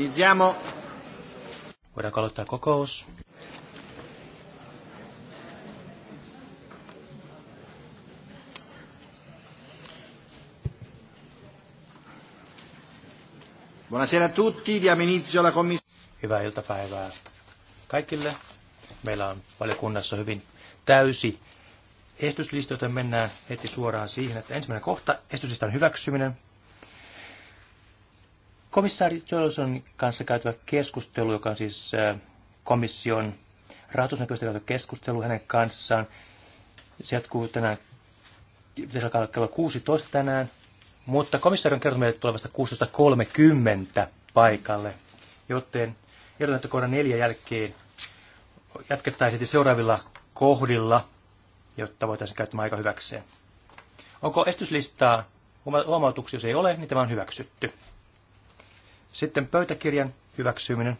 Iniziamo. Voidaanko aloittaa kokous? Buonasera a tutti, diamo inizio alla commissione. Hyvää iltapäivää kaikille. Meillä on valiokunnassa hyvin täysi estyslista, joten mennään heti suoraan siihen, että ensimmäinen kohta, estyslistan hyväksyminen, Komissaari Johnsonin kanssa käytävä keskustelu, joka on siis komission rahoitusnäköistä käytävä keskustelu hänen kanssaan, se jatkuu tänään, pitäisi alkaa kello 16 tänään, mutta komissaari on kertonut meille tulevasta 16.30 paikalle, joten ehdotan, kohdan neljä jälkeen jatkettaisiin seuraavilla kohdilla, jotta voitaisiin käyttää aika hyväkseen. Onko estyslistaa huomautuksia, jos ei ole, niin tämä on hyväksytty. Sitten pöytäkirjan hyväksyminen.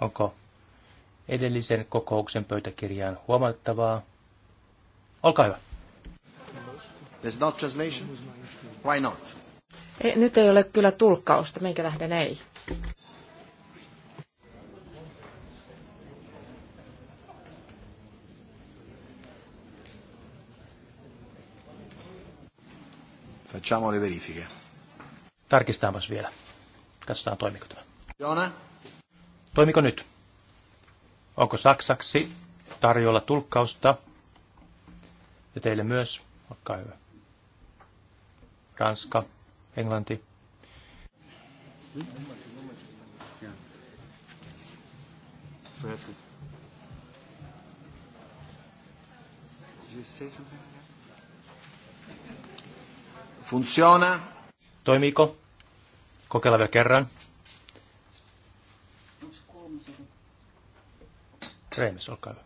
Onko edellisen kokouksen pöytäkirjaan huomattavaa? Olkaa hyvä. There's not translation? Why not? Ei, nyt ei ole kyllä tulkkausta, minkä lähden ei. Facciamo le verifiche. Tarkistaamas vielä. Katsotaan, toimiko tämä. Joona? Toimiko nyt? Onko saksaksi tarjolla tulkkausta? Ja teille myös, olkaa hyvä. Ranska, englanti. Funziona? Toimiiko? Kokeillaan vielä kerran. Reimes, olkaa hyvä.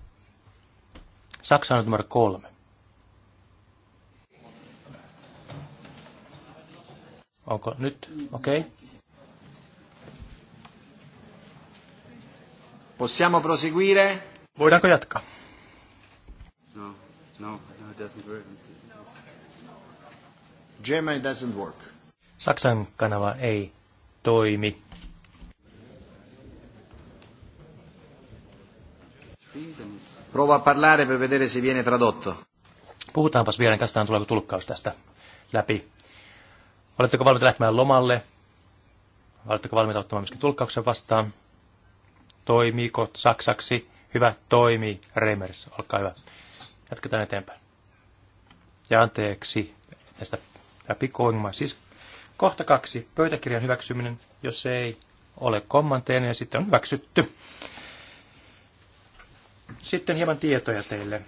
Saksa on numero kolme. Onko nyt? Okei. Okay. Possiamo proseguire? Voidaanko jatkaa? No, no, no it doesn't work. Germany doesn't work. Saksan kanava ei toimi. Prova a parlare per vedere se viene tradotto. Puhutaanpas vielä, niin katsotaan tuleeko tulkkaus tästä läpi. Oletteko valmiita lähtemään lomalle? Oletteko valmiita ottamaan myöskin tulkkauksen vastaan? Toimiiko saksaksi? Hyvä, toimii. Reimers, olkaa hyvä. Jatketaan eteenpäin. Ja anteeksi tästä pikoingomaan. Siis Kohta kaksi. Pöytäkirjan hyväksyminen, jos se ei ole kommanteina ja sitten on hyväksytty. Sitten hieman tietoja teille.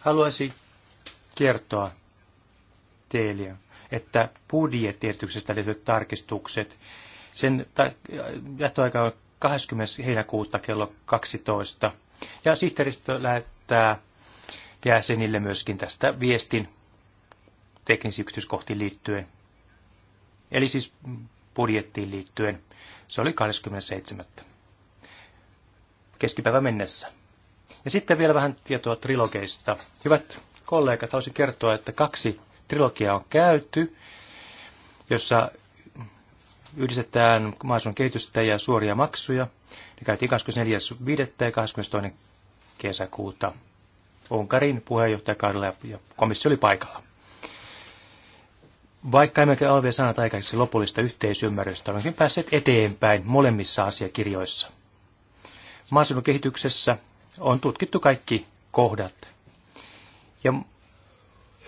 Haluaisin kertoa teille, että budjettiesityksestä löytyvät tarkistukset. Sen jättöaika on 20. heinäkuuta kello 12. Ja sihteeristö lähettää jäsenille myöskin tästä viestin teknisiin yksityiskohtiin liittyen, eli siis budjettiin liittyen. Se oli 27. keskipäivä mennessä. Ja sitten vielä vähän tietoa trilogeista. Hyvät kollegat, haluaisin kertoa, että kaksi trilogiaa on käyty, jossa yhdistetään maaseudun kehitystä ja suoria maksuja. Ne käytiin 24.5. ja 22. kesäkuuta Unkarin puheenjohtajakaudella ja komissio oli paikalla. Vaikka emmekä ole vielä sanat aikaisemmin lopullista yhteisymmärrystä, olemmekin päässeet eteenpäin molemmissa asiakirjoissa. Maaseudun kehityksessä on tutkittu kaikki kohdat. Ja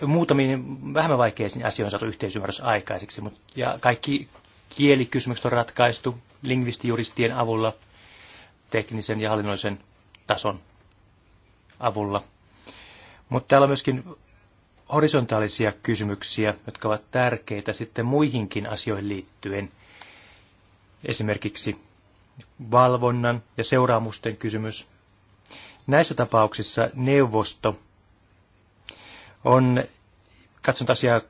muutamiin vähemmän vaikeisiin asioihin saatu yhteisymmärrys aikaiseksi, mutta, ja kaikki kielikysymykset on ratkaistu lingvistijuristien avulla, teknisen ja hallinnollisen tason avulla. Mutta täällä on myöskin horisontaalisia kysymyksiä, jotka ovat tärkeitä sitten muihinkin asioihin liittyen. Esimerkiksi valvonnan ja seuraamusten kysymys. Näissä tapauksissa neuvosto on katsonut asiaa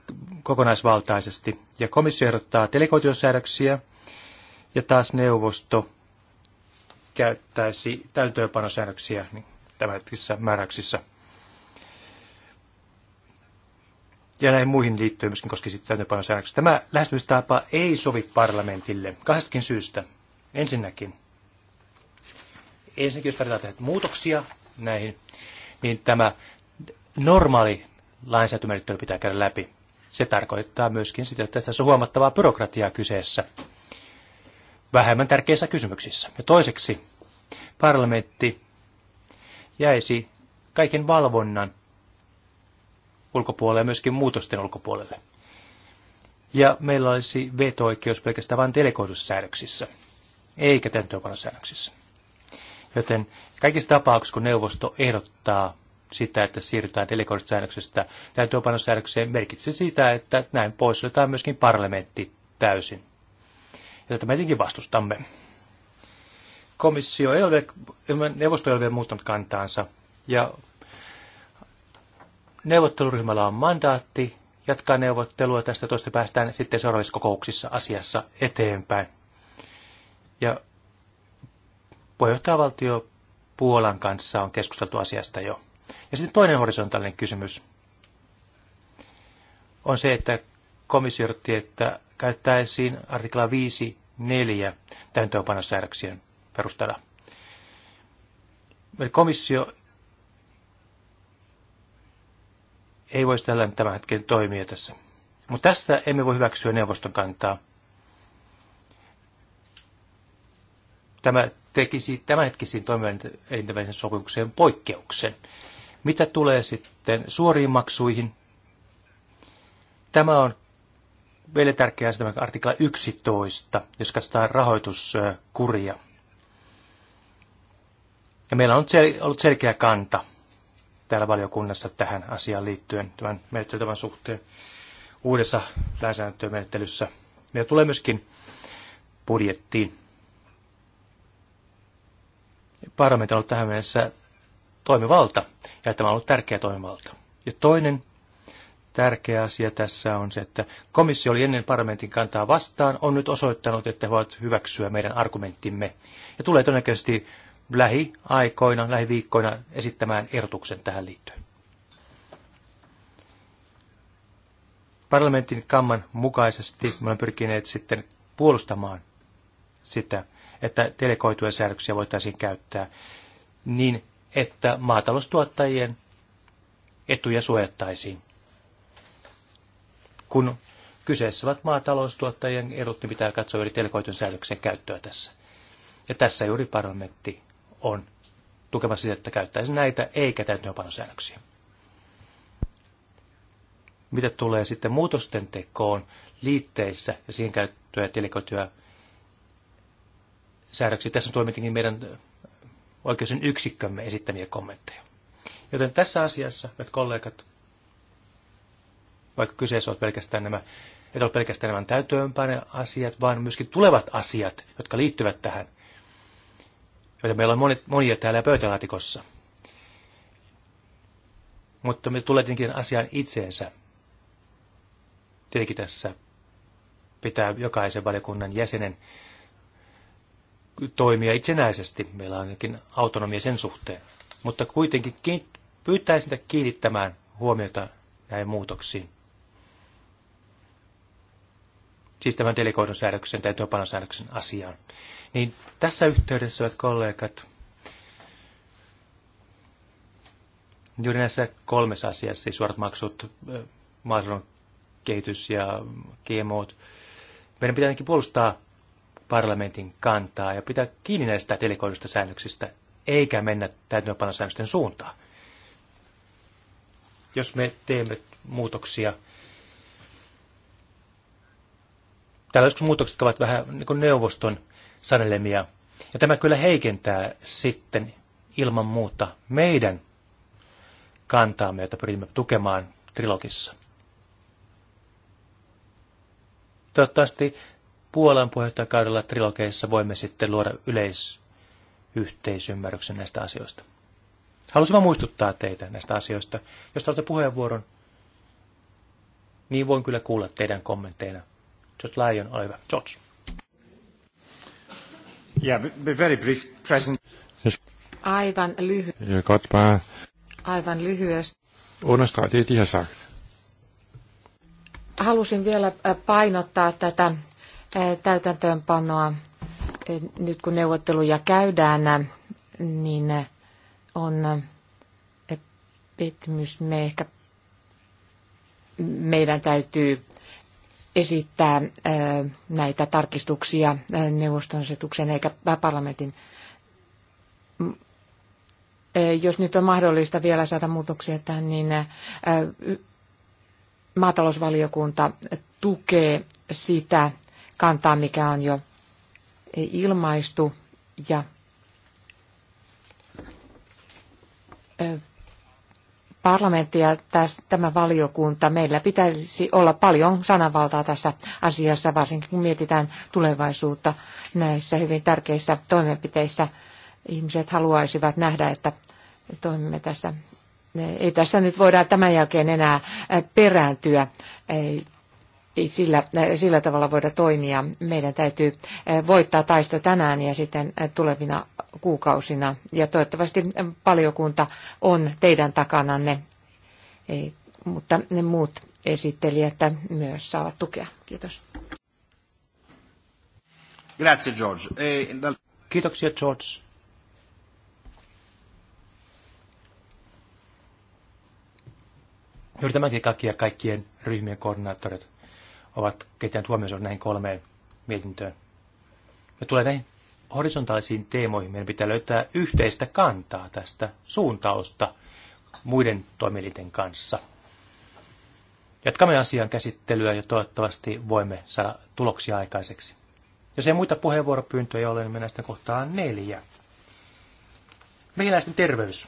kokonaisvaltaisesti ja komissio ehdottaa delegoitiosäädöksiä ja taas neuvosto käyttäisi täytöönpanosäännöksiä niin tämänhetkisissä määräyksissä. ja näihin muihin liittyy myöskin koski sitten täytäntöpanosäännöksiä. Tämä lähestymistapa ei sovi parlamentille kahdestakin syystä. Ensinnäkin, ensinnäkin jos tarvitaan tehdä muutoksia näihin, niin tämä normaali lainsäädäntömenettely pitää käydä läpi. Se tarkoittaa myöskin sitä, että tässä on huomattavaa byrokratiaa kyseessä vähemmän tärkeissä kysymyksissä. Ja toiseksi parlamentti jäisi kaiken valvonnan ulkopuolelle ja myöskin muutosten ulkopuolelle. Ja meillä olisi veto-oikeus pelkästään vain delegoidussa säädöksissä, eikä täytäntöönpanosäädöksissä. Joten kaikissa tapauksissa, kun neuvosto ehdottaa sitä, että siirrytään delegoidusta säädöksestä säädökseen, merkitsee sitä, että näin poissuljetaan myöskin parlamentti täysin. Ja tätä me tietenkin vastustamme. Komissio ei ole, neuvosto ei ole vielä muuttanut kantaansa, ja neuvotteluryhmällä on mandaatti jatkaa neuvottelua tästä toista päästään sitten seuraavissa kokouksissa asiassa eteenpäin. Ja puheenjohtajavaltio Puolan kanssa on keskusteltu asiasta jo. Ja sitten toinen horisontaalinen kysymys on se, että komissio että käyttäisiin artikla 5.4 täytäntöönpanosäädöksien perusteella. Eli komissio ei voisi tällä tämän hetken toimia tässä. Mutta tässä emme voi hyväksyä neuvoston kantaa. Tämä tekisi tämänhetkisiin toimielintävälisen sopimukseen poikkeuksen. Mitä tulee sitten suoriin maksuihin? Tämä on vielä tärkeää tämä artikla 11, jos katsotaan rahoituskuria. Ja meillä on ollut selkeä kanta täällä valiokunnassa tähän asiaan liittyen tämän menettelytavan suhteen uudessa lainsäädäntömenettelyssä. Ne tulee myöskin budjettiin. Parlamentti on ollut tähän mennessä toimivalta, ja tämä on ollut tärkeä toimivalta. Ja toinen tärkeä asia tässä on se, että komissio oli ennen parlamentin kantaa vastaan, on nyt osoittanut, että he voivat hyväksyä meidän argumenttimme. Ja tulee todennäköisesti lähiaikoina, lähiviikkoina esittämään ehdotuksen tähän liittyen. Parlamentin kamman mukaisesti me olemme pyrkineet sitten puolustamaan sitä, että delegoituja säädöksiä voitaisiin käyttää niin, että maataloustuottajien etuja suojattaisiin. Kun kyseessä ovat maataloustuottajien edut, niin pitää katsoa yli delegoitun säädöksen käyttöä tässä. Ja tässä juuri parlamentti on tukemassa sitä, että käyttäisi näitä eikä täytäntöönpanosäännöksiä. Mitä tulee sitten muutosten tekoon liitteissä ja siihen käyttöä delegoituja säädöksiä, tässä on toimitinkin meidän oikeusen yksikkömme esittämiä kommentteja. Joten tässä asiassa, hyvät kollegat, vaikka kyseessä on pelkästään nämä, et ole pelkästään nämä täytöönpäin asiat, vaan myöskin tulevat asiat, jotka liittyvät tähän – joita meillä on monet, monia täällä pöytälaatikossa. Mutta me tulee tietenkin asiaan itseensä. Tietenkin tässä pitää jokaisen valiokunnan jäsenen toimia itsenäisesti. Meillä on jokin autonomia sen suhteen. Mutta kuitenkin pyytäisin kiinnittämään huomiota näihin muutoksiin. siis tämän delegoidun säädöksen tai työpanosäädöksen asiaan. Niin tässä yhteydessä, hyvät kollegat, juuri näissä kolmessa asiassa, siis suorat maksut, maailman kehitys ja GMOt, meidän pitää ainakin puolustaa parlamentin kantaa ja pitää kiinni näistä delegoidusta säännöksistä, eikä mennä täytäntöönpanosäännösten suuntaan. Jos me teemme muutoksia, Tällaiset muutokset ovat vähän niin kuin neuvoston sanelemia. Ja tämä kyllä heikentää sitten ilman muuta meidän kantaamme, jota pyrimme tukemaan trilogissa. Toivottavasti Puolan puheenjohtajakaudella trilogeissa voimme sitten luoda yleisyhteisymmärryksen näistä asioista. Halusin vain muistuttaa teitä näistä asioista. Jos olette puheenvuoron, niin voin kyllä kuulla teidän kommentteina Just Lyon, ole hyvä. George. Yeah, be very brief present. Siis Aivan lyhyesti. Kort bara. Aivan lyhyesti. Understreger det, de har sagt. Halusin vielä painottaa tätä täytäntöönpanoa. Nyt kun neuvotteluja käydään, niin on pettymys. Me ehkä meidän täytyy esittää näitä tarkistuksia neuvoston asetukseen eikä parlamentin. Jos nyt on mahdollista vielä saada muutoksia tähän, niin maatalousvaliokunta tukee sitä kantaa, mikä on jo ilmaistu ja parlamentti ja täs, tämä valiokunta, meillä pitäisi olla paljon sananvaltaa tässä asiassa, varsinkin kun mietitään tulevaisuutta näissä hyvin tärkeissä toimenpiteissä. Ihmiset haluaisivat nähdä, että toimimme tässä. Ei tässä nyt voida tämän jälkeen enää perääntyä. Ei ei sillä, äh, sillä tavalla voida toimia. Meidän täytyy äh, voittaa taisto tänään ja sitten äh, tulevina kuukausina. Ja toivottavasti paljokunta on teidän takananne, ei, mutta ne muut esittelijät myös saavat tukea. Kiitos. Grazie George. E, Kiitoksia George. Yritämmekin kaikkia kaikkien ryhmien koordinaattorit ovat ketään huomioon näihin kolmeen mietintöön. Me tulee näihin horisontaalisiin teemoihin. Meidän pitää löytää yhteistä kantaa tästä suuntausta muiden toimielinten kanssa. Jatkamme asian käsittelyä ja toivottavasti voimme saada tuloksia aikaiseksi. Jos ei muita puheenvuoropyyntöjä ole, niin mennään sitten kohtaan neljä. Mehiläisten terveys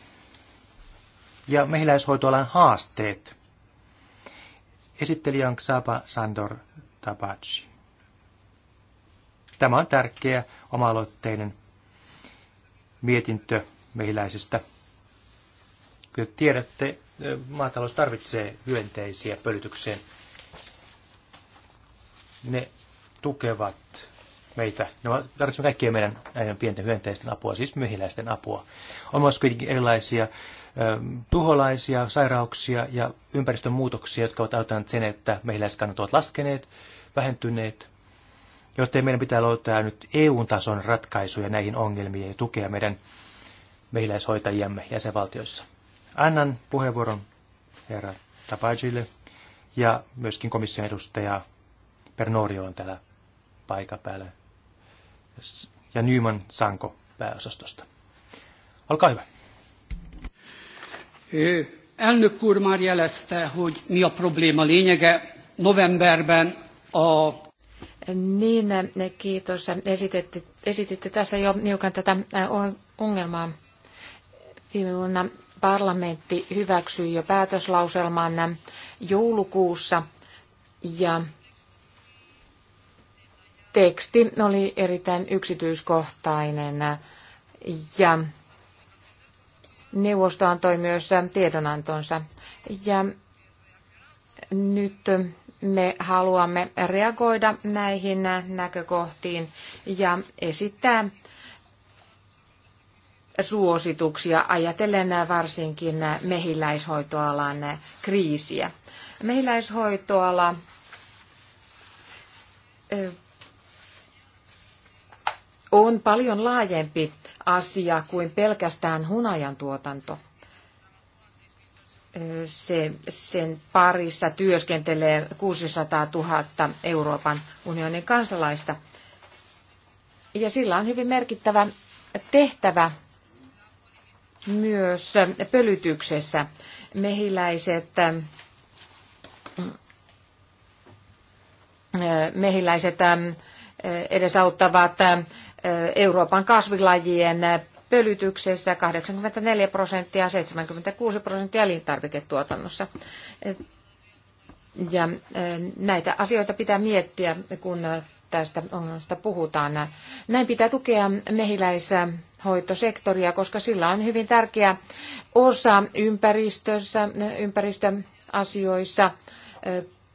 ja mehiläishoitoalan haasteet. Esittelijä on Xaba Sandor Tabachi. Tämä on tärkeä oma-aloitteinen mietintö mehiläisestä. Kyllä tiedätte, maatalous tarvitsee hyönteisiä pölytykseen. Ne tukevat meitä. No, tarvitsemme kaikkien meidän näiden pienten hyönteisten apua, siis mehiläisten apua. On myös kuitenkin erilaisia tuholaisia, sairauksia ja ympäristön muutoksia, jotka ovat auttaneet sen, että mehiläiskannat ovat laskeneet, vähentyneet, joten meidän pitää löytää nyt EU-tason ratkaisuja näihin ongelmiin ja tukea meidän mehiläishoitajiamme jäsenvaltioissa. Annan puheenvuoron herra Tapajille ja myöskin komission edustaja Pernorio on täällä paikan päällä ja Nyman Sanko pääosastosta. Olkaa hyvä. Elnök úr már jelezte, hogy mi a probléma lényege. Novemberben a... Niin, kiitos. Esititte, esititte tässä jo niukan tätä ongelmaa. Viime vuonna parlamentti hyväksyi jo päätöslauselman joulukuussa ja teksti oli erittäin yksityiskohtainen ja Neuvosto antoi myös tiedonantonsa. Ja nyt me haluamme reagoida näihin näkökohtiin ja esittää suosituksia ajatellen varsinkin mehiläishoitoalan kriisiä. Mehiläishoitoala on paljon laajempi asia kuin pelkästään hunajan tuotanto. Se, sen parissa työskentelee 600 000 Euroopan unionin kansalaista. Ja sillä on hyvin merkittävä tehtävä myös pölytyksessä. Mehiläiset mehiläiset edesauttavat Euroopan kasvilajien pölytyksessä 84 prosenttia, 76 prosenttia elintarviketuotannossa. Ja näitä asioita pitää miettiä, kun tästä ongelmasta puhutaan. Näin pitää tukea mehiläishoitosektoria, koska sillä on hyvin tärkeä osa ympäristössä, ympäristöasioissa,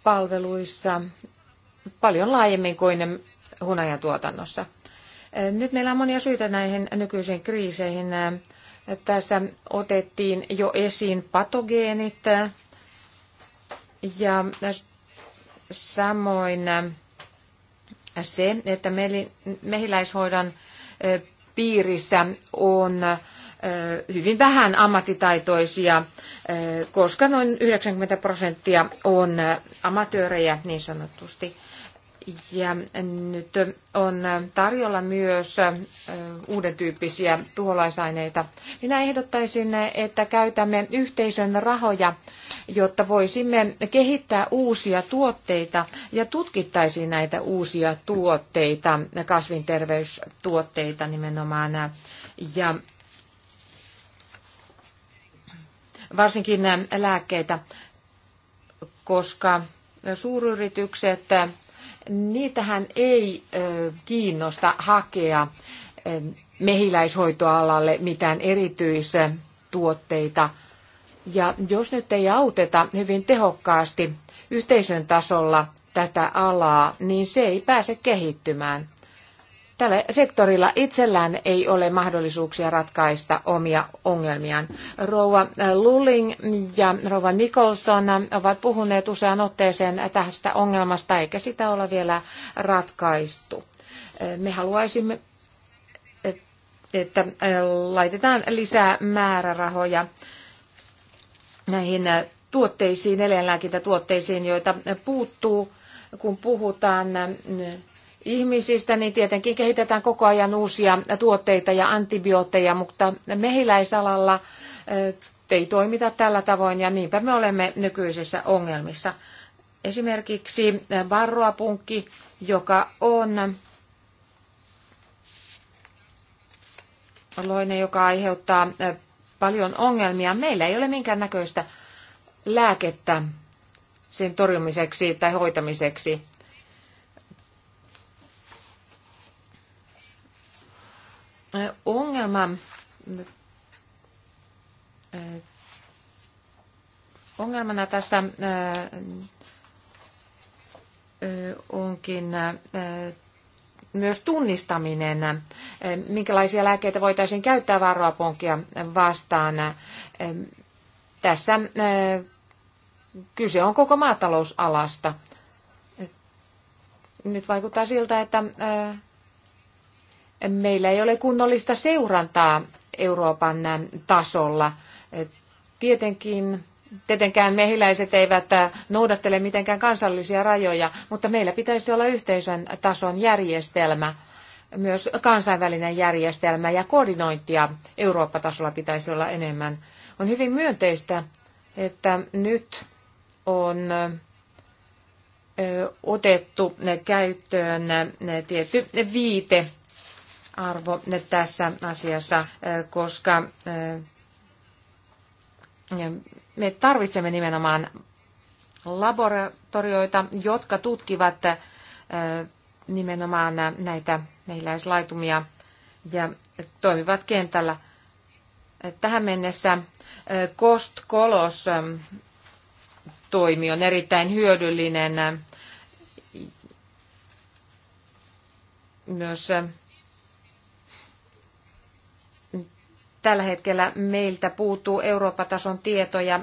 palveluissa, paljon laajemmin kuin hunajan tuotannossa. Nyt meillä on monia syitä näihin nykyisiin kriiseihin. Tässä otettiin jo esiin patogeenit ja samoin se, että mehiläishoidon piirissä on hyvin vähän ammattitaitoisia, koska noin 90 prosenttia on amatöörejä niin sanotusti. Ja nyt on tarjolla myös uuden tyyppisiä tuholaisaineita. Minä ehdottaisin, että käytämme yhteisön rahoja, jotta voisimme kehittää uusia tuotteita ja tutkittaisiin näitä uusia tuotteita, kasvinterveystuotteita nimenomaan. Ja varsinkin lääkkeitä, koska suuryritykset niitähän ei kiinnosta hakea mehiläishoitoalalle mitään erityistuotteita. Ja jos nyt ei auteta hyvin tehokkaasti yhteisön tasolla tätä alaa, niin se ei pääse kehittymään. Tällä sektorilla itsellään ei ole mahdollisuuksia ratkaista omia ongelmiaan. Rouva äh, Lulling ja rouva Nicholson ovat puhuneet usean otteeseen tästä ongelmasta, eikä sitä ole vielä ratkaistu. Äh, me haluaisimme, että äh, laitetaan lisää määrärahoja näihin tuotteisiin, eläinlääkintätuotteisiin, joita puuttuu, kun puhutaan ihmisistä, niin tietenkin kehitetään koko ajan uusia tuotteita ja antibiootteja, mutta mehiläisalalla ei toimita tällä tavoin ja niinpä me olemme nykyisissä ongelmissa. Esimerkiksi varroapunkki, joka on loinen, joka aiheuttaa paljon ongelmia. Meillä ei ole minkäännäköistä lääkettä sen torjumiseksi tai hoitamiseksi. ongelma, ongelmana tässä onkin myös tunnistaminen, minkälaisia lääkkeitä voitaisiin käyttää varroapunkia vastaan. Tässä kyse on koko maatalousalasta. Nyt vaikuttaa siltä, että meillä ei ole kunnollista seurantaa Euroopan tasolla. Tietenkin Tietenkään mehiläiset eivät noudattele mitenkään kansallisia rajoja, mutta meillä pitäisi olla yhteisön tason järjestelmä, myös kansainvälinen järjestelmä ja koordinointia Eurooppa-tasolla pitäisi olla enemmän. On hyvin myönteistä, että nyt on otettu käyttöön tietty viite arvo tässä asiassa, koska me tarvitsemme nimenomaan laboratorioita, jotka tutkivat nimenomaan näitä mehiläislaitumia ja toimivat kentällä. Tähän mennessä kostkolos toimi on erittäin hyödyllinen myös tällä hetkellä meiltä puuttuu Euroopatason tason tietoja,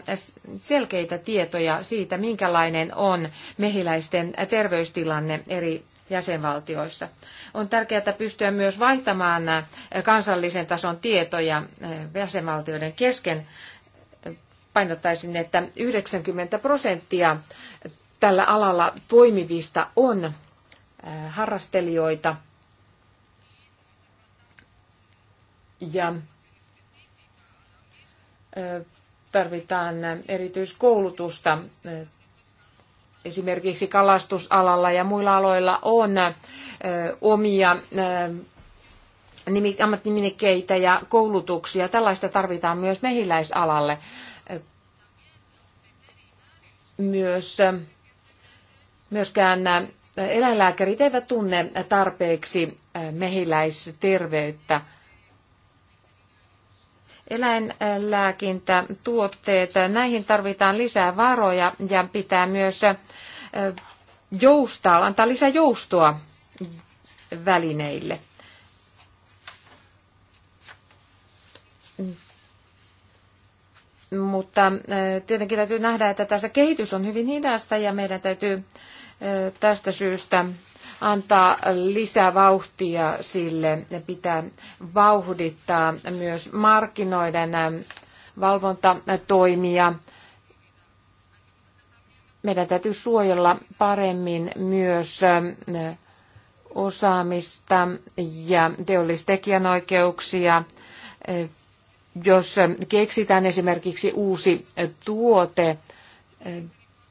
selkeitä tietoja siitä, minkälainen on mehiläisten terveystilanne eri jäsenvaltioissa. On tärkeää pystyä myös vaihtamaan kansallisen tason tietoja eh, jäsenvaltioiden kesken. Painottaisin, että 90 prosenttia tällä alalla toimivista on eh, harrastelijoita. Ja tarvitaan erityiskoulutusta. Esimerkiksi kalastusalalla ja muilla aloilla on omia ammattinimikkeitä ja koulutuksia. Tällaista tarvitaan myös mehiläisalalle. Myös, myöskään eläinlääkärit eivät tunne tarpeeksi mehiläisterveyttä eläinlääkintätuotteet, näihin tarvitaan lisää varoja ja pitää myös joustaa, antaa lisää joustoa välineille. Mutta tietenkin täytyy nähdä, että tässä kehitys on hyvin hidasta ja meidän täytyy tästä syystä antaa lisää vauhtia sille. Pitää vauhdittaa myös markkinoiden valvontatoimia. Meidän täytyy suojella paremmin myös osaamista ja teollistekijänoikeuksia. Jos keksitään esimerkiksi uusi tuote,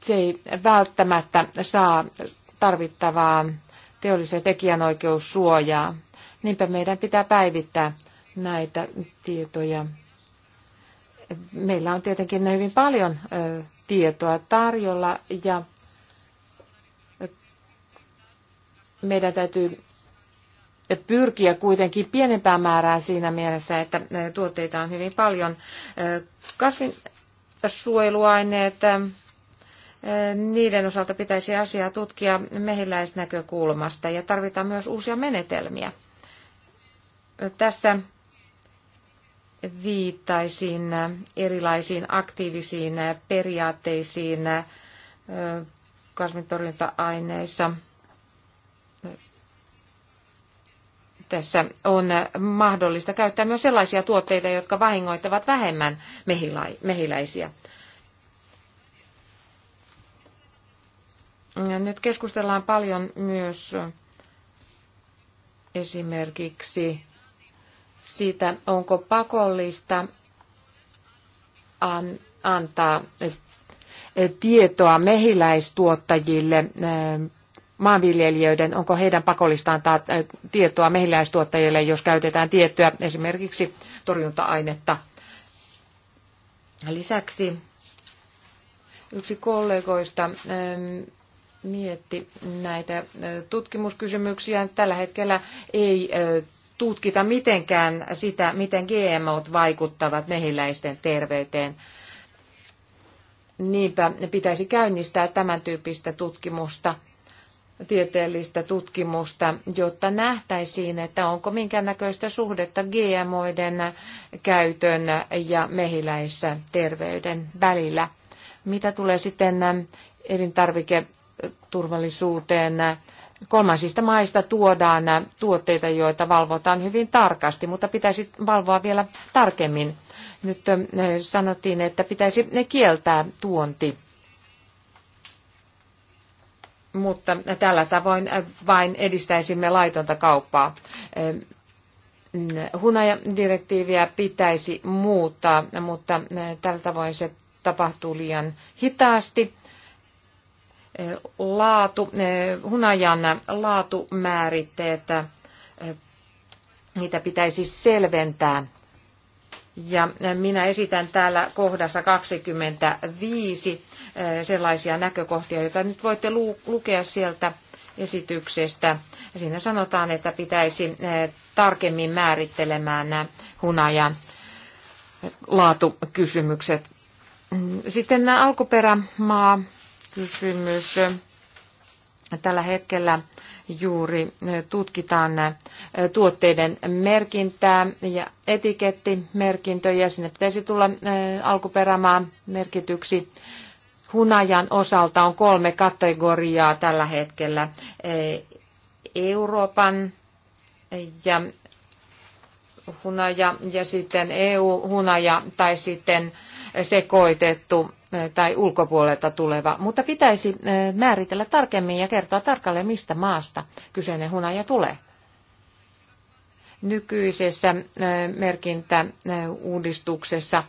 se ei välttämättä saa tarvittavaa tekijänoikeus tekijänoikeussuojaa. Niinpä meidän pitää päivittää näitä tietoja. Meillä on tietenkin hyvin paljon tietoa tarjolla ja meidän täytyy pyrkiä kuitenkin pienempään määrään siinä mielessä, että tuotteita on hyvin paljon. Kasvinsuojeluaineet, niiden osalta pitäisi asiaa tutkia mehiläisnäkökulmasta ja tarvitaan myös uusia menetelmiä. Tässä viittaisin erilaisiin aktiivisiin periaatteisiin kasvintorjunta-aineissa. Tässä on mahdollista käyttää myös sellaisia tuotteita, jotka vahingoittavat vähemmän mehiläisiä. Nyt keskustellaan paljon myös esimerkiksi siitä, onko pakollista antaa eh, eh, tietoa mehiläistuottajille, eh, maanviljelijöiden, onko heidän pakollista antaa tietoa mehiläistuottajille, jos käytetään tiettyä esimerkiksi torjunta-ainetta. Lisäksi yksi kollegoista mietti näitä tutkimuskysymyksiä. Tällä hetkellä ei tutkita mitenkään sitä, miten GMOt vaikuttavat mehiläisten terveyteen. Niinpä pitäisi käynnistää tämän tyyppistä tutkimusta, tieteellistä tutkimusta, jotta nähtäisiin, että onko minkäännäköistä suhdetta GMOiden käytön ja mehiläissä terveyden välillä. Mitä tulee sitten elintarvike turvallisuuteen. Kolmansista maista tuodaan tuotteita, joita valvotaan hyvin tarkasti, mutta pitäisi valvoa vielä tarkemmin. Nyt sanottiin, että pitäisi ne kieltää tuonti mutta tällä tavoin vain edistäisimme laitonta kauppaa. Hunaja-direktiiviä pitäisi muuttaa, mutta tällä tavoin se tapahtuu liian hitaasti laatu, eh, hunajan laatumääritteet, eh, niitä pitäisi selventää. Ja eh, minä esitän täällä kohdassa 25 sellaisia näkökohtia, joita nyt voitte lukea sieltä esityksestä. Siinä sanotaan, että pitäisi tarkemmin määrittelemään nämä hunajan laatukysymykset. Mm, sitten nämä alkuperämaa kysymys. Tällä hetkellä juuri tutkitaan tuotteiden merkintää ja etikettimerkintöjä. Sinne pitäisi tulla alkuperämaa merkityksi. Hunajan osalta on kolme kategoriaa tällä hetkellä. Euroopan ja hunaja ja sitten EU-hunaja tai sitten sekoitettu eh, tai ulkopuolelta tuleva, mutta pitäisi eh, määritellä tarkemmin ja kertoa tarkalleen, mistä maasta kyseinen hunaja tulee. Nykyisessä merkintäuudistuksessa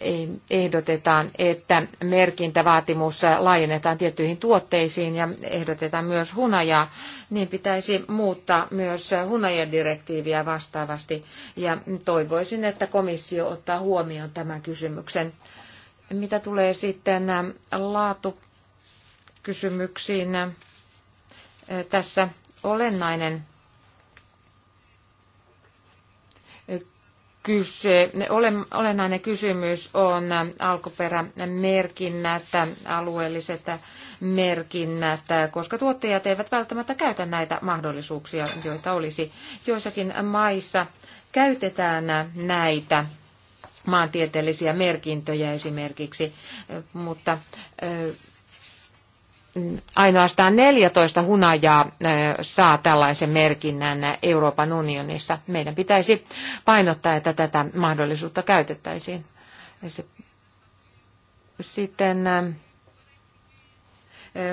e, ehdotetaan, että merkintävaatimus laajennetaan tiettyihin tuotteisiin ja ehdotetaan myös hunajaa, niin pitäisi muuttaa myös hunajadirektiiviä vastaavasti. Ja toivoisin, että komissio ottaa huomioon tämän kysymyksen. Mitä tulee sitten laatukysymyksiin, tässä olennainen kyse, olennainen kysymys on alkuperämerkinnät, alueelliset merkinnät, koska tuottajat eivät välttämättä käytä näitä mahdollisuuksia, joita olisi. Joissakin maissa käytetään näitä maantieteellisiä merkintöjä esimerkiksi, mutta ainoastaan 14 hunajaa saa tällaisen merkinnän Euroopan unionissa. Meidän pitäisi painottaa, että tätä mahdollisuutta käytettäisiin. Sitten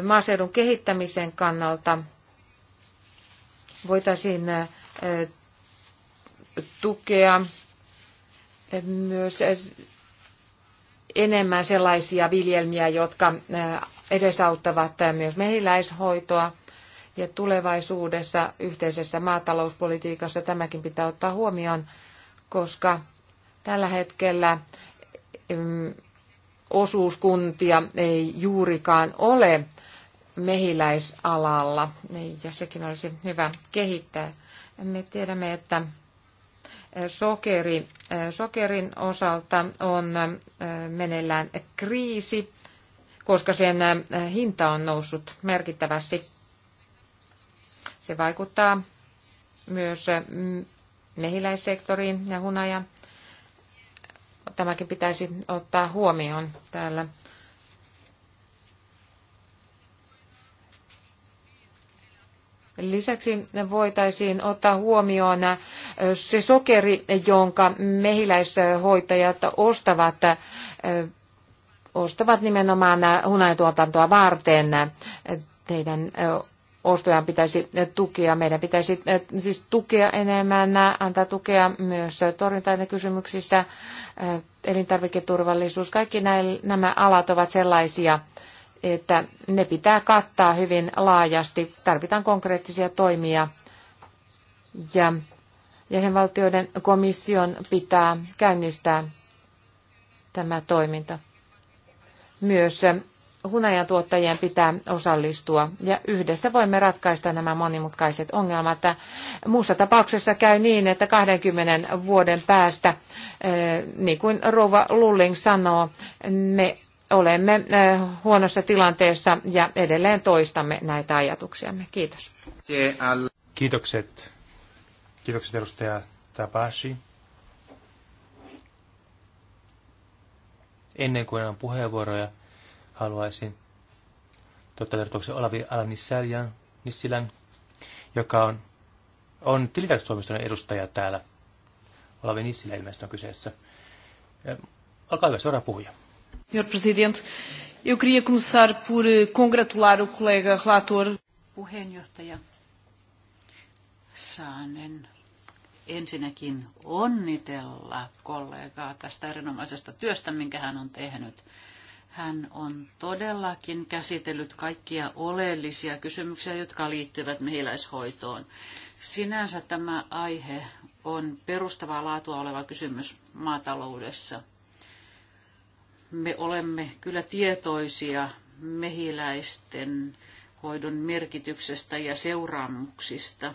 maaseudun kehittämisen kannalta voitaisiin tukea myös enemmän sellaisia viljelmiä, jotka eh, edesauttavat eh, myös mehiläishoitoa. Ja tulevaisuudessa yhteisessä maatalouspolitiikassa tämäkin pitää ottaa huomioon, koska tällä hetkellä osuuskuntia ei juurikaan ole mehiläisalalla, ja sekin olisi hyvä kehittää. Me tiedämme, että sokeri. Eh, sokerin osalta on eh, meneillään kriisi, koska sen eh, hinta on noussut merkittävästi. Se vaikuttaa myös mehiläissektoriin ja hunajan. Tämäkin pitäisi ottaa huomioon täällä Lisäksi voitaisiin ottaa huomioon äh, se sokeri, jonka mehiläishoitajat ostavat, äh, ostavat nimenomaan äh, hunajatuotantoa varten. Teidän ostojaan pitäisi tukea. Meidän pitäisi siis tukea enemmän, antaa tukea myös torjunta-ainekysymyksissä, elintarviketurvallisuus. Kaikki nämä alat ovat sellaisia, että ne pitää kattaa hyvin laajasti. Tarvitaan konkreettisia toimia ja jäsenvaltioiden komission pitää käynnistää tämä toiminta. Myös tuottajien pitää osallistua ja yhdessä voimme ratkaista nämä monimutkaiset ongelmat. Muussa tapauksessa käy niin, että 20 vuoden päästä, eh, niin kuin Rouva Lulling sanoo, me olemme eh, huonossa tilanteessa ja edelleen toistamme näitä ajatuksiamme. Kiitos. Kiitokset. Kiitokset edustaja Tabashi. Ennen kuin on puheenvuoroja, haluaisin totta vertuksen Olavi Alanissilän, Nissilän, joka on, on tilintarkastustoimiston edustaja täällä. Olavi Nissilä ilmeisesti on kyseessä. Eh, olkaa hyvä, seuraava puhuja. Senhor Presidente, eu queria começar por eh, congratular o colega relator. Puheenjohtaja Saanen ensinnäkin onnitella kollegaa tästä erinomaisesta työstä, minkä hän on tehnyt. Hän on todellakin käsitellyt kaikkia oleellisia kysymyksiä, jotka liittyvät mehiläishoitoon. Sinänsä tämä aihe on perustavaa laatua oleva kysymys maataloudessa – me olemme kyllä tietoisia mehiläisten hoidon merkityksestä ja seuraamuksista,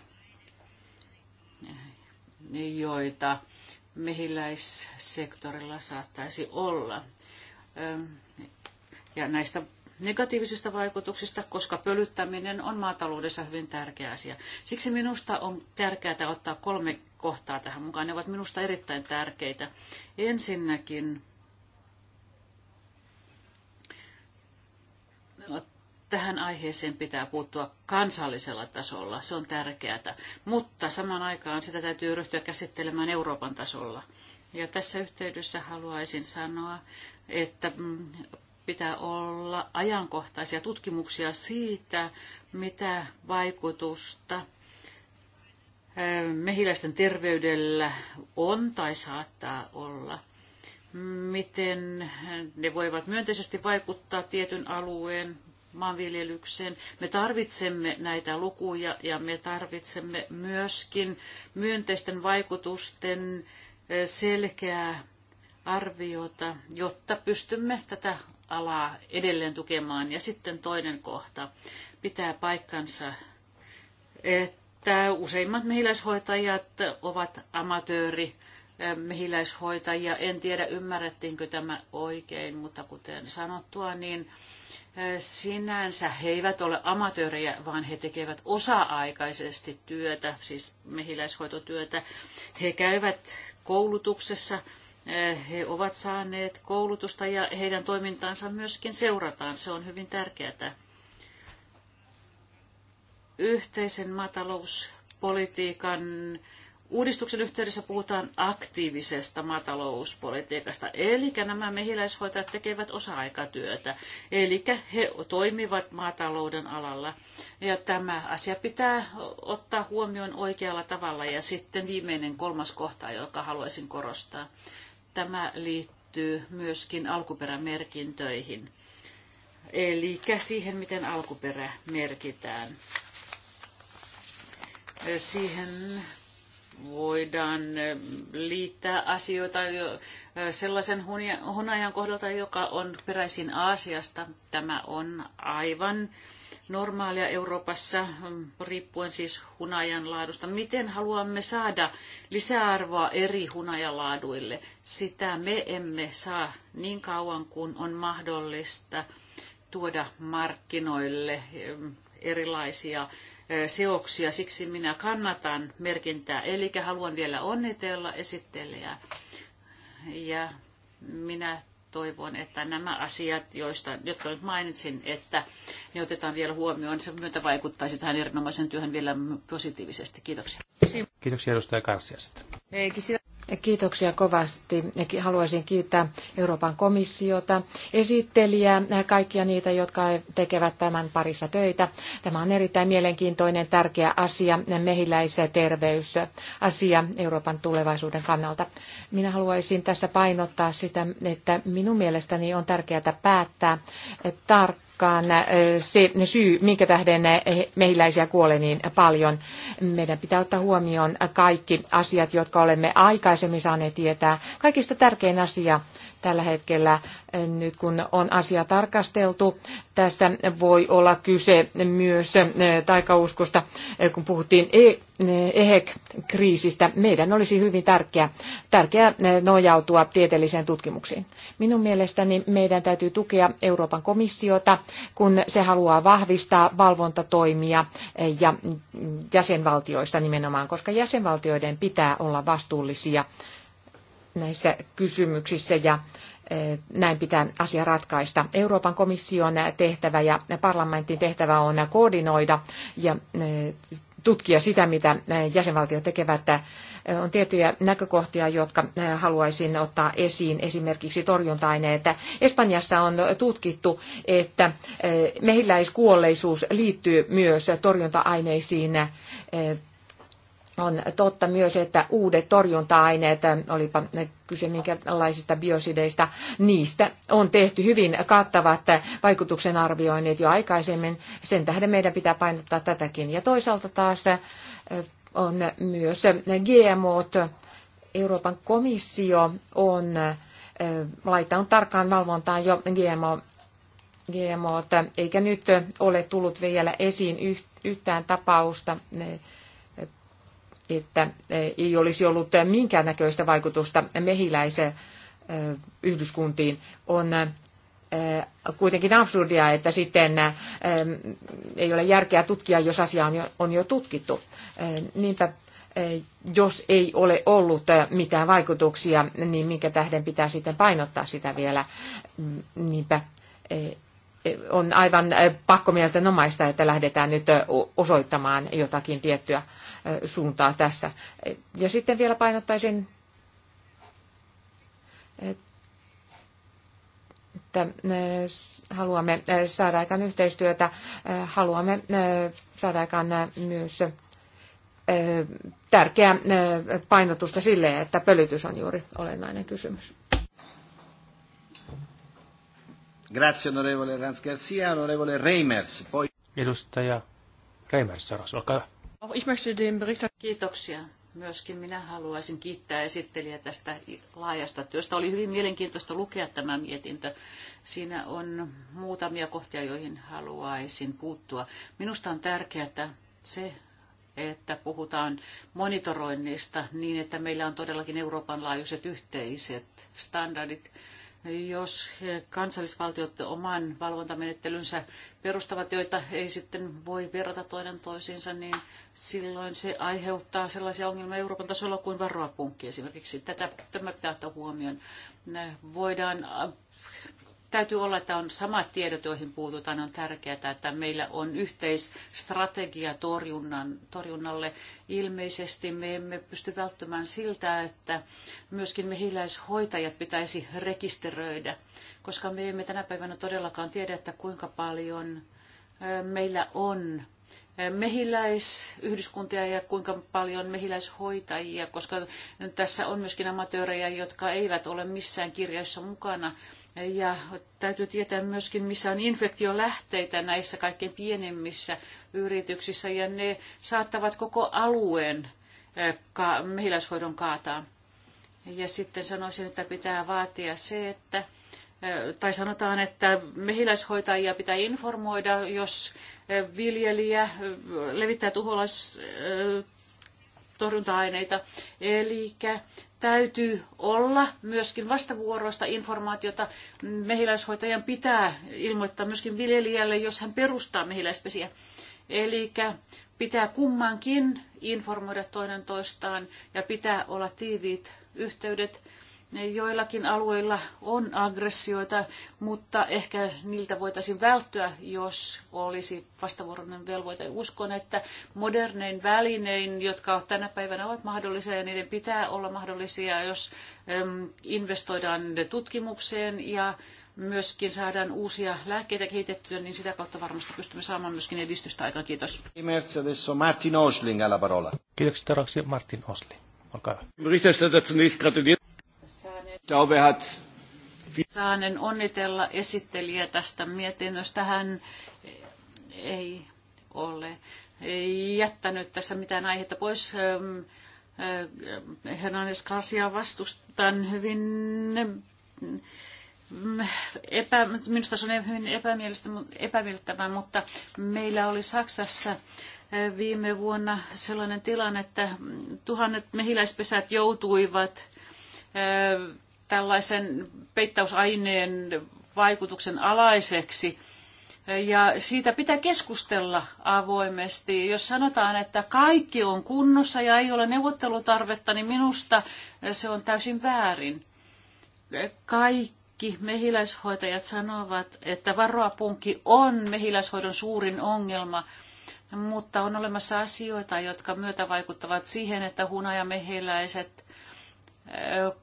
joita mehiläissektorilla saattaisi olla. Ja näistä negatiivisista vaikutuksista, koska pölyttäminen on maataloudessa hyvin tärkeä asia. Siksi minusta on tärkeää ottaa kolme kohtaa tähän mukaan. Ne ovat minusta erittäin tärkeitä. Ensinnäkin tähän aiheeseen pitää puuttua kansallisella tasolla, se on tärkeää, mutta samaan aikaan sitä täytyy ryhtyä käsittelemään Euroopan tasolla. Ja tässä yhteydessä haluaisin sanoa, että mm, pitää olla ajankohtaisia tutkimuksia siitä, mitä vaikutusta eh, mehiläisten terveydellä on tai saattaa olla – miten ne voivat myönteisesti vaikuttaa tietyn alueen maanviljelykseen. Me tarvitsemme näitä lukuja ja me tarvitsemme myöskin myönteisten vaikutusten eh, selkeää arviota, jotta pystymme tätä alaa edelleen tukemaan. Ja sitten toinen kohta pitää paikkansa, että useimmat mehiläishoitajat ovat amatööri eh, mehiläishoitajia. En tiedä, ymmärrettiinkö tämä oikein, mutta kuten sanottua, niin Sinänsä he eivät ole amatöörejä, vaan he tekevät osa-aikaisesti työtä, siis mehiläishoitotyötä. He käyvät koulutuksessa, eh, he ovat saaneet koulutusta ja heidän toimintaansa myöskin seurataan. Se on hyvin tärkeää. Yhteisen maatalouspolitiikan Uudistuksen yhteydessä puhutaan aktiivisesta maatalouspolitiikasta, eli nämä mehiläishoitajat tekevät osa-aikatyötä, eli he toimivat maatalouden alalla. Ja tämä asia pitää ottaa huomioon oikealla tavalla. Ja sitten viimeinen kolmas kohta, joka haluaisin korostaa. Tämä liittyy myöskin alkuperämerkintöihin, eli siihen, miten alkuperä merkitään. Siihen voidaan liittää asioita sellaisen hunajan kohdalta, joka on peräisin Aasiasta. Tämä on aivan normaalia Euroopassa, riippuen siis hunajan laadusta. Miten haluamme saada lisäarvoa eri hunajalaaduille? Sitä me emme saa niin kauan kuin on mahdollista tuoda markkinoille erilaisia seoksia, siksi minä kannatan merkintää. Eli haluan vielä onnitella esittelijää. Ja minä toivon, että nämä asiat, joista, jotka nyt mainitsin, että ne otetaan vielä huomioon, niin se myötä vaikuttaisi tähän erinomaisen työhön vielä positiivisesti. Kiitoksia. Kiitoksia edustaja Karsia sitten. Kiitoksia kovasti. Haluaisin kiittää Euroopan komissiota, esittelijää, kaikkia niitä, jotka tekevät tämän parissa töitä. Tämä on erittäin mielenkiintoinen, tärkeä asia, mehiläisterveysasia Euroopan tulevaisuuden kannalta. Minä haluaisin tässä painottaa sitä, että minun mielestäni on tärkeää päättää tarkkaan, koskaan se syy, minkä tähden mehiläisiä kuolee niin paljon. Meidän pitää ottaa huomioon kaikki asiat, jotka olemme aikaisemmin saaneet tietää. Kaikista tärkein asia tällä hetkellä, nyt kun on asia tarkasteltu. Tässä voi olla kyse myös eh, taikauskosta, eh, kun puhuttiin e, EHEC-kriisistä. E meidän olisi hyvin tärkeää tärkeä eh, nojautua tieteelliseen tutkimuksiin. Minun mielestäni meidän täytyy tukea Euroopan komissiota, kun se haluaa vahvistaa valvontatoimia ja mm, jäsenvaltioissa nimenomaan, koska jäsenvaltioiden pitää olla vastuullisia näissä kysymyksissä ja e, näin pitää asia ratkaista. Euroopan komission tehtävä ja parlamentin tehtävä on koordinoida ja e, tutkia sitä, mitä jäsenvaltiot tekevät. E, on tiettyjä näkökohtia, jotka haluaisin ottaa esiin, esimerkiksi torjunta-aineet. Espanjassa on tutkittu, että mehiläiskuolleisuus liittyy myös torjunta-aineisiin on totta myös, että uudet torjunta-aineet, olipa kyse minkälaisista biosideista, niistä on tehty hyvin kattavat vaikutuksen arvioinnit jo aikaisemmin. Sen tähden meidän pitää painottaa tätäkin. Ja toisaalta taas äh, on myös GMO. -t. Euroopan komissio on äh, laittanut tarkkaan valvontaan jo GMO, GMOt, eikä nyt ole tullut vielä esiin yhtään tapausta että ei olisi ollut minkäännäköistä vaikutusta mehiläisen yhdyskuntiin, on kuitenkin absurdia, että sitten ei ole järkeä tutkia, jos asia on jo, tutkittu. Niinpä jos ei ole ollut mitään vaikutuksia, niin minkä tähden pitää sitten painottaa sitä vielä. Mm, niinpä on aivan omaista, että lähdetään nyt osoittamaan jotakin tiettyä suuntaa tässä. Ja sitten vielä painottaisin, että haluamme saada aikaan yhteistyötä, haluamme saada aikaan myös tärkeää painotusta sille, että pölytys on juuri olennainen kysymys. Grazie onorevole Rans Garcia, onorevole Reimers. Poi... Edustaja Reimers, olkaa hyvä. Kiitoksia. Myöskin minä haluaisin kiittää esittelijä tästä laajasta työstä. Oli hyvin mielenkiintoista lukea tämä mietintö. Siinä on muutamia kohtia, joihin haluaisin puuttua. Minusta on tärkeää se, että puhutaan monitoroinnista niin, että meillä on todellakin Euroopan laajuiset yhteiset standardit jos kansallisvaltiot oman valvontamenettelynsä perustavat, joita ei sitten voi verrata toinen toisiinsa, niin silloin se aiheuttaa sellaisia ongelmia Euroopan tasolla kuin varoapunkki esimerkiksi. Tätä tämä pitää ottaa huomioon. Voidaan täytyy olla, että on samat tiedot, joihin puututaan. On tärkeää, että meillä on yhteisstrategia torjunnan, torjunnalle. Ilmeisesti me emme pysty välttämään siltä, että myöskin mehiläishoitajat pitäisi rekisteröidä, koska me emme tänä päivänä todellakaan tiedä, että kuinka paljon meillä on mehiläisyhdyskuntia ja kuinka paljon mehiläishoitajia, koska tässä on myöskin amatöörejä, jotka eivät ole missään kirjoissa mukana. Ja täytyy tietää myöskin, missä on infektiolähteitä näissä kaikkein pienimmissä yrityksissä, ja ne saattavat koko alueen eh, mehiläishoidon kaataa. Ja sitten sanoisin, että pitää vaatia se, että eh, tai sanotaan, että mehiläishoitajia pitää informoida, jos eh, viljelijä levittää tuholaistorjunta-aineita. Eli täytyy olla myöskin vastavuoroista informaatiota. Mehiläishoitajan pitää ilmoittaa myöskin viljelijälle, jos hän perustaa mehiläispesiä. Eli pitää kummankin informoida toinen toistaan ja pitää olla tiiviit yhteydet Joillakin alueilla on aggressioita, mutta ehkä niiltä voitaisiin välttyä, jos olisi vastavuoroinen velvoite. Uskon, että modernein välinein, jotka tänä päivänä ovat mahdollisia ja niiden pitää olla mahdollisia, jos investoidaan tutkimukseen ja myöskin saadaan uusia lääkkeitä kehitettyä, niin sitä kautta varmasti pystymme saamaan myöskin edistystä aikaan. Kiitos. Martin Osling alla parola. Kiitoksia Martin Osling. Olkaa hyvä. Er Saanen onnitella esittelijä tästä mietinnöstä. Hän ei ole jättänyt tässä mitään aihetta pois. Ähm, äh, Hernanes Garcia vastustan hyvin mm, epä, minusta se on hyvin epämiellyttävää, mutta meillä oli Saksassa äh, viime vuonna sellainen tilanne, että tuhannet mehiläispesät joutuivat äh, tällaisen peittausaineen vaikutuksen alaiseksi. Ja siitä pitää keskustella avoimesti. Jos sanotaan, että kaikki on kunnossa ja ei ole neuvottelutarvetta, niin minusta se on täysin väärin. Kaikki mehiläishoitajat sanovat, että varoapunkki on mehiläishoidon suurin ongelma, mutta on olemassa asioita, jotka myötä vaikuttavat siihen, että hunajamehiläiset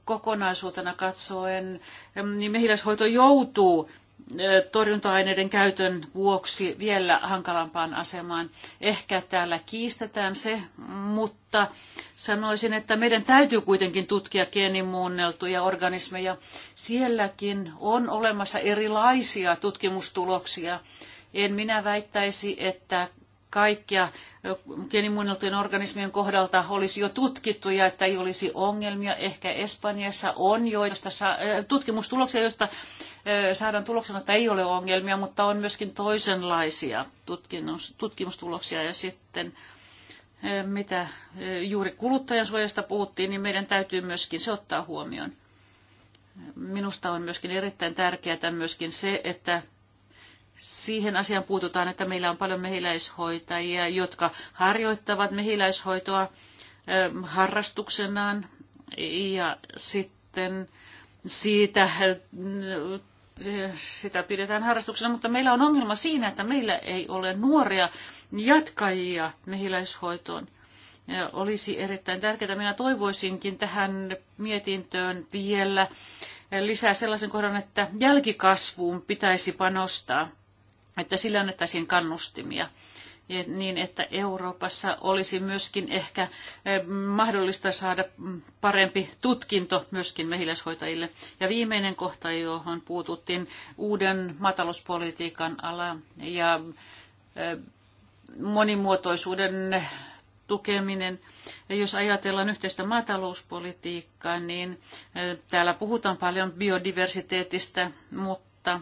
kokonaisuutena katsoen, niin mehiläishoito joutuu torjunta-aineiden käytön vuoksi vielä hankalampaan asemaan. Ehkä täällä kiistetään se, mutta sanoisin, että meidän täytyy kuitenkin tutkia geenimuunneltuja organismeja. Sielläkin on olemassa erilaisia tutkimustuloksia. En minä väittäisi, että kaikkia geenimuunneltujen organismien kohdalta olisi jo tutkittu ja että ei olisi ongelmia. Ehkä Espanjassa on jo joista saa, tutkimustuloksia, joista saadaan tuloksena, että ei ole ongelmia, mutta on myöskin toisenlaisia tutkimus, tutkimustuloksia. Ja sitten mitä juuri kuluttajan suojasta puhuttiin, niin meidän täytyy myöskin se ottaa huomioon. Minusta on myöskin erittäin tärkeää myöskin se, että siihen asiaan puututaan, että meillä on paljon mehiläishoitajia, jotka harjoittavat mehiläishoitoa harrastuksenaan ja sitten siitä sitä pidetään harrastuksena, mutta meillä on ongelma siinä, että meillä ei ole nuoria jatkajia mehiläishoitoon. Ja olisi erittäin tärkeää. Minä toivoisinkin tähän mietintöön vielä lisää sellaisen kohdan, että jälkikasvuun pitäisi panostaa että sille annettaisiin kannustimia niin, että Euroopassa olisi myöskin ehkä eh, mahdollista saada parempi tutkinto myöskin mehiläishoitajille. Ja viimeinen kohta, johon puututtiin, uuden matalouspolitiikan ala ja eh, monimuotoisuuden tukeminen. Ja jos ajatellaan yhteistä maatalouspolitiikkaa, niin eh, täällä puhutaan paljon biodiversiteetistä, mutta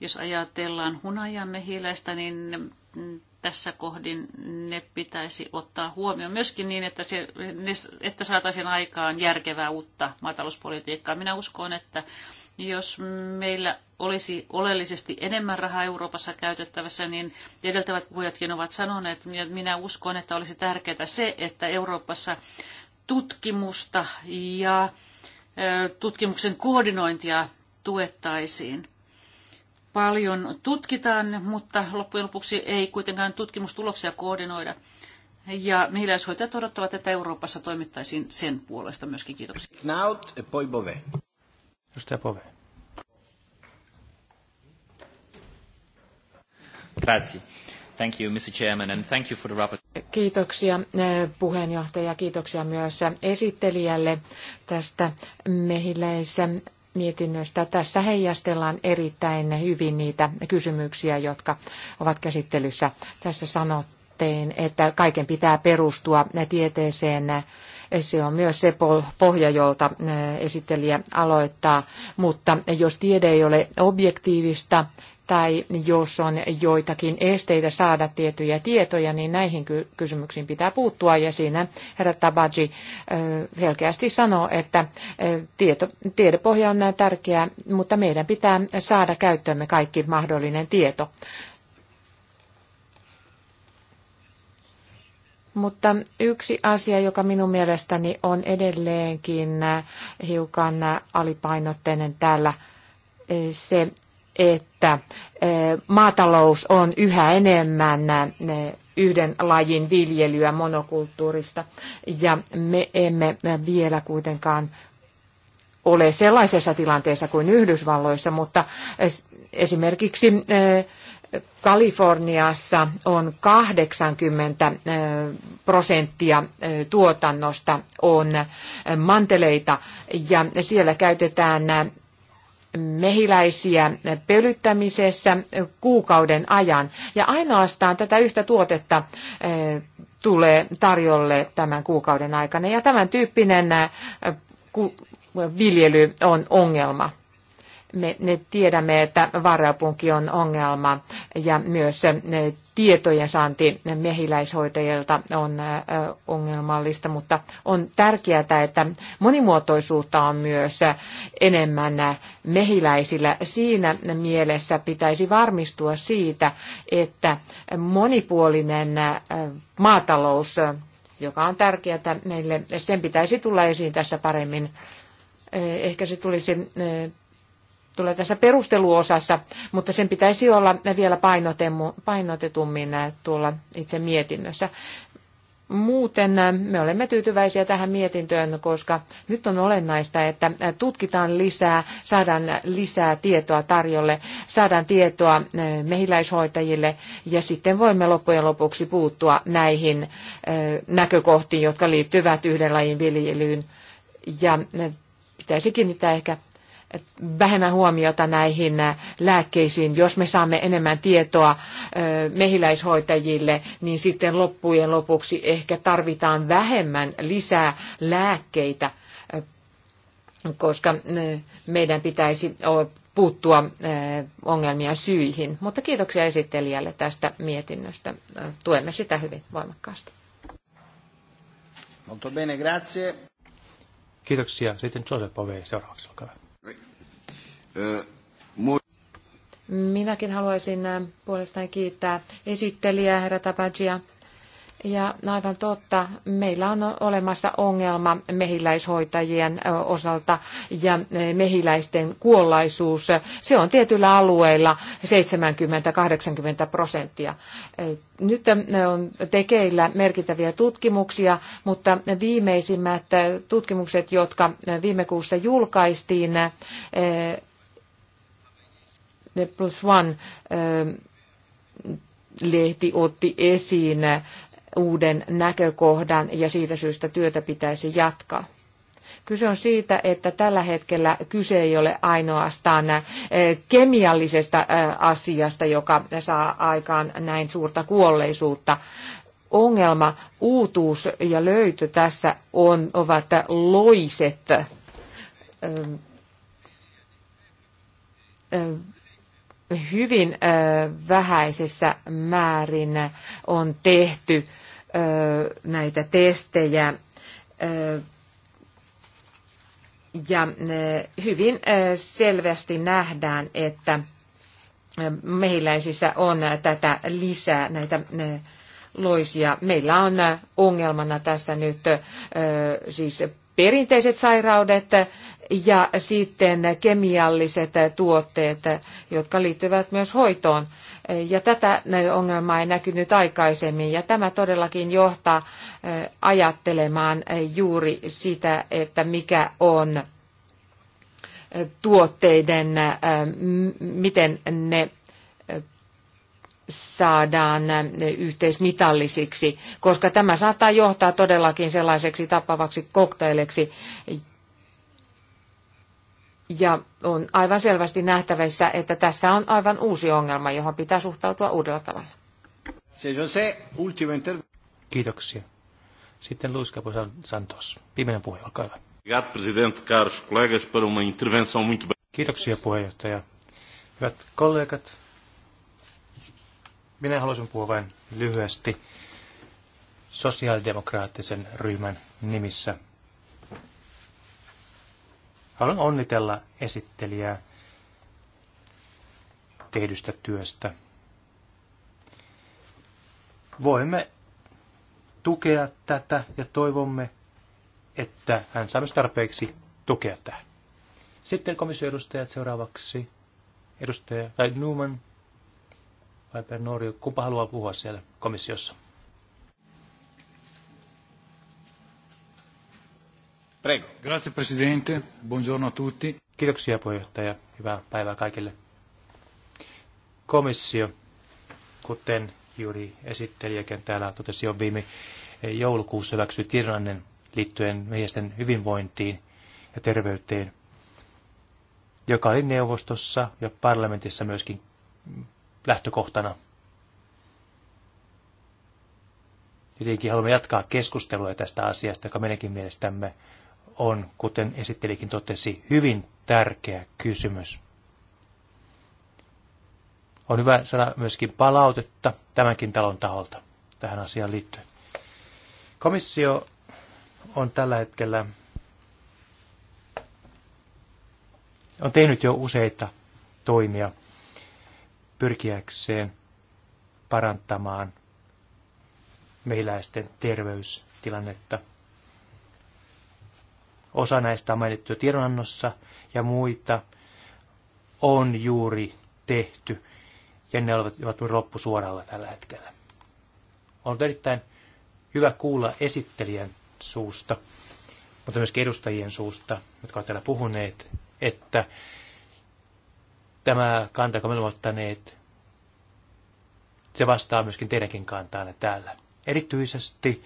jos ajatellaan hunajan mehiläistä, niin tässä kohdin ne pitäisi ottaa huomioon myöskin niin, että, se, ne, että saataisiin aikaan järkevää uutta maatalouspolitiikkaa. Minä uskon, että jos meillä olisi oleellisesti enemmän rahaa Euroopassa käytettävässä, niin edeltävät puhujatkin ovat sanoneet, ja minä uskon, että olisi tärkeää se, että Euroopassa tutkimusta ja tutkimuksen koordinointia tuettaisiin paljon tutkitaan, mutta loppujen lopuksi ei kuitenkaan tutkimustuloksia koordinoida. Ja mehiläishoitajat odottavat, että Euroopassa toimittaisiin sen puolesta myöskin. Kiitoksia. Knaut, poibove. Edustaja Pove. Grazie. Thank you, Mr. Chairman, and thank you for the rapport. Kiitoksia eh, puheenjohtaja, kiitoksia myös esittelijälle tästä mehiläisen mietinnöstä. Tässä heijastellaan erittäin hyvin niitä kysymyksiä, jotka ovat käsittelyssä. Tässä sanottu periaatteen, että kaiken pitää perustua tieteeseen. Se on myös se pohja, jolta esittelijä aloittaa, mutta jos tiede ei ole objektiivista tai jos on joitakin esteitä saada tiettyjä tietoja, niin näihin kysymyksiin pitää puuttua. Ja siinä herra Tabaji selkeästi sanoo, että tieto, tiedepohja on näin tärkeää, mutta meidän pitää saada käyttöömme kaikki mahdollinen tieto. Mutta yksi asia, joka minun mielestäni on edelleenkin hiukan alipainotteinen täällä, eh, se, että eh, maatalous on yhä enemmän eh, yhden lajin viljelyä monokulttuurista, ja me emme vielä kuitenkaan ole sellaisessa tilanteessa kuin Yhdysvalloissa, mutta esimerkiksi Kaliforniassa on 80 prosenttia tuotannosta on manteleita ja siellä käytetään mehiläisiä pölyttämisessä kuukauden ajan. Ja ainoastaan tätä yhtä tuotetta tulee tarjolle tämän kuukauden aikana. Ja tämän tyyppinen viljely on ongelma me, me tiedämme, että varapunki on ongelma ja myös eh, tietojen saanti mehiläishoitajilta on eh, ongelmallista, mutta on tärkeää, että monimuotoisuutta on myös eh, enemmän mehiläisillä. Siinä mielessä pitäisi varmistua siitä, että monipuolinen maatalous, joka on tärkeää meille, sen pitäisi tulla esiin tässä paremmin ehkä se tulisi tulee tässä perusteluosassa, mutta sen pitäisi olla vielä painotetummin tuolla itse mietinnössä. Muuten me olemme tyytyväisiä tähän mietintöön, koska nyt on olennaista, että tutkitaan lisää, saadaan lisää tietoa tarjolle, saadaan tietoa mehiläishoitajille ja sitten voimme loppujen lopuksi puuttua näihin eh, näkökohtiin, jotka liittyvät yhden lajin viljelyyn. Ja eh, pitäisi kiinnittää ehkä vähemmän huomiota näihin lääkkeisiin. Jos me saamme enemmän tietoa mehiläishoitajille, niin sitten loppujen lopuksi ehkä tarvitaan vähemmän lisää lääkkeitä, koska meidän pitäisi puuttua ongelmia syihin. Mutta kiitoksia esittelijälle tästä mietinnöstä. Tuemme sitä hyvin voimakkaasti. Molto bene, grazie. Kiitoksia. Sitten Joseph Ove seuraavaksi, olkaa Minäkin haluaisin äh, puolestani kiittää esittelijää, herra Tabagia. Ja aivan totta, meillä on olemassa ongelma mehiläishoitajien osalta ja mehiläisten kuollaisuus. Se on tietyillä alueilla 70-80 prosenttia. Nyt on tekeillä merkittäviä tutkimuksia, mutta viimeisimmät tutkimukset, jotka viime kuussa julkaistiin, The Plus One-lehti ähm, otti esiin uuden näkökohdan ja siitä syystä työtä pitäisi jatkaa. Kyse on siitä, että tällä hetkellä kyse ei ole ainoastaan äh, kemiallisesta äh, asiasta, joka saa aikaan näin suurta kuolleisuutta. Ongelma, uutuus ja löytö tässä on, ovat loiset ähm, ähm, hyvin vähäisessä määrin on tehty näitä testejä ja hyvin selvästi nähdään, että mehiläisissä on tätä lisää, näitä loisia. Meillä on ongelmana tässä nyt siis perinteiset sairaudet ja sitten kemialliset tuotteet, jotka liittyvät myös hoitoon. Ja tätä ongelmaa ei näkynyt aikaisemmin, ja tämä todellakin johtaa ajattelemaan juuri sitä, että mikä on tuotteiden, miten ne saadaan eh, yhteismitallisiksi, koska tämä saattaa johtaa todellakin sellaiseksi tappavaksi kokteileksi. Ja on aivan selvästi nähtävissä, että tässä on aivan uusi ongelma, johon pitää suhtautua uudella tavalla. Kiitoksia. Sitten Luis Capo Santos. Viimeinen puhe, olkaa hyvä. Kiitoksia puheenjohtaja. Hyvät kollegat, minä haluaisin puhua vain lyhyesti sosiaalidemokraattisen ryhmän nimissä. Haluan onnitella esittelijää tehdystä työstä. Voimme tukea tätä ja toivomme, että hän saa myös tarpeeksi tukea tähän. Sitten komission edustajat seuraavaksi. Edustaja tai Newman per Norjo, kumpa haluaa puhua siellä komissiossa? Prego. Grazie Presidente, buongiorno a tutti. Kiitoksia puheenjohtaja, hyvää päivää kaikille. Komissio, kuten juuri esittelijäkin täällä totesi jo viime joulukuussa hyväksyi Tirannen liittyen miesten hyvinvointiin ja terveyteen, joka oli neuvostossa ja parlamentissa myöskin lähtökohtana. Tietenkin haluamme jatkaa keskustelua tästä asiasta, joka meidänkin mielestämme on, kuten esittelikin totesi, hyvin tärkeä kysymys. On hyvä saada myöskin palautetta tämänkin talon taholta tähän asiaan liittyen. Komissio on tällä hetkellä on tehnyt jo useita toimia pyrkiäkseen parantamaan meiläisten terveystilannetta. Osa näistä on mainittu tiedonannossa ja muita on juuri tehty ja ne ovat, jo loppusuoralla tällä hetkellä. On ollut erittäin hyvä kuulla esittelijän suusta, mutta myös edustajien suusta, jotka ovat täällä puhuneet, että tämä kanta, jonka me olemme ottaneet, se vastaa myöskin teidänkin kantaanne täällä. Erityisesti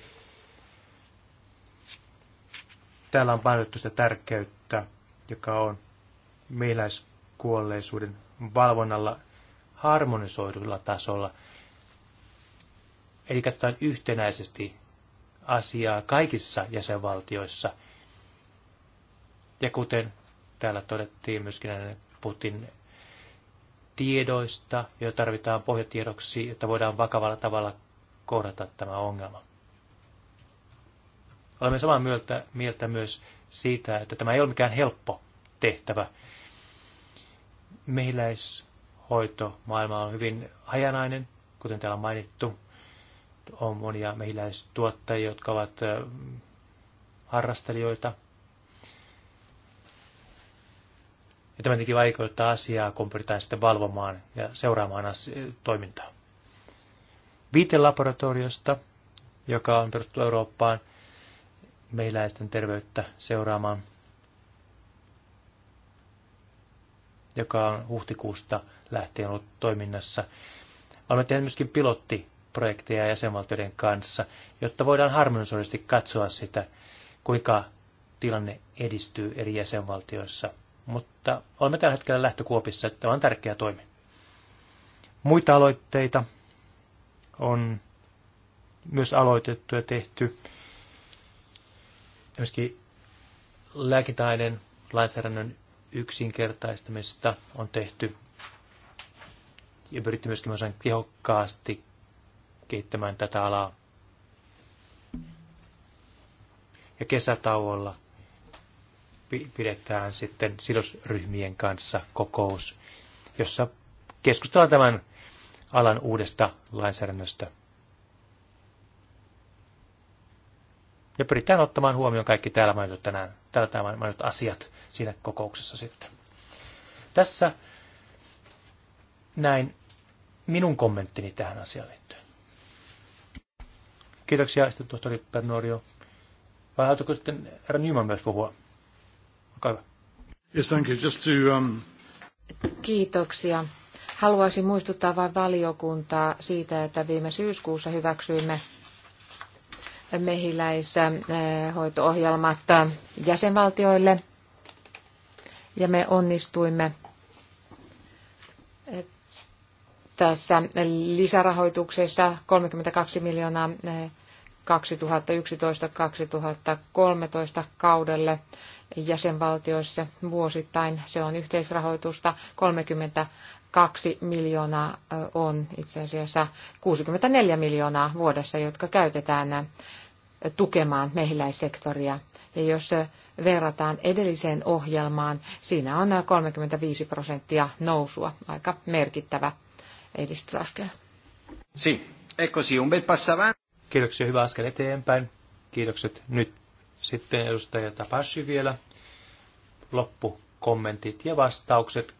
täällä on painotettu sitä tärkeyttä, joka on meiläiskuolleisuuden valvonnalla harmonisoidulla tasolla. Eli katsotaan yhtenäisesti asiaa kaikissa jäsenvaltioissa. Ja kuten täällä todettiin myöskin näiden Putin tiedoista, joita tarvitaan pohjatiedoksi, että voidaan vakavalla tavalla kohdata tämä ongelma. Olemme samaa mieltä, mieltä myös siitä, että tämä ei ole mikään helppo tehtävä. Mehiläishoitomaailma on hyvin hajanainen, kuten täällä on mainittu. On monia mehiläistuottajia, jotka ovat harrastelijoita, Ja tämä tietenkin vaikeuttaa asiaa, kun pyritään sitten valvomaan ja seuraamaan toimintaa. Viitelaboratoriosta, joka on perustettu Eurooppaan meiläisten terveyttä seuraamaan, joka on huhtikuusta lähtien ollut toiminnassa. Olemme tehneet myöskin pilottiprojekteja jäsenvaltioiden kanssa, jotta voidaan harmonisoidusti katsoa sitä, kuinka tilanne edistyy eri jäsenvaltioissa – mutta olemme tällä hetkellä lähtökuopissa, että tämä on tärkeä toimi. Muita aloitteita on myös aloitettu ja tehty. Myöskin lääkintäaineen lainsäädännön yksinkertaistamista on tehty ja pyritty myöskin myös tehokkaasti kehittämään tätä alaa. Ja kesätauolla pidetään sitten sidosryhmien kanssa kokous, jossa keskustellaan tämän alan uudesta lainsäädännöstä. Ja pyritään ottamaan huomioon kaikki täällä mainitut, tänään, täällä mainitut asiat siinä kokouksessa sitten. Tässä näin minun kommenttini tähän asiaan liittyen. Kiitoksia, sitten tohtori Pernorio. Vai haluatko sitten herra Nyman myös puhua? Olkaa hyvä. Yes, thank you. Just to, um... Kiitoksia. Haluaisin muistuttaa vain valiokuntaa siitä, että viime syyskuussa hyväksyimme mehiläishoito-ohjelmat jäsenvaltioille ja me onnistuimme tässä lisärahoituksessa 32 miljoonaa 2011-2013 kaudelle jäsenvaltioissa vuosittain. Se on yhteisrahoitusta 32 miljoonaa on itse asiassa 64 miljoonaa vuodessa, jotka käytetään tukemaan mehiläissektoria. Ja jos verrataan edelliseen ohjelmaan, siinä on 35 prosenttia nousua, aika merkittävä edistysaskel. Sì, ecco sì, un bel passo avanti. Kiitoksia, hyvä askel eteenpäin. Kiitokset nyt sitten edustaja Tapassi vielä. Loppukommentit ja vastaukset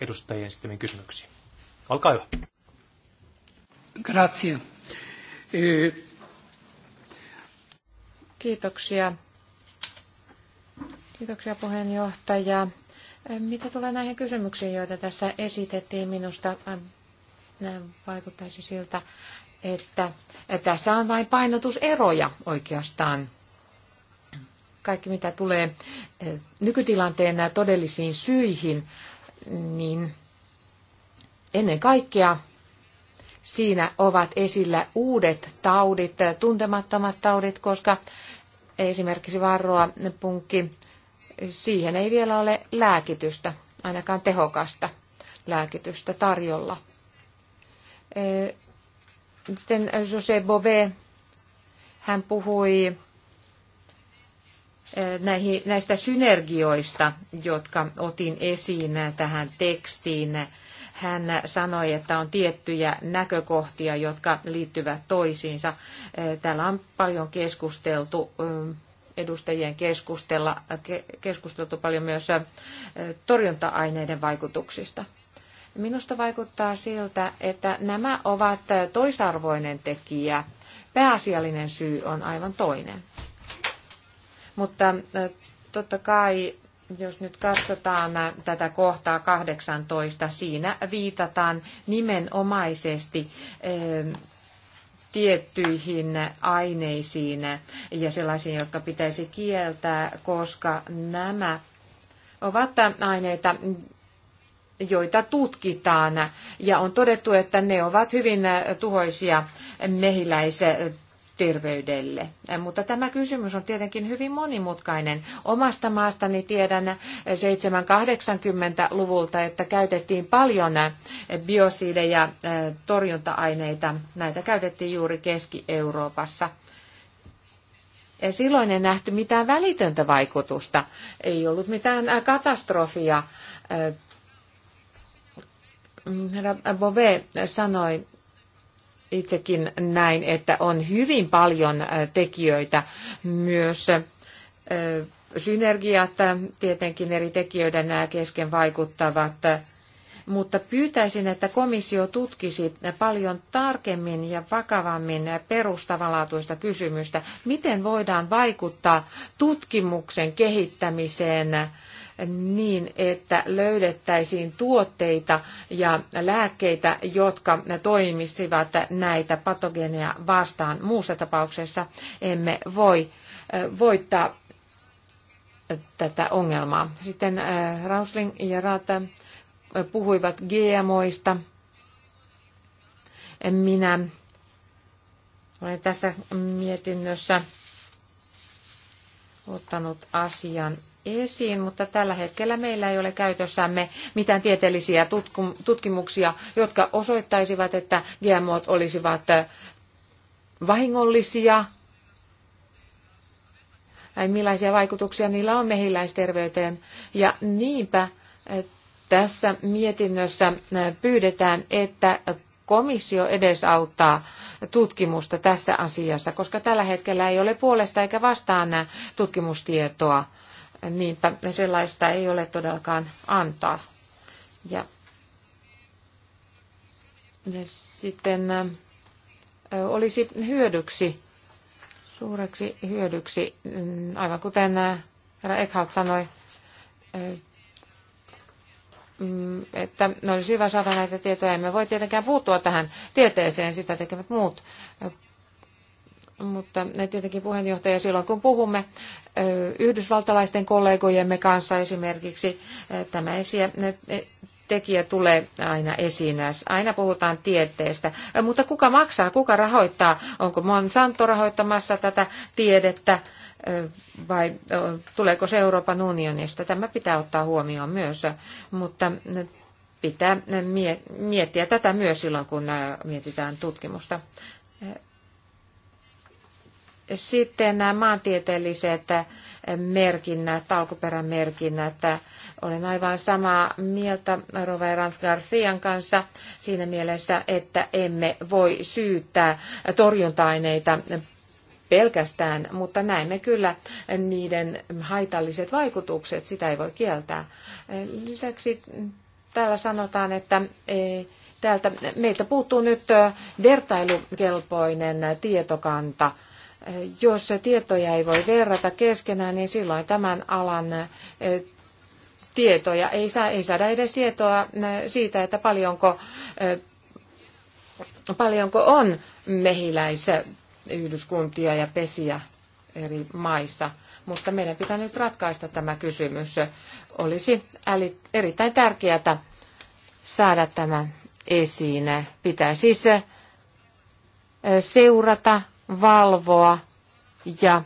edustajien sitten kysymyksiin. Olkaa hyvä. Grazie. Eh, Kiitoksia. Kiitoksia puheenjohtaja. Eh, mitä tulee näihin kysymyksiin, joita tässä esitettiin, minusta eh, vaikuttaisi siltä, että tässä on vain painotuseroja oikeastaan. Kaikki mitä tulee eh, nykytilanteen todellisiin syihin, niin ennen kaikkea siinä ovat esillä uudet taudit, tuntemattomat taudit, koska esimerkiksi varroa punkki, siihen ei vielä ole lääkitystä, ainakaan tehokasta lääkitystä tarjolla. Eh, sitten Jose Bové, hän puhui eh, näihin, näistä synergioista, jotka otin esiin tähän tekstiin. Hän sanoi, että on tiettyjä näkökohtia, jotka liittyvät toisiinsa. Eh, täällä on paljon keskusteltu eh, edustajien keskustella, keskusteltu paljon myös torjunta-aineiden vaikutuksista. Minusta vaikuttaa siltä, että nämä ovat toisarvoinen tekijä. Pääasiallinen syy on aivan toinen. Mutta totta kai, jos nyt katsotaan tätä kohtaa 18, siinä viitataan nimenomaisesti tiettyihin aineisiin ja sellaisiin, jotka pitäisi kieltää, koska nämä ovat aineita, joita tutkitaan. Ja on todettu, että ne ovat hyvin tuhoisia mehiläisen terveydelle. Mutta tämä kysymys on tietenkin hyvin monimutkainen. Omasta maastani tiedän 780-luvulta, että käytettiin paljon biosiidejä, torjunta-aineita. Näitä käytettiin juuri Keski-Euroopassa. Silloin ei nähty mitään välitöntä vaikutusta. Ei ollut mitään katastrofia Herra Bove sanoi itsekin näin, että on hyvin paljon tekijöitä myös synergiat tietenkin eri tekijöiden nämä kesken vaikuttavat, mutta pyytäisin, että komissio tutkisi paljon tarkemmin ja vakavammin perustavanlaatuista kysymystä, miten voidaan vaikuttaa tutkimuksen kehittämiseen niin, että löydettäisiin tuotteita ja lääkkeitä, jotka toimisivat näitä patogeneja vastaan. Muussa tapauksessa emme voi voittaa tätä ongelmaa. Sitten Rausling ja Rata puhuivat GMOista. Minä olen tässä mietinnössä ottanut asian esiin, mutta tällä hetkellä meillä ei ole käytössämme mitään tieteellisiä tutkimuksia, jotka osoittaisivat, että GMOt olisivat äh, vahingollisia tai äh, millaisia vaikutuksia niillä on mehiläisterveyteen. Ja niinpä äh, tässä mietinnössä pyydetään, että komissio edesauttaa tutkimusta tässä asiassa, koska tällä hetkellä ei ole puolesta eikä vastaan tutkimustietoa niinpä sellaista ei ole todellakaan antaa. Ja sitten olisi hyödyksi, suureksi hyödyksi, mm, aivan kuten herra Eckhart sanoi, mm, että olisi hyvä saada näitä tietoja. Emme voi tietenkään puuttua tähän tieteeseen, sitä tekevät muut mutta tietenkin puheenjohtaja silloin kun puhumme yhdysvaltalaisten kollegojemme kanssa esimerkiksi tämä esiä, e, tekijä tulee aina esiin. Aina puhutaan tieteestä, mutta kuka maksaa, kuka rahoittaa? Onko Monsanto rahoittamassa tätä tiedettä vai tuleeko se Euroopan unionista? Tämä pitää ottaa huomioon myös, mutta pitää miettiä tätä myös silloin, kun mietitään tutkimusta. Sitten nämä maantieteelliset merkinnät, alkuperämerkinnät. Olen aivan samaa mieltä Rova Ranf Garcian kanssa siinä mielessä, että emme voi syyttää torjunta-aineita pelkästään, mutta näemme kyllä niiden haitalliset vaikutukset, sitä ei voi kieltää. Lisäksi täällä sanotaan, että e, täältä, meiltä puuttuu nyt vertailukelpoinen tietokanta – jos tietoja ei voi verrata keskenään, niin silloin tämän alan eh, tietoja ei, saa, ei saada edes tietoa eh, siitä, että paljonko, eh, paljonko on mehiläisiä yhdyskuntia ja pesiä eri maissa. Mutta meidän pitää nyt ratkaista tämä kysymys. Olisi erittäin tärkeää saada tämä esiin. Pitää siis seurata valvoa ja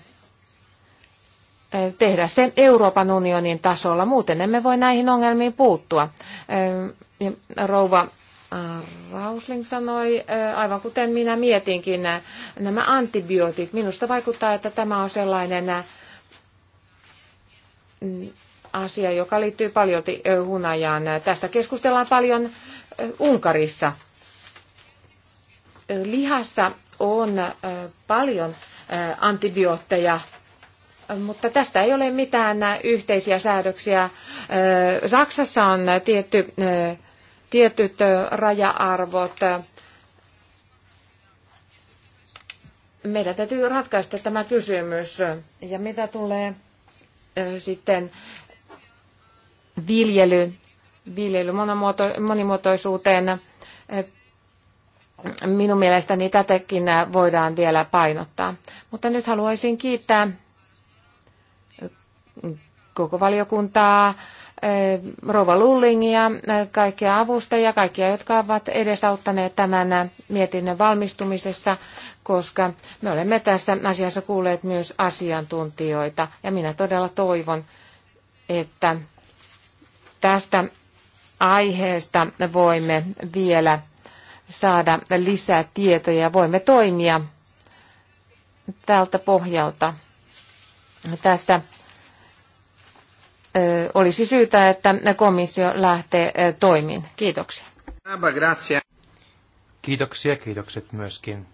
e, tehdä sen Euroopan unionin tasolla. Muuten emme voi näihin ongelmiin puuttua. E, rouva Rausling sanoi, e, aivan kuten minä mietinkin, nämä antibiootit. Minusta vaikuttaa, että tämä on sellainen asia, joka liittyy paljon hunajaan. Tästä keskustellaan paljon Unkarissa. Lihassa on paljon antibiootteja, mutta tästä ei ole mitään yhteisiä säädöksiä. Saksassa on tietty, tietyt raja-arvot. Meidän täytyy ratkaista tämä kysymys. Ja mitä tulee sitten viljely, viljely monimuotoisuuteen, minun mielestäni tätäkin voidaan vielä painottaa. Mutta nyt haluaisin kiittää mm, koko valiokuntaa, eh, Rova Lullingia, eh, kaikkia avustajia, kaikkia, jotka ovat edesauttaneet tämän eh, mietinnön valmistumisessa, koska me olemme tässä asiassa kuulleet myös asiantuntijoita. Ja minä todella toivon, että tästä aiheesta voimme vielä saada lisää tietoja. Voimme toimia tältä pohjalta. Tässä olisi syytä, että komissio lähtee toimiin. Kiitoksia. Kiitoksia, kiitokset myöskin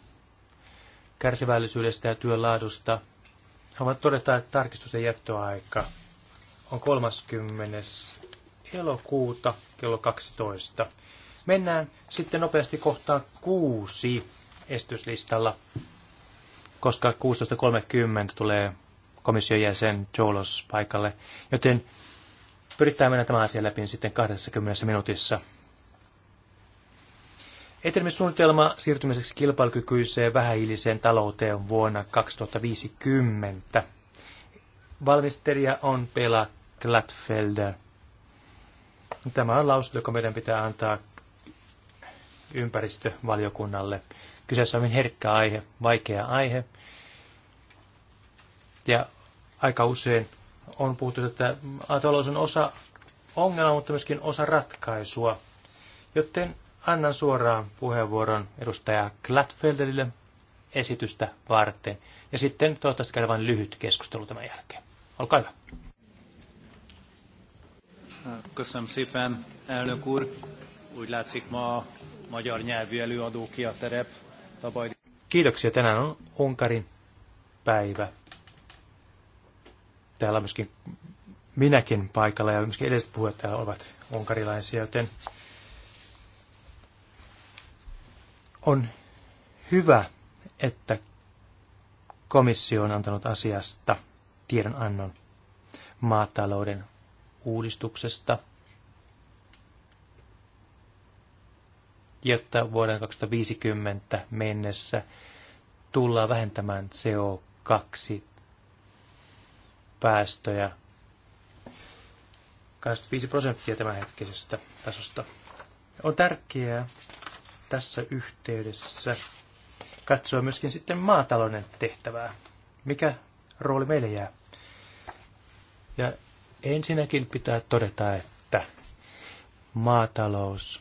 kärsivällisyydestä ja työn laadusta. Haluan todeta, että tarkistusten jättöaika on 30. elokuuta kello 12. Mennään sitten nopeasti kohtaan kuusi estyslistalla, koska 16.30 tulee komission jäsen Joulos paikalle, joten pyritään mennä tämä asia läpi sitten 20 minuutissa. Etenemissuunnitelma siirtymiseksi kilpailukykyiseen vähähiiliseen talouteen vuonna 2050. Valmistelija on Pela Glatfelder. Tämä on lausunto, joka meidän pitää antaa ympäristövaliokunnalle. Kyseessä on hyvin herkkä aihe, vaikea aihe. Ja aika usein on puhuttu, että maatalous on osa ongelmaa, mutta myöskin osa ratkaisua. Joten annan suoraan puheenvuoron edustaja Gladfelderille esitystä varten. Ja sitten toivottavasti käydään vain lyhyt keskustelu tämän jälkeen. Olkaa hyvä. Köszönöm szépen, elnök úr. Úgy látszik ma magyar nyelvű ki a terep. Tavaly. Kiitoksia. Tänään on Unkarin päivä. Täällä on myöskin minäkin paikalla ja myöskin edelliset puhujat täällä ovat unkarilaisia, joten on hyvä, että komissio on antanut asiasta tiedonannon maatalouden uudistuksesta – jotta vuoden 2050 mennessä tullaan vähentämään CO2-päästöjä 25 prosenttia tämänhetkisestä tasosta. On tärkeää tässä yhteydessä katsoa myöskin sitten maatalouden tehtävää. Mikä rooli meille jää? Ja ensinnäkin pitää todeta, että maatalous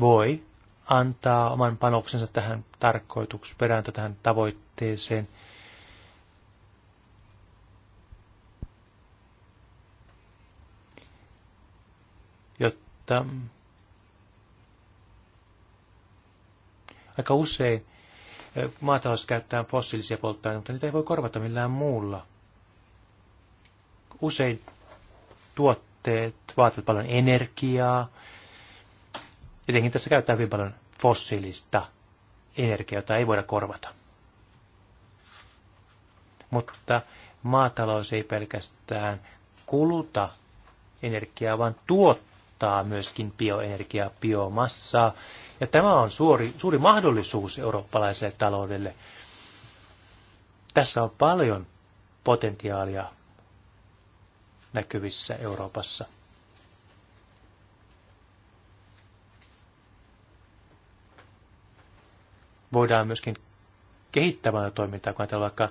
voi antaa oman panoksensa tähän tarkoitusperään tai tähän tavoitteeseen. Jotta aika usein maatalous käyttää fossiilisia polttoaineita, mutta niitä ei voi korvata millään muulla. Usein tuotteet vaativat paljon energiaa, Tietenkin tässä käytetään hyvin paljon fossiilista energiaa, jota ei voida korvata. Mutta maatalous ei pelkästään kuluta energiaa, vaan tuottaa myöskin bioenergiaa, biomassaa. Ja tämä on suuri, suuri mahdollisuus eurooppalaiselle taloudelle. Tässä on paljon potentiaalia näkyvissä Euroopassa. voidaan myöskin kehittämään toimintaa, kun ajatellaan vaikka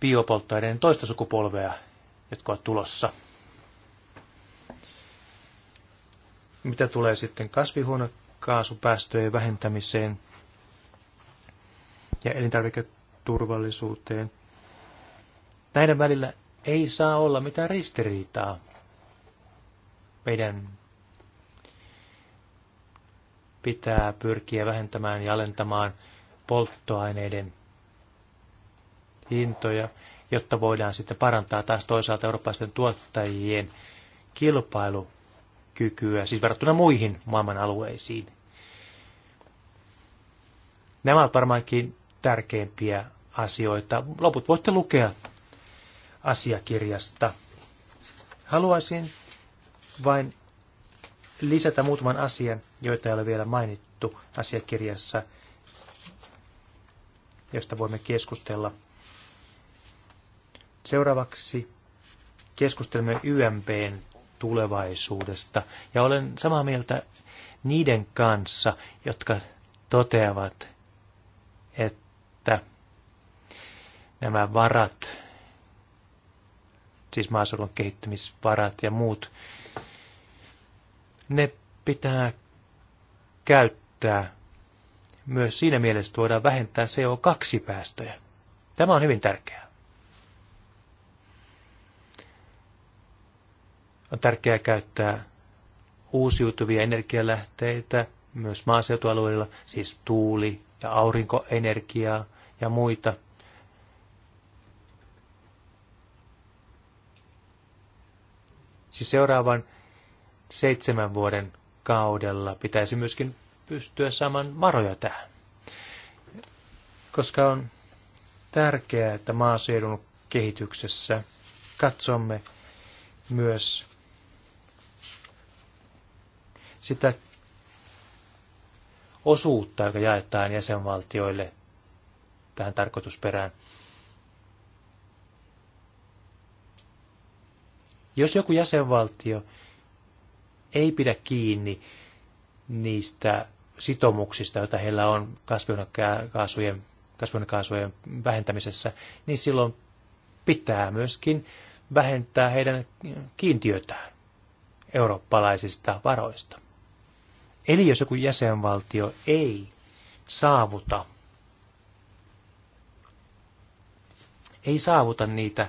biopolttoaineiden toista sukupolvea, jotka ovat tulossa. Mitä tulee sitten kasvihuonekaasupäästöjen vähentämiseen ja elintarviketurvallisuuteen, näiden välillä ei saa olla mitään ristiriitaa meidän pitää pyrkiä vähentämään ja alentamaan polttoaineiden hintoja, jotta voidaan sitten parantaa taas toisaalta eurooppalaisten tuottajien kilpailukykyä, siis verrattuna muihin maailman alueisiin. Nämä ovat varmaankin tärkeimpiä asioita. Loput voitte lukea asiakirjasta. Haluaisin vain lisätä muutaman asian joita ei ole vielä mainittu asiakirjassa, josta voimme keskustella. Seuraavaksi keskustelemme YMPn tulevaisuudesta. Ja olen samaa mieltä niiden kanssa, jotka toteavat, että nämä varat, siis maaseudun kehittymisvarat ja muut, ne pitää käyttää myös siinä mielessä, voidaan vähentää CO2-päästöjä. Tämä on hyvin tärkeää. On tärkeää käyttää uusiutuvia energialähteitä myös maaseutualueilla, siis tuuli- ja aurinkoenergiaa ja muita. Siis seuraavan seitsemän vuoden kaudella pitäisi myöskin pystyä saamaan varoja tähän. Koska on tärkeää, että maaseudun kehityksessä katsomme myös sitä osuutta, joka jaetaan jäsenvaltioille tähän tarkoitusperään. Jos joku jäsenvaltio ei pidä kiinni niistä sitomuksista, joita heillä on kasvihuonekaasujen, kasvihuonekaasujen vähentämisessä, niin silloin pitää myöskin vähentää heidän kiintiötään eurooppalaisista varoista. Eli jos joku jäsenvaltio ei saavuta, ei saavuta niitä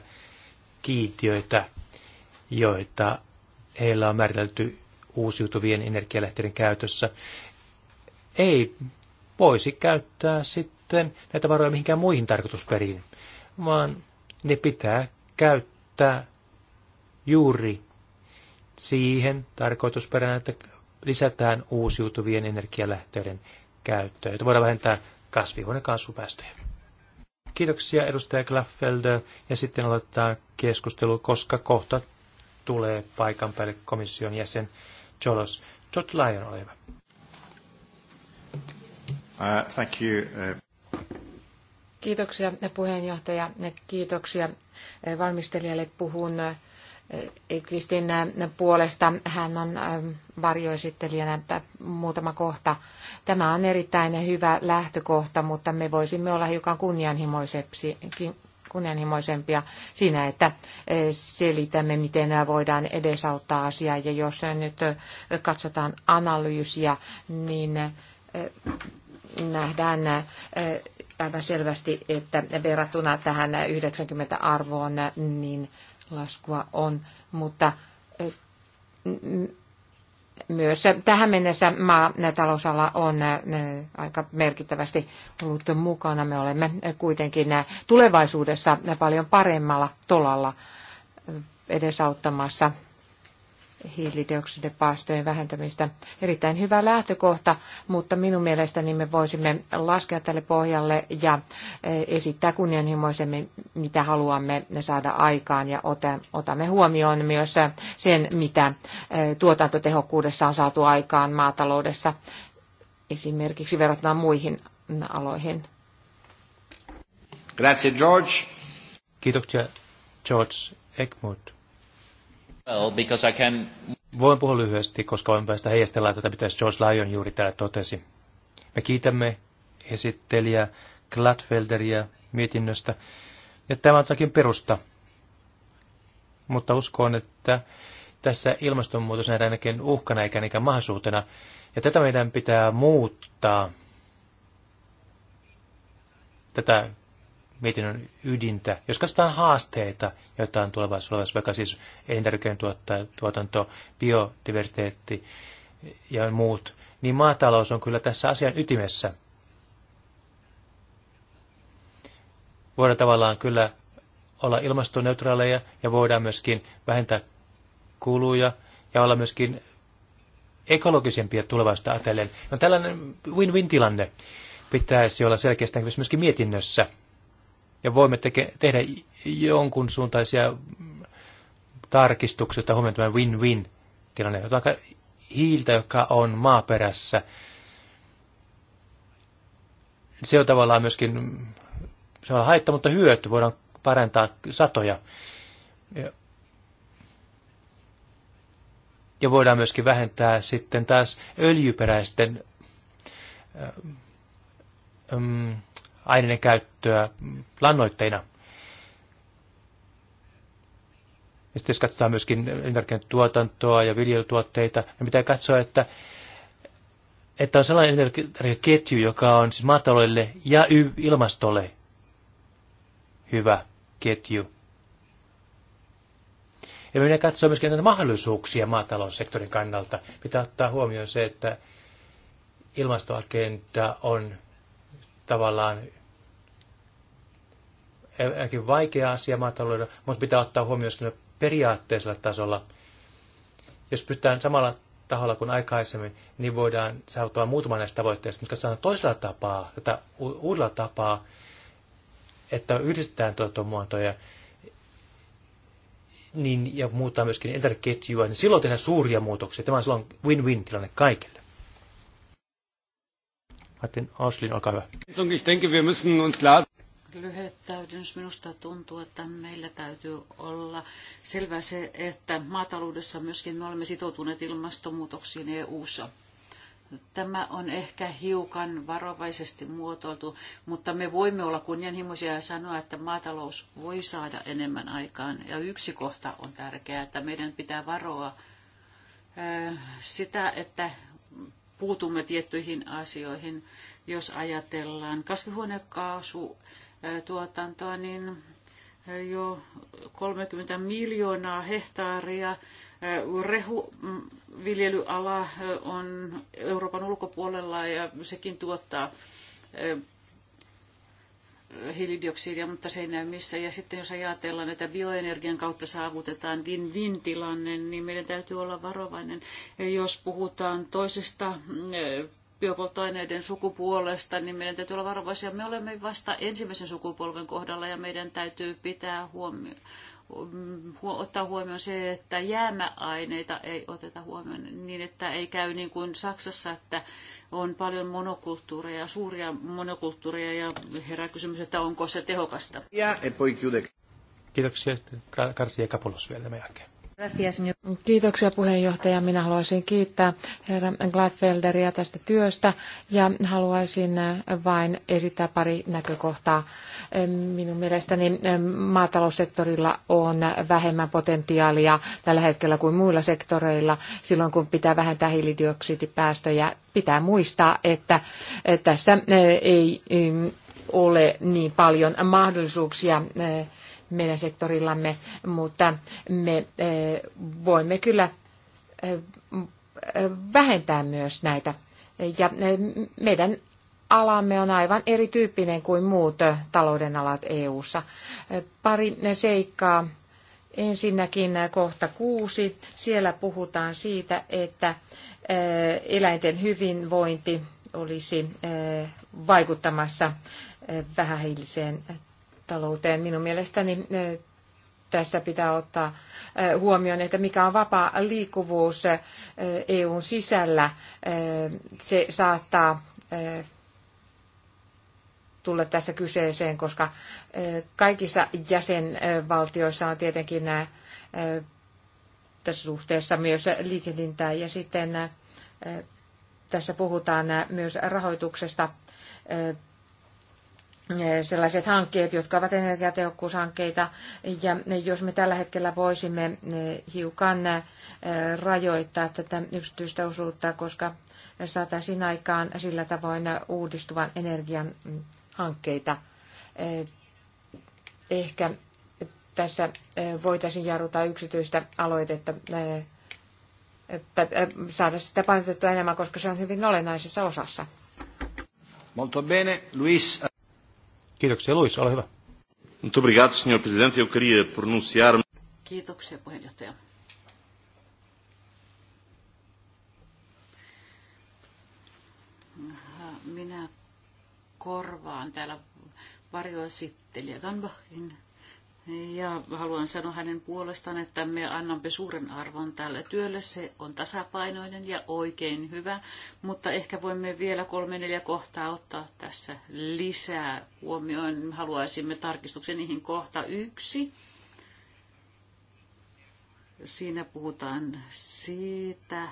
kiintiöitä, joita heillä on määritelty uusiutuvien energialähteiden käytössä, ei voisi käyttää sitten näitä varoja mihinkään muihin tarkoitusperiin, vaan ne pitää käyttää juuri siihen tarkoitusperään, että lisätään uusiutuvien energialähteiden käyttöä, jota voidaan vähentää kasvihuonekaasupäästöjä. Kiitoksia edustaja Klaffelder ja sitten aloittaa keskustelu, koska kohta tulee paikan päälle komission jäsen Cholos. George Lyon, ole hyvä. Uh, thank you. Uh... Kiitoksia puheenjohtaja ja kiitoksia uh, valmistelijalle. Puhun uh, Kristin puolesta. Hän on um, varjoesittelijänä muutama kohta. Tämä on erittäin hyvä lähtökohta, mutta me voisimme olla hiukan kunnianhimoisempi, kunnianhimoisempia siinä, että eh, selitämme, miten voidaan edesauttaa asiaa. Ja jos eh, nyt eh, katsotaan analyysiä, niin nähdään aivan selvästi, että verrattuna tähän 90-arvoon, niin laskua on, mutta myös tähän mennessä maa-talousala on aika merkittävästi ollut mukana. Me olemme kuitenkin tulevaisuudessa paljon paremmalla tolalla edesauttamassa hiilidioksidipäästöjen vähentämistä. Erittäin hyvä lähtökohta, mutta minun mielestäni me voisimme laskea tälle pohjalle ja e, esittää kunnianhimoisemmin, mitä haluamme saada aikaan ja otamme huomioon myös sen, mitä e, tuotantotehokkuudessa on saatu aikaan maataloudessa esimerkiksi verrattuna muihin aloihin. Grazie George. Kiitoksia George Egmont. Well, because I can... Voin puhua lyhyesti, koska voin päästä heijastellaan että mitä George Lyon juuri täällä totesi. Me kiitämme esittelijä Gladfelderia mietinnöstä, ja tämä on jotakin perusta. Mutta uskon, että tässä ilmastonmuutos nähdään ainakin uhkana eikä niinkään mahdollisuutena, ja tätä meidän pitää muuttaa, tätä mietinnön ydintä. Jos katsotaan haasteita, joita on tulevaisuudessa, vaikka siis elintarvikeen tuotanto, biodiversiteetti ja muut, niin maatalous on kyllä tässä asian ytimessä. Voidaan tavallaan kyllä olla ilmastoneutraaleja ja voidaan myöskin vähentää kuluja ja olla myöskin ekologisempia tulevaisuutta ajatellen. No tällainen win-win tilanne pitäisi olla selkeästi myöskin mietinnössä – ja voimme teke, tehdä jonkun suuntaisia tarkistuksia, että huomioon tämä win-win tilanne. Otetaan hiiltä, joka on maaperässä. Se on tavallaan myöskin se on haitta, mutta hyöty. Voidaan parantaa satoja. Ja, ja voidaan myöskin vähentää sitten taas öljyperäisten ähm, aineiden käyttöä lannoitteina. Ja sitten jos katsotaan myöskin energiantuotantoa ja viljelytuotteita, niin pitää katsoa, että, että on sellainen energiaketju, joka on siis maataloille ja ilmastolle hyvä ketju. Ja meidän katsoa myöskin näitä mahdollisuuksia maataloussektorin kannalta. Pitää ottaa huomioon se, että ilmastoagenda on tavallaan ainakin vaikea asia maataloudella, mutta pitää ottaa huomioon myös periaatteisella tasolla. Jos pystytään samalla taholla kuin aikaisemmin, niin voidaan saavuttaa muutama näistä tavoitteista, mutta katsotaan toisella tapaa, tätä uudella tapaa, että yhdistetään tuotantomuotoja niin, ja muuttaa myöskin elintarviketjua, niin silloin tehdään suuria muutoksia. Tämä on silloin win-win tilanne kaikille. Martin Auslin, olkaa hyvä. Ich denke, wir müssen uns klar lyhettäydys. Minusta tuntuu, että meillä täytyy olla selvä se, että maataloudessa myöskin me olemme sitoutuneet ilmastonmuutoksiin EU-ssa. Tämä on ehkä hiukan varovaisesti muotoiltu, mutta me voimme olla kunnianhimoisia ja sanoa, että maatalous voi saada enemmän aikaan. Ja yksi kohta on tärkeää, että meidän pitää varoa sitä, että puutumme tiettyihin asioihin, jos ajatellaan kasvihuonekaasu tuotantoa, niin jo 30 miljoonaa hehtaaria. Rehuviljelyala on Euroopan ulkopuolella ja sekin tuottaa hiilidioksidia, mutta se ei näy missä. Ja sitten jos ajatellaan, että bioenergian kautta saavutetaan win-win tilanne, niin meidän täytyy olla varovainen. Jos puhutaan toisesta biopolttoaineiden sukupuolesta, niin meidän täytyy olla varovaisia. Me olemme vasta ensimmäisen sukupolven kohdalla ja meidän täytyy pitää huomioon ottaa huomioon se, että jäämäaineita ei oteta huomioon niin, että ei käy niin kuin Saksassa, että on paljon monokulttuureja, suuria monokulttuureja ja herää kysymys, että onko se tehokasta. Ja, e Kiitoksia. Karsia Kapulos vielä jälkeen. Kiitoksia puheenjohtaja. Minä haluaisin kiittää herra Gladfelderia tästä työstä ja haluaisin äh, vain esittää pari näkökohtaa. Ähm, minun mielestäni ähm, maataloussektorilla on vähemmän potentiaalia tällä hetkellä kuin muilla sektoreilla. Silloin kun pitää vähentää hiilidioksidipäästöjä, pitää muistaa, että äh, tässä äh, ei mm, ole niin paljon mahdollisuuksia meidän sektorillamme, mutta me eh, voimme kyllä eh, eh, vähentää myös näitä. Ja meidän alamme on aivan erityyppinen kuin muut talouden alat EU:ssa. Pari seikkaa. Ensinnäkin kohta kuusi. Siellä puhutaan siitä, että eläinten hyvinvointi olisi vaikuttamassa vähähiiliseen talouteen. Minun mielestäni tässä pitää ottaa huomioon, että mikä on vapaa liikkuvuus EUn sisällä. Se saattaa tulla tässä kyseeseen, koska kaikissa jäsenvaltioissa on tietenkin nämä, tässä suhteessa myös liikehdintää ja sitten tässä puhutaan myös rahoituksesta Eh, sellaiset hankkeet, jotka ovat energiatehokkuushankkeita. Ja jos me tällä hetkellä voisimme eh, hiukan eh, rajoittaa tätä yksityistä osuutta, koska saataisiin aikaan sillä tavoin uudistuvan energian mm, hankkeita. Ehkä tässä voitaisiin jarruttaa yksityistä aloitetta että saada sitä painotettua enemmän, koska se on hyvin olennaisessa osassa. Molto bene, Luis. Kiitoksia Luis, ole hyvä. Kiitoksia puheenjohtaja. Minä korvaan täällä varjoesittelijä Ganbachin ja haluan sanoa hänen puolestaan, että me annamme suuren arvon tälle työlle. Se on tasapainoinen ja oikein hyvä, mutta ehkä voimme vielä kolme neljä kohtaa ottaa tässä lisää huomioon. Haluaisimme tarkistuksen niihin kohta yksi. Siinä puhutaan siitä,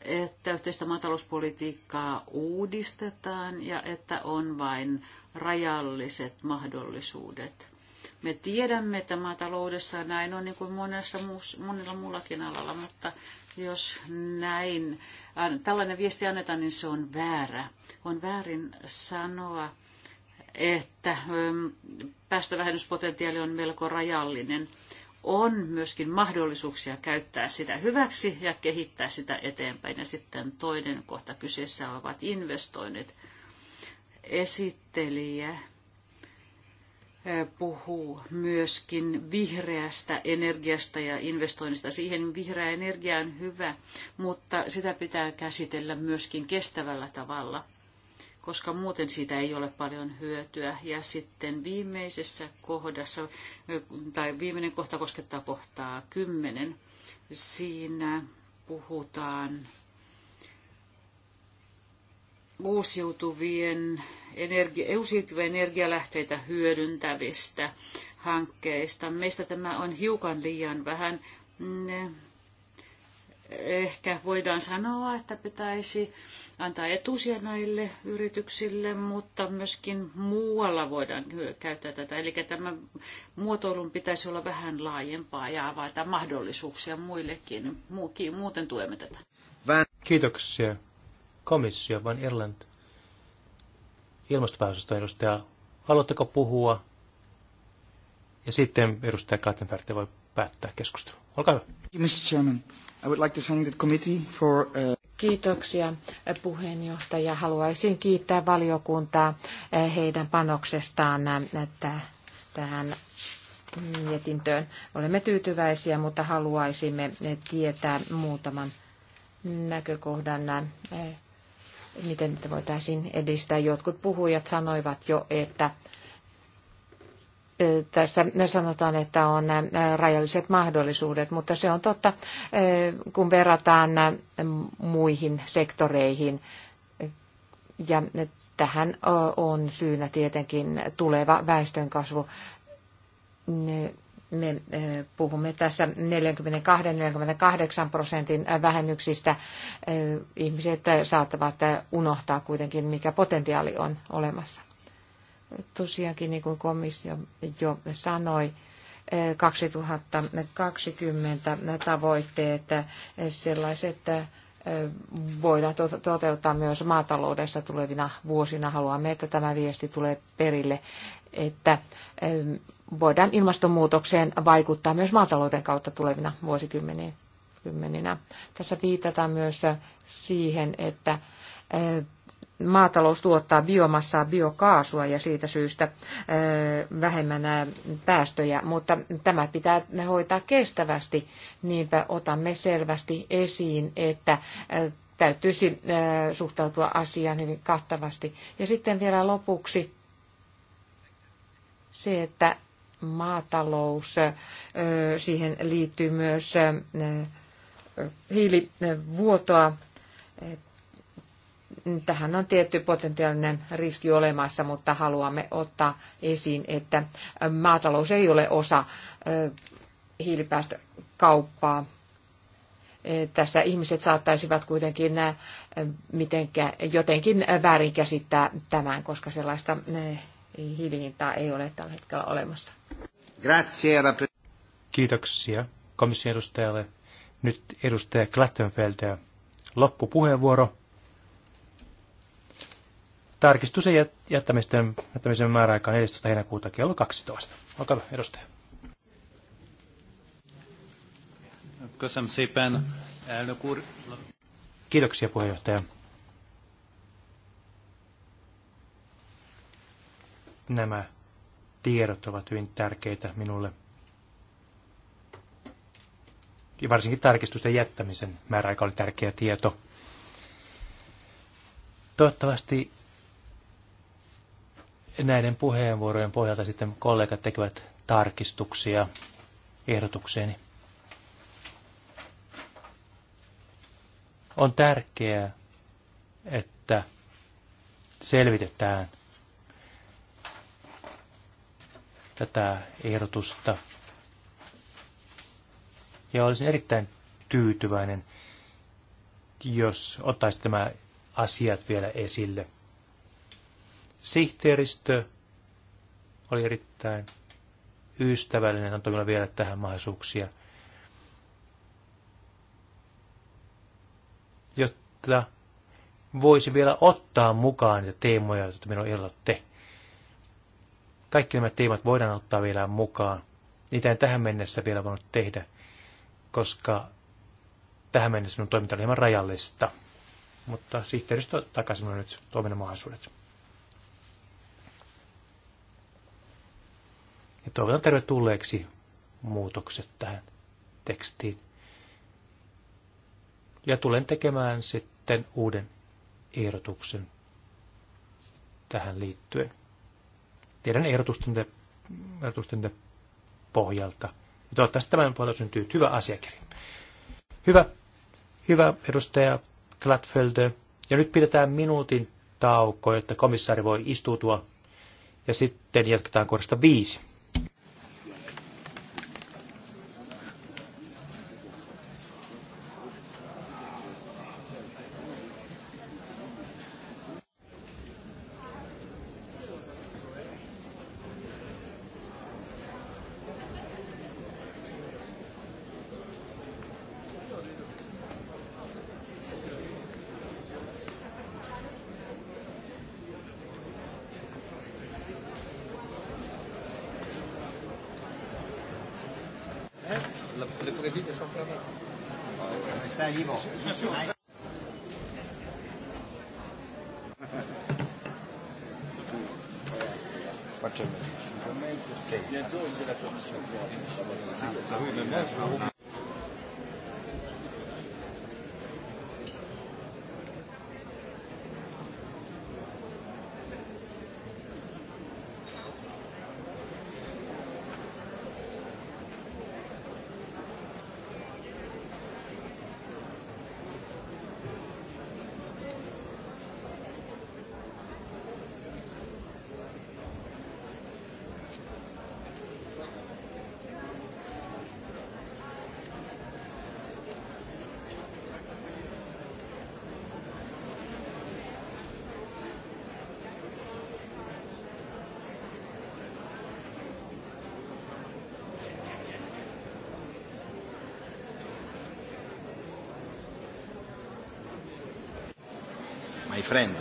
että yhteistä maatalouspolitiikkaa uudistetaan ja että on vain rajalliset mahdollisuudet me tiedämme, että maataloudessa näin on niin kuin monessa muus, monella muullakin alalla, mutta jos näin, tällainen viesti annetaan, niin se on väärä. On väärin sanoa, että ähm, päästövähennyspotentiaali on melko rajallinen. On myöskin mahdollisuuksia käyttää sitä hyväksi ja kehittää sitä eteenpäin. Ja sitten toinen kohta kyseessä ovat investoinnit. Esittelijä puhuu myöskin vihreästä energiasta ja investoinnista. Siihen vihreä energia on hyvä, mutta sitä pitää käsitellä myöskin kestävällä tavalla, koska muuten siitä ei ole paljon hyötyä. Ja sitten viimeisessä kohdassa, tai viimeinen kohta koskettaa kohtaa kymmenen, siinä puhutaan uusiutuvien energi- uusiutuvia energialähteitä hyödyntävistä hankkeista. Meistä tämä on hiukan liian vähän. Ehkä voidaan sanoa, että pitäisi antaa etusia näille yrityksille, mutta myöskin muualla voidaan käyttää tätä. Eli tämä muotoilun pitäisi olla vähän laajempaa ja avata mahdollisuuksia muillekin. Muuten tuemme tätä. Kiitoksia komissio, vaan Irland ilmastopääosaston edustaja. Haluatteko puhua? Ja sitten edustaja Kattenberg voi päättää keskustelun. Olkaa hyvä. Mr. Chairman, I would like to thank the committee for, uh... Kiitoksia eh, puheenjohtaja. Haluaisin kiittää valiokuntaa eh, heidän panoksestaan eh, tähän mietintöön. Olemme tyytyväisiä, mutta haluaisimme tietää muutaman näkökohdan miten niitä voitaisiin edistää. Jotkut puhujat sanoivat jo, että eh, tässä sanotaan, että on eh, rajalliset mahdollisuudet, mutta se on totta, eh, kun verrataan muihin sektoreihin. Ja tähän on syynä tietenkin tuleva väestönkasvu me eh, puhumme tässä 42-48 prosentin eh, vähennyksistä. Eh, ihmiset saattavat unohtaa kuitenkin, mikä potentiaali on olemassa. Tosiaankin, niin kuin komissio jo sanoi, 2020 tavoitteet, sellaiset voidaan toteuttaa myös maataloudessa tulevina vuosina. Haluamme, että tämä viesti tulee perille, että voidaan ilmastonmuutokseen vaikuttaa myös maatalouden kautta tulevina vuosikymmeninä. Tässä viitataan myös siihen, että maatalous tuottaa biomassaa, biokaasua ja siitä syystä vähemmän päästöjä, mutta tämä pitää hoitaa kestävästi. Niinpä otamme selvästi esiin, että täytyisi suhtautua asiaan hyvin kattavasti. Ja sitten vielä lopuksi se, että maatalous, siihen liittyy myös hiilivuotoa. Tähän on tietty potentiaalinen riski olemassa, mutta haluamme ottaa esiin, että maatalous ei ole osa hiilipäästökauppaa. E, tässä ihmiset saattaisivat kuitenkin mitenkä, jotenkin väärinkäsittää tämän, koska sellaista e, hiilihintaa ei ole tällä hetkellä olemassa. Kiitoksia komission edustajalle. Nyt edustaja Klattenfelder. Loppupuheenvuoro. Tarkistuksen jättämisten, jättämisen määräaika on 14. heinäkuuta kello 12. Olkaa hyvä, edustaja. Kiitoksia puheenjohtaja. Nämä tiedot ovat hyvin tärkeitä minulle. Ja varsinkin tarkistusten jättämisen määräaika oli tärkeä tieto. Toivottavasti näiden puheenvuorojen pohjalta sitten kollegat tekevät tarkistuksia ehdotukseeni. On tärkeää, että selvitetään – tätä ehdotusta. Ja olisin erittäin tyytyväinen, jos ottaisit nämä asiat vielä esille. Sihteeristö oli erittäin ystävällinen, antoi minulle vielä tähän mahdollisuuksia, jotta voisi vielä ottaa mukaan niitä teemoja, joita minulla tehty. Kaikki nämä teemat voidaan ottaa vielä mukaan. Niitä en tähän mennessä vielä voinut tehdä, koska tähän mennessä minun toiminta oli hieman rajallista. Mutta sihteeristö takaisin on nyt toiminnan mahdollisuudet. Ja toivotan tervetulleeksi muutokset tähän tekstiin. Ja tulen tekemään sitten uuden ehdotuksen tähän liittyen teidän ehdotustenne, ehdotustenne pohjalta. Ja toivottavasti tämän pohjalta syntyy hyvä asiakirja. Hyvä, hyvä edustaja Gladfeld. Ja nyt pidetään minuutin tauko, että komissaari voi istuutua ja sitten jatketaan kohdasta viisi. friend.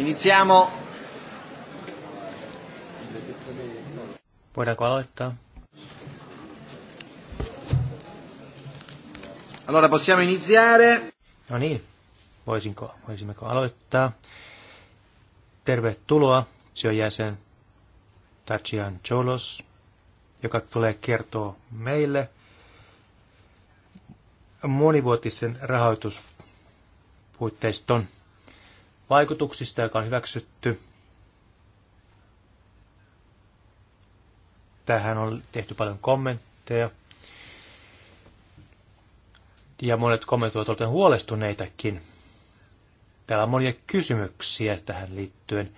Iniziamo. Voidaanko aloittaa? Allora possiamo iniziare. No niin, voisinko, voisimmeko aloittaa? Tervetuloa työjäsen Tatsian Cholos, joka tulee kertoa meille monivuotisen rahoituspuitteiston vaikutuksista, joka on hyväksytty. Tähän on tehty paljon kommentteja. Ja monet kommentoivat ovat huolestuneitakin. Täällä on monia kysymyksiä tähän liittyen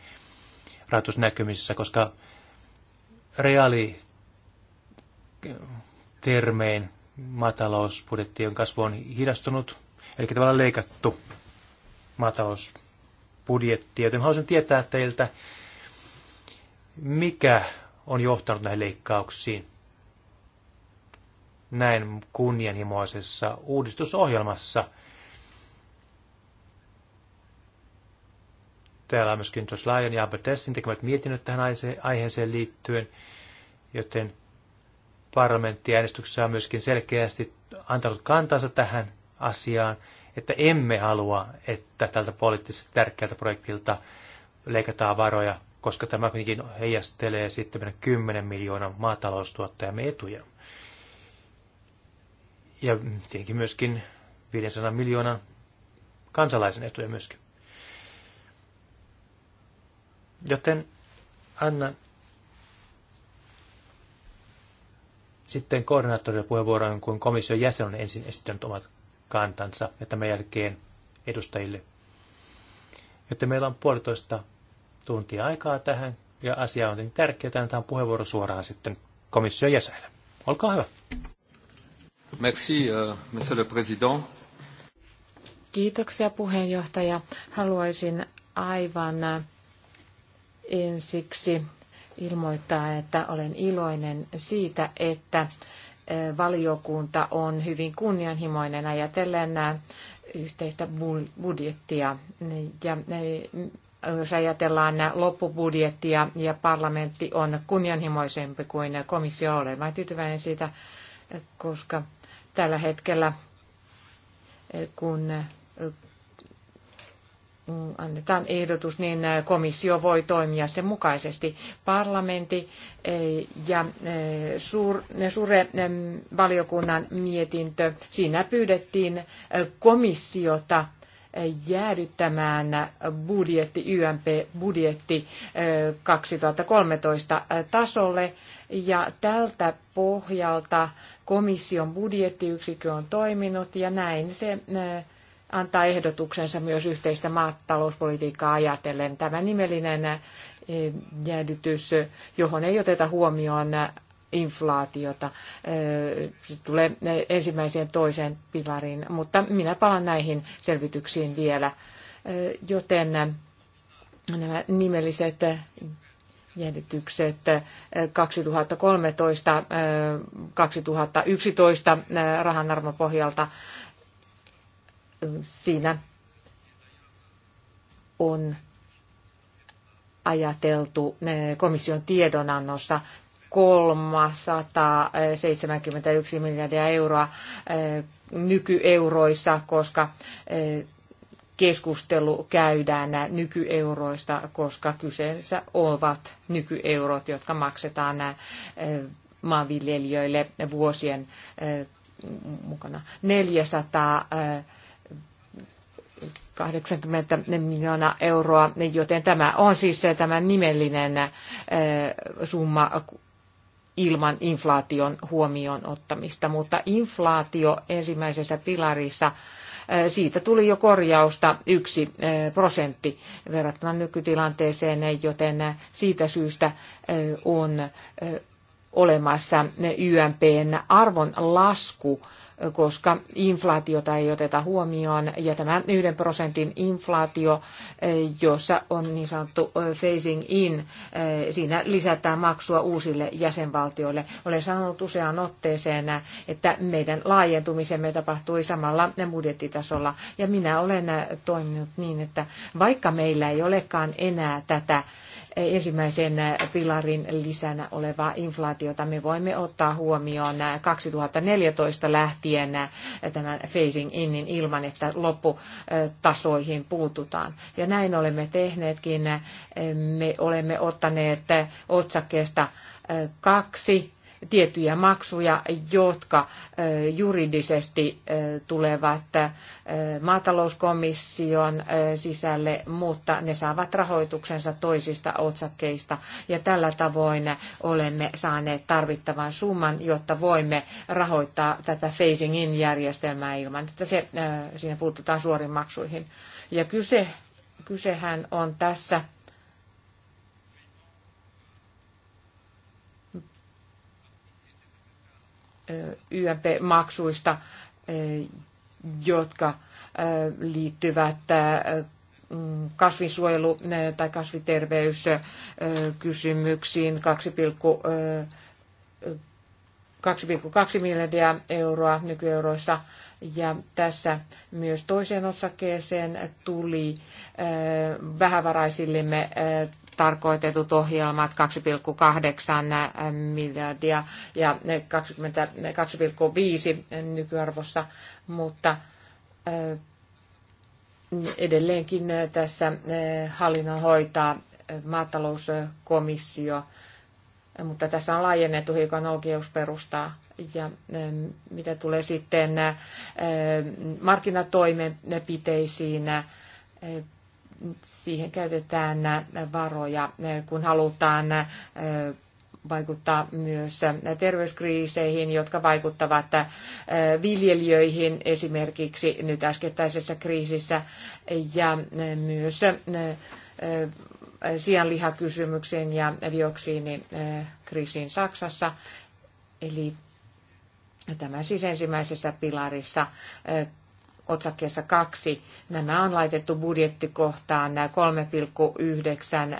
rahoitusnäkymisessä, koska reaali termein maatalousbudjettien kasvu on hidastunut, eli tavallaan leikattu maatalous budjettia. Joten haluaisin tietää teiltä, mikä on johtanut näihin leikkauksiin näin kunnianhimoisessa uudistusohjelmassa. Täällä on myöskin Josh Lyon ja Albert Dessin tekemät mietinnöt tähän aiheeseen liittyen, joten parlamenttiäänestyksessä on myöskin selkeästi antanut kantansa tähän asiaan että emme halua, että tältä poliittisesti tärkeältä projektilta leikataan varoja, koska tämä kuitenkin heijastelee sitten meidän 10 miljoonan maataloustuottajamme etuja. Ja tietenkin myöskin 500 miljoonan kansalaisen etuja myöskin. Joten annan sitten koordinaattorille puheenvuoron, kun komission jäsen on ensin esittänyt omat kantansa ja tämän jälkeen edustajille. Joten meillä on puolitoista tuntia aikaa tähän ja asia on niin tärkeä, että annetaan puheenvuoro suoraan sitten komission jäsenille. Olkaa hyvä. Merci, uh, monsieur le président. Kiitoksia puheenjohtaja. Haluaisin aivan ensiksi ilmoittaa, että olen iloinen siitä, että valiokunta on hyvin kunnianhimoinen ajatellen yhteistä budjettia. Ja jos ajatellaan loppubudjettia ja parlamentti on kunnianhimoisempi kuin komissio, ole. Mä tyytyväinen siitä, koska tällä hetkellä kun annetaan ehdotus, niin äh, komissio voi toimia sen mukaisesti. Parlamentti äh, ja äh, Sure-valiokunnan ähm, mietintö, siinä pyydettiin komissiota jäädyttämään budjetti, YMP-budjetti 2013 tasolle. Ja tältä pohjalta komission budjettiyksikkö on toiminut ja näin se antaa ehdotuksensa myös yhteistä maatalouspolitiikkaa ajatellen. Tämä nimellinen eh, jäädytys, johon ei oteta huomioon eh, inflaatiota. Eh, se tulee ensimmäiseen toiseen pilariin, mutta minä palaan näihin selvityksiin vielä. Joten nämä nimelliset jäädytykset 2013-2011 rahanarmopohjalta pohjalta Siinä on ajateltu eh, komission tiedonannossa 371 miljardia euroa eh, nykyeuroissa, koska eh, keskustelu käydään nykyeuroista, koska kyseessä ovat nykyeurot, jotka maksetaan maanviljelijöille vuosien mukana. 400 80 miljoonaa euroa, joten tämä on siis tämä nimellinen äh, summa ilman inflaation huomioon ottamista, mutta inflaatio ensimmäisessä pilarissa äh, siitä tuli jo korjausta yksi äh, prosentti verrattuna nykytilanteeseen, joten siitä syystä on olemassa YMPn arvon lasku koska inflaatiota ei oteta huomioon. Ja tämä yhden prosentin inflaatio, jossa on niin sanottu phasing in, siinä lisätään maksua uusille jäsenvaltioille. Olen sanonut useaan otteeseen, että meidän laajentumisemme tapahtui samalla budjettitasolla. Ja minä olen toiminut niin, että vaikka meillä ei olekaan enää tätä ensimmäisen pilarin lisänä olevaa inflaatiota. Me voimme ottaa huomioon 2014 lähtien tämän phasing innin ilman, että lopputasoihin puututaan. Ja näin olemme tehneetkin. Me olemme ottaneet otsakkeesta kaksi tiettyjä maksuja, jotka juridisesti tulevat maatalouskomission sisälle, mutta ne saavat rahoituksensa toisista otsakkeista. Ja tällä tavoin olemme saaneet tarvittavan summan, jotta voimme rahoittaa tätä phasing in järjestelmää ilman, että se, siinä puututaan suorin maksuihin. Ja kyse, kysehän on tässä YMP-maksuista, jotka liittyvät mm, kasvinsuojelu- tai kasviterveyskysymyksiin 2,2 miljardia euroa nykyeuroissa. Ja tässä myös toiseen osakkeeseen tuli vähävaraisillemme tarkoitetut ohjelmat 2,8 miljardia ja 2,5 nykyarvossa, mutta eh, edelleenkin tässä eh, hallinnon hoitaa eh, maatalouskomissio, mutta tässä on laajennettu hiukan oikeusperustaa ja mitä tulee sitten markkinatoimenpiteisiin, siihen käytetään varoja, kun halutaan vaikuttaa myös terveyskriiseihin, jotka vaikuttavat viljelijöihin esimerkiksi nyt äskettäisessä kriisissä ja myös sianlihakysymykseen ja dioksiinikriisiin Saksassa. Eli tämä siis ensimmäisessä pilarissa otsakkeessa kaksi. Nämä on laitettu budjettikohtaan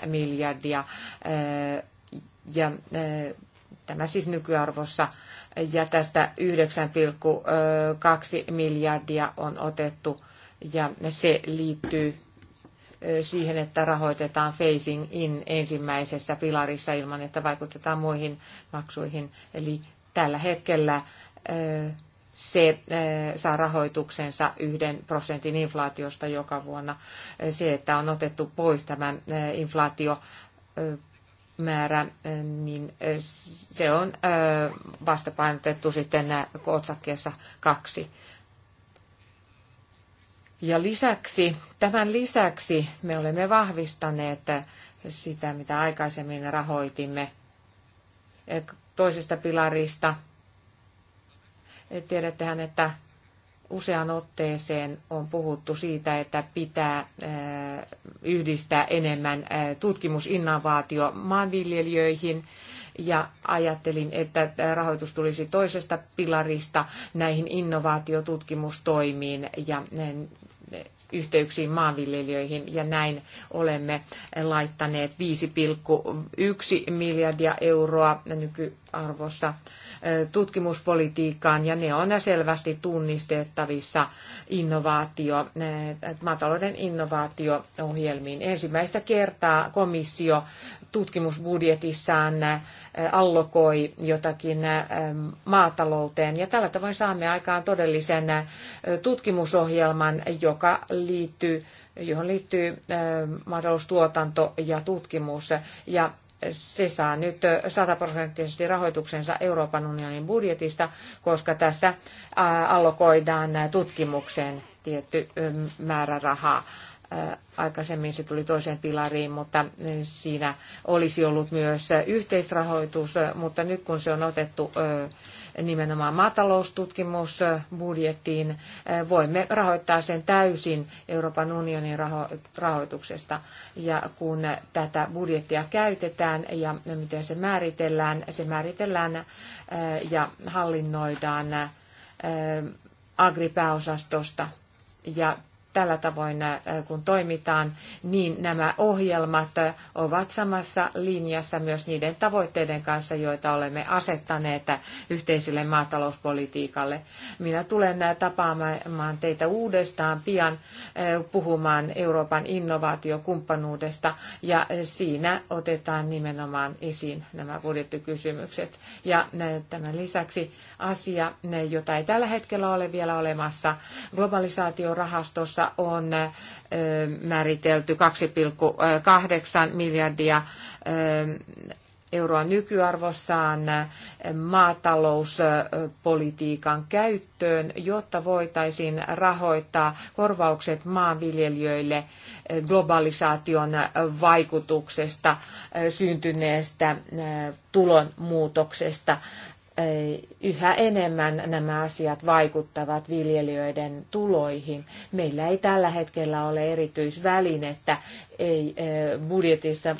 3,9 miljardia eh, ja eh, tämä siis nykyarvossa, ja tästä 9,2 miljardia on otettu, ja se liittyy eh, siihen, että rahoitetaan phasing in ensimmäisessä pilarissa ilman, että vaikutetaan muihin maksuihin. Eli tällä hetkellä se eh, saa rahoituksensa yhden prosentin inflaatiosta joka vuonna. Se, että on otettu pois tämä eh, inflaatiomäärä, eh, niin se on vastapainotettu sitten otsakkeessa kaksi. Ja lisäksi, tämän lisäksi me olemme vahvistaneet sitä, mitä aikaisemmin rahoitimme toisesta pilarista – Tiedättehän, että usean otteeseen on puhuttu siitä, että pitää yhdistää enemmän tutkimusinnovaatio maanviljelijöihin. Ja ajattelin, että rahoitus tulisi toisesta pilarista näihin innovaatiotutkimustoimiin ja yhteyksiin maanviljelijöihin ja näin olemme laittaneet 5,1 miljardia euroa nyky arvossa tutkimuspolitiikkaan ja ne on selvästi tunnistettavissa innovaatio, maatalouden innovaatio-ohjelmiin. Ensimmäistä kertaa komissio tutkimusbudjetissaan allokoi jotakin maatalouteen ja tällä tavoin saamme aikaan todellisen tutkimusohjelman, joka liittyy johon liittyy maataloustuotanto ja tutkimus. Ja se saa nyt sataprosenttisesti rahoituksensa Euroopan unionin budjetista, koska tässä allokoidaan tutkimukseen tietty määräraha. Aikaisemmin se tuli toiseen pilariin, mutta siinä olisi ollut myös yhteisrahoitus, mutta nyt kun se on otettu nimenomaan maataloustutkimusbudjettiin. Äh, äh, voimme rahoittaa sen täysin Euroopan unionin rahoituksesta. Ja kun tätä budjettia käytetään ja miten se määritellään, se määritellään äh, ja hallinnoidaan agripääosastosta ja tällä tavoin, äh, kun toimitaan, niin nämä ohjelmat äh, ovat samassa linjassa myös niiden tavoitteiden kanssa, joita olemme asettaneet yhteiselle maatalouspolitiikalle. Minä tulen äh, tapaamaan teitä uudestaan pian puhumaan Euroopan innovaatiokumppanuudesta ja siinä otetaan nimenomaan esiin nämä budjettikysymykset. Ja tämän lisäksi asia, jota ei tällä hetkellä ole vielä olemassa globalisaatiorahastossa, Ranskassa on määritelty 2,8 miljardia euroa nykyarvossaan maatalouspolitiikan käyttöön, jotta voitaisiin rahoittaa korvaukset maanviljelijöille globalisaation vaikutuksesta syntyneestä tulonmuutoksesta yhä enemmän nämä asiat vaikuttavat viljelijöiden tuloihin. Meillä ei tällä hetkellä ole erityisvälinettä, ei budjetissa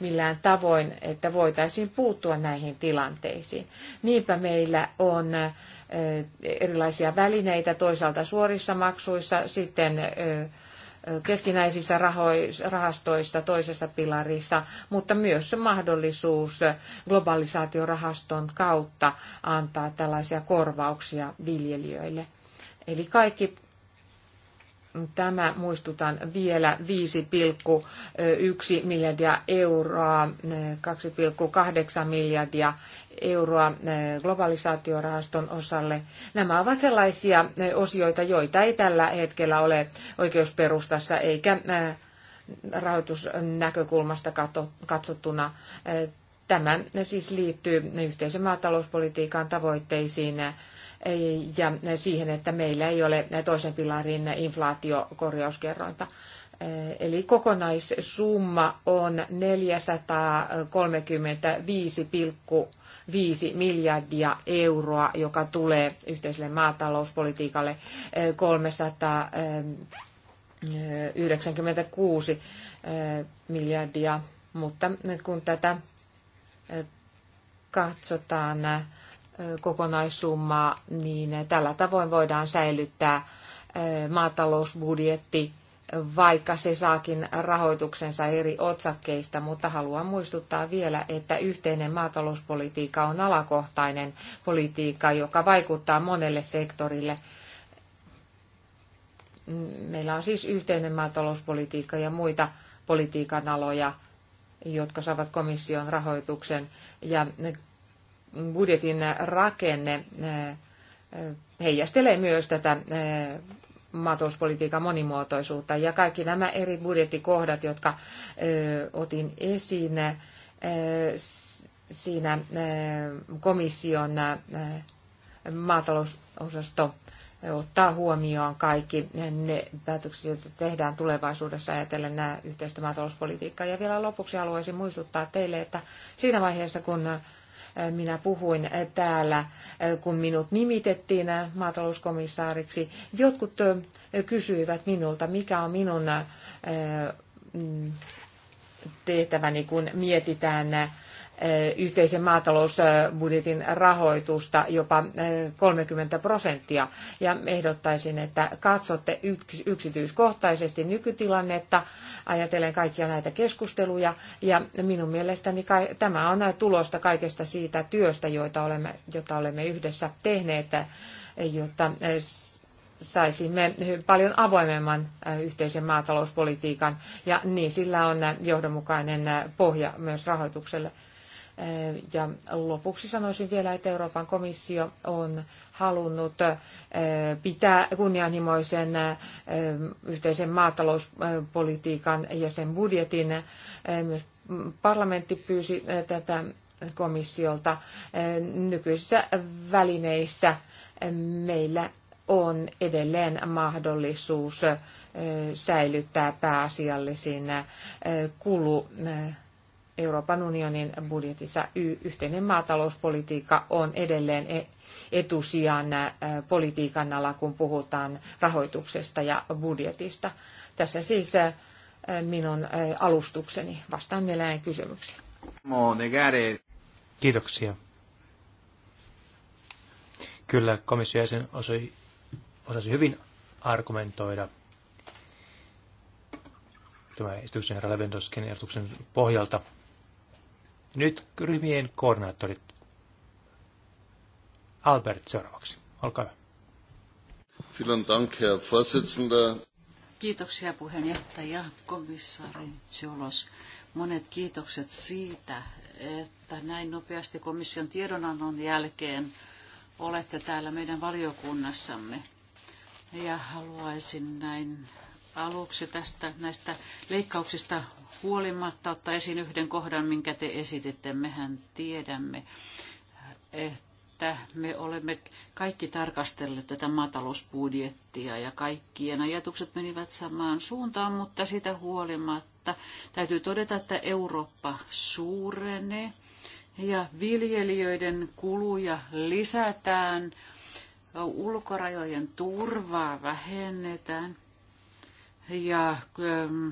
millään tavoin, että voitaisiin puuttua näihin tilanteisiin. Niinpä meillä on erilaisia välineitä toisaalta suorissa maksuissa, sitten keskinäisissä rahastoissa, toisessa pilarissa, mutta myös mahdollisuus globalisaatiorahaston kautta antaa tällaisia korvauksia viljelijöille. Eli kaikki tämä muistutan vielä 5,1 miljardia euroa, 2,8 miljardia euroa eh, globalisaatiorahaston osalle. Nämä ovat sellaisia eh, osioita, joita ei tällä hetkellä ole oikeusperustassa eikä eh, rahoitusnäkökulmasta katsottuna. Tämä siis liittyy yhteisen maatalouspolitiikan tavoitteisiin ja siihen, että meillä ei ole toisen pilarin inflaatiokorjauskerrointa. Eli kokonaissumma on 435,5 miljardia euroa, joka tulee yhteiselle maatalouspolitiikalle 396 miljardia. Mutta kun tätä katsotaan kokonaissumma, niin tällä tavoin voidaan säilyttää maatalousbudjetti, vaikka se saakin rahoituksensa eri otsakkeista, mutta haluan muistuttaa vielä, että yhteinen maatalouspolitiikka on alakohtainen politiikka, joka vaikuttaa monelle sektorille. Meillä on siis yhteinen maatalouspolitiikka ja muita politiikan aloja, jotka saavat komission rahoituksen ja budjetin rakenne eh, heijastelee myös tätä eh, maatalouspolitiikan monimuotoisuutta. Ja kaikki nämä eri budjettikohdat, jotka eh, otin esiin siinä komission maatalousosasto ottaa huomioon kaikki ne päätökset, joita tehdään tulevaisuudessa ajatellen nämä yhteistä maatalouspolitiikkaa. Ja vielä lopuksi haluaisin muistuttaa teille, että siinä vaiheessa, kun minä puhuin täällä, kun minut nimitettiin maatalouskomissaariksi. Jotkut kysyivät minulta, mikä on minun mm, tehtäväni, kun mietitään Eh, yhteisen maatalousbudjetin rahoitusta jopa 30 eh, prosenttia. Ja ehdottaisin, että katsotte yksityiskohtaisesti nykytilannetta, ajatellen kaikkia näitä keskusteluja. Ja minun mielestäni tämä on tulosta kaikesta siitä työstä, joita olemme, jota olemme yhdessä tehneet, eh, jotta saisimme paljon avoimemman yhteisen maatalouspolitiikan ja niin sillä on johdonmukainen pohja myös rahoitukselle. Eh, ja lopuksi sanoisin vielä, että Euroopan komissio on halunnut eh, pitää kunnianhimoisen eh, yhteisen maatalouspolitiikan ja sen budjetin. Myös parlamentti pyysi tätä komissiolta nykyisissä välineissä meillä on edelleen mahdollisuus säilyttää pääasiallisin kulu Euroopan unionin budjetissa yhteinen maatalouspolitiikka on edelleen e- etusijan politiikan ala, kun puhutaan rahoituksesta ja budjetista. Tässä siis minun alustukseni. Vastaan mielelläni kysymyksiin. Kiitoksia. Kyllä komission jäsen osasi, osasi hyvin argumentoida tämä esityksen Ralevendoskin ehdotuksen pohjalta nyt ryhmien koordinaattorit. Albert seuraavaksi. Olkaa hyvä. Dank, Herr Kiitoksia puheenjohtaja, komissaari Tsiolos. Monet kiitokset siitä, että näin nopeasti komission tiedonannon jälkeen olette täällä meidän valiokunnassamme. Ja haluaisin näin aluksi tästä näistä leikkauksista huolimatta ottaa esiin yhden kohdan, minkä te esititte. Mehän tiedämme, että me olemme kaikki tarkastelleet tätä maatalousbudjettia ja kaikkien ajatukset menivät samaan suuntaan, mutta sitä huolimatta täytyy todeta, että Eurooppa suurenee ja viljelijöiden kuluja lisätään, ulkorajojen turvaa vähennetään ja ähm,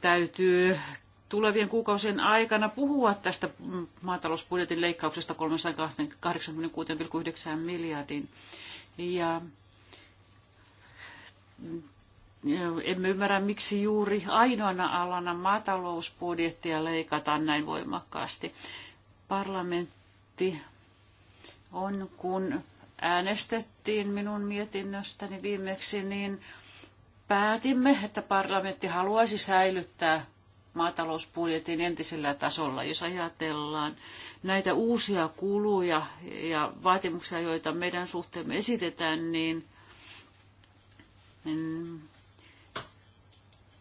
täytyy tulevien kuukausien aikana puhua tästä maatalousbudjetin leikkauksesta 386,9 miljardin. Ja emme ymmärrä, miksi juuri ainoana alana maatalousbudjettia leikataan näin voimakkaasti. Parlamentti on, kun äänestettiin minun mietinnöstäni viimeksi, niin päätimme, että parlamentti haluaisi säilyttää maatalousbudjetin entisellä tasolla, jos ajatellaan näitä uusia kuluja ja vaatimuksia, joita meidän suhteemme esitetään, niin, niin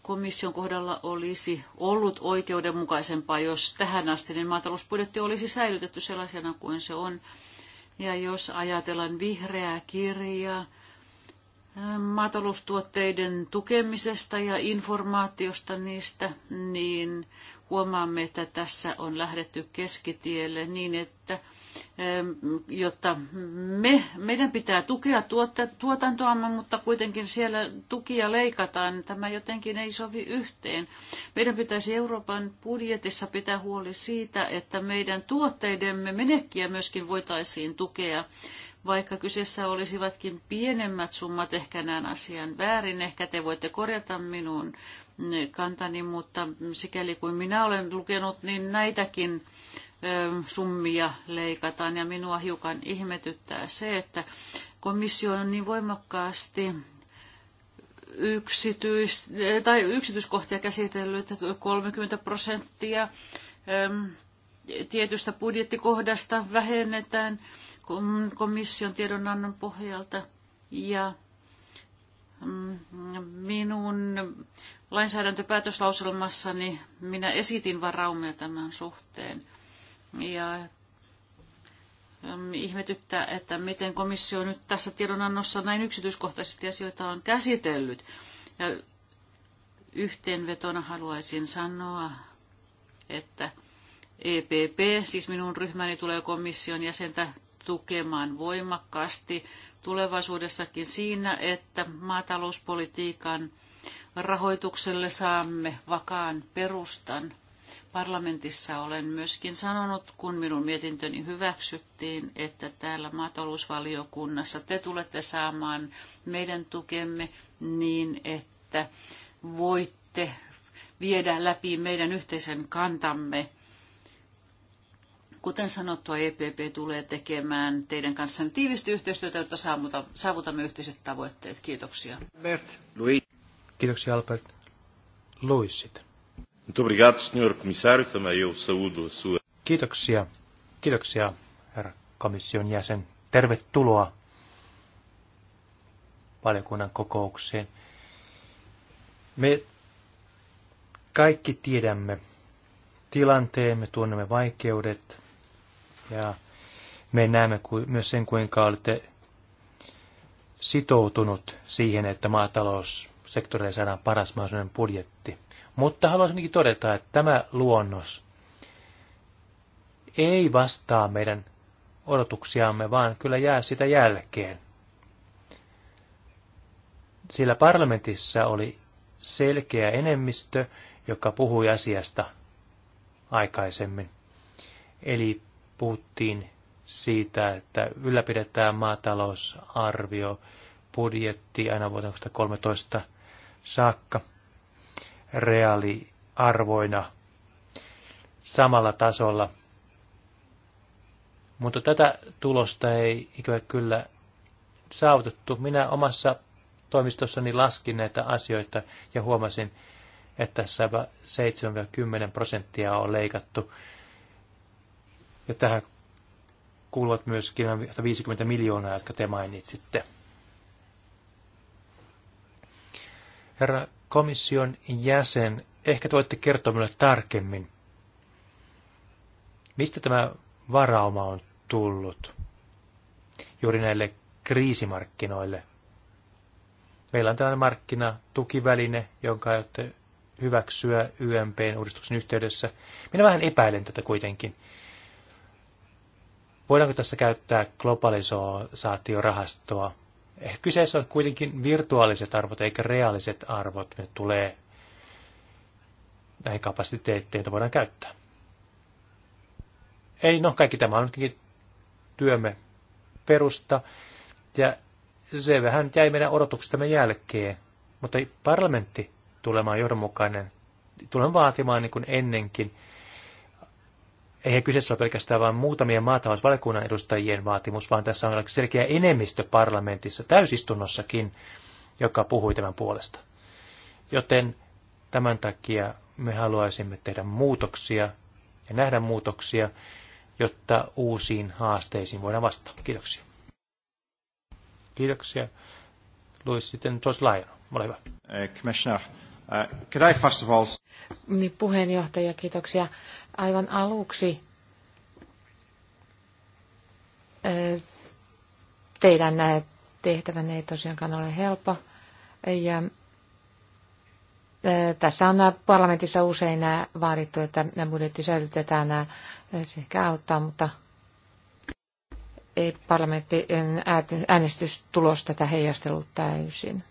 komission kohdalla olisi ollut oikeudenmukaisempaa, jos tähän asti niin maatalousbudjetti olisi säilytetty sellaisena kuin se on. Ja jos ajatellaan vihreää kirjaa, maataloustuotteiden tukemisesta ja informaatiosta niistä, niin huomaamme, että tässä on lähdetty keskitielle niin, että jotta me, meidän pitää tukea tuotantoamme, mutta kuitenkin siellä tukia leikataan. Tämä jotenkin ei sovi yhteen. Meidän pitäisi Euroopan budjetissa pitää huoli siitä, että meidän tuotteidemme menekkiä myöskin voitaisiin tukea vaikka kyseessä olisivatkin pienemmät summat, ehkä näen asian väärin, ehkä te voitte korjata minun kantani, mutta sikäli kuin minä olen lukenut, niin näitäkin summia leikataan ja minua hiukan ihmetyttää se, että komissio on niin voimakkaasti yksityis, tai yksityiskohtia käsitellyt 30 prosenttia tietystä budjettikohdasta vähennetään komission tiedonannon pohjalta ja mm, minun lainsäädäntöpäätöslauselmassani minä esitin varaumia tämän suhteen. Ja mm, ihmetyttää, että miten komissio nyt tässä tiedonannossa näin yksityiskohtaisesti asioita on käsitellyt. Ja yhteenvetona haluaisin sanoa, että EPP, siis minun ryhmäni tulee komission jäsentä tukemaan voimakkaasti tulevaisuudessakin siinä, että maatalouspolitiikan rahoitukselle saamme vakaan perustan. Parlamentissa olen myöskin sanonut, kun minun mietintöni hyväksyttiin, että täällä maatalousvaliokunnassa te tulette saamaan meidän tukemme niin, että voitte viedä läpi meidän yhteisen kantamme Kuten sanottua, EPP tulee tekemään teidän kanssa tiivistä yhteistyötä, jotta saavutamme yhteiset tavoitteet. Kiitoksia. Albert. Louis. Kiitoksia Albert. Louis sitten. Kiitoksia. Kiitoksia, herra komission jäsen. Tervetuloa valiokunnan kokoukseen. Me kaikki tiedämme tilanteemme, tunnemme vaikeudet, ja me näemme myös sen, kuinka olette sitoutunut siihen, että maataloussektorille saadaan paras mahdollinen budjetti. Mutta haluaisin todeta, että tämä luonnos ei vastaa meidän odotuksiamme, vaan kyllä jää sitä jälkeen. Sillä parlamentissa oli selkeä enemmistö, joka puhui asiasta aikaisemmin. Eli puhuttiin siitä, että ylläpidetään maatalousarvio, budjetti aina vuoteen 2013 saakka reaaliarvoina samalla tasolla. Mutta tätä tulosta ei ikävä kyllä saavutettu. Minä omassa toimistossani laskin näitä asioita ja huomasin, että 7-10 prosenttia on leikattu ja tähän kuuluvat myöskin 50 miljoonaa, jotka te mainitsitte. Herra komission jäsen, ehkä te voitte kertoa minulle tarkemmin, mistä tämä varauma on tullut juuri näille kriisimarkkinoille. Meillä on tällainen markkinatukiväline, jonka ajatte hyväksyä YMPn uudistuksen yhteydessä. Minä vähän epäilen tätä kuitenkin. Voidaanko tässä käyttää globalisaatiorahastoa? Ehkä kyseessä on kuitenkin virtuaaliset arvot eikä reaaliset arvot, ne tulee näihin kapasiteetteihin, joita voidaan käyttää. Eli no, kaikki tämä on työmme perusta. Ja se vähän jäi meidän odotuksemme jälkeen. Mutta parlamentti tulemaan johdonmukainen, tulen vaatimaan niin kuin ennenkin eihän kyseessä ole pelkästään vain muutamien maatalousvaliokunnan edustajien vaatimus, vaan tässä on selkeä enemmistö parlamentissa, täysistunnossakin, joka puhui tämän puolesta. Joten tämän takia me haluaisimme tehdä muutoksia ja nähdä muutoksia, jotta uusiin haasteisiin voidaan vastata. Kiitoksia. Kiitoksia. Luis sitten George Lyon. Ole hyvä. Eh, Commissioner, eh, could I first of all... Niin, puheenjohtaja, kiitoksia. Aivan aluksi teidän tehtävänne ei tosiaankaan ole helppo. Ja tässä on parlamentissa usein vaadittu, että budjetti säilytetään ehkä auttaa, mutta ei parlamentin äänestystulos tätä heijastellut täysin.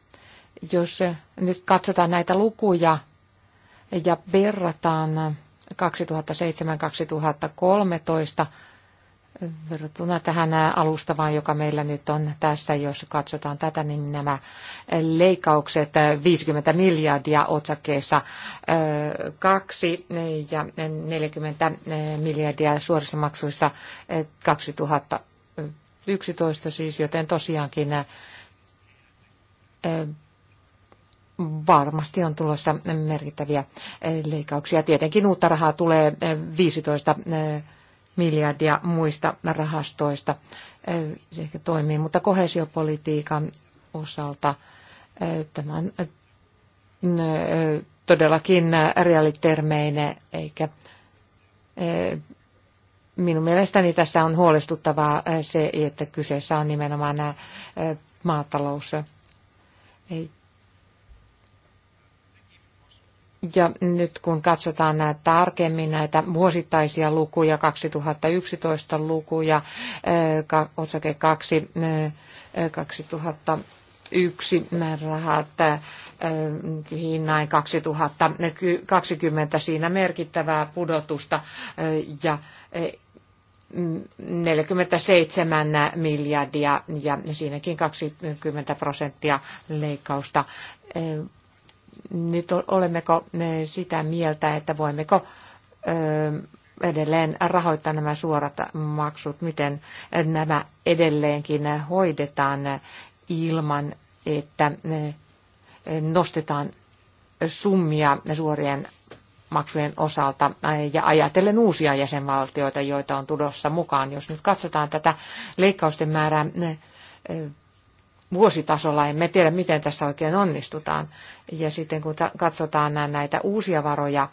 Jos nyt katsotaan näitä lukuja ja verrataan 2007-2013 verrattuna tähän alustavaan, joka meillä nyt on tässä, jos katsotaan tätä, niin nämä leikkaukset 50 miljardia otsakkeessa 2, ja 40 miljardia suorissa maksuissa 2011 siis, joten tosiaankin varmasti on tulossa merkittäviä leikkauksia. Tietenkin uutta rahaa tulee 15 eh, eh, miljardia muista rahastoista. Eh, se ehkä toimii, mutta kohesiopolitiikan osalta tämä on todellakin reaalitermeinen, eikä minun mielestäni tässä on huolestuttavaa se, että kyseessä on nimenomaan nämä maatalous. Ei ja nyt kun katsotaan näitä tarkemmin näitä vuosittaisia lukuja, 2011 lukuja, otsake 2, 2001 määrärahat, hinnain 2020 siinä merkittävää pudotusta ja 47 miljardia ja siinäkin 20 prosenttia leikkausta nyt olemmeko me sitä mieltä, että voimmeko edelleen rahoittaa nämä suorat maksut, miten nämä edelleenkin hoidetaan ilman, että nostetaan summia suorien maksujen osalta ja ajatellen uusia jäsenvaltioita, joita on tulossa mukaan. Jos nyt katsotaan tätä leikkausten määrää vuositasolla. Emme tiedä, miten tässä oikein onnistutaan. Ja sitten kun katsotaan näitä uusia varoja,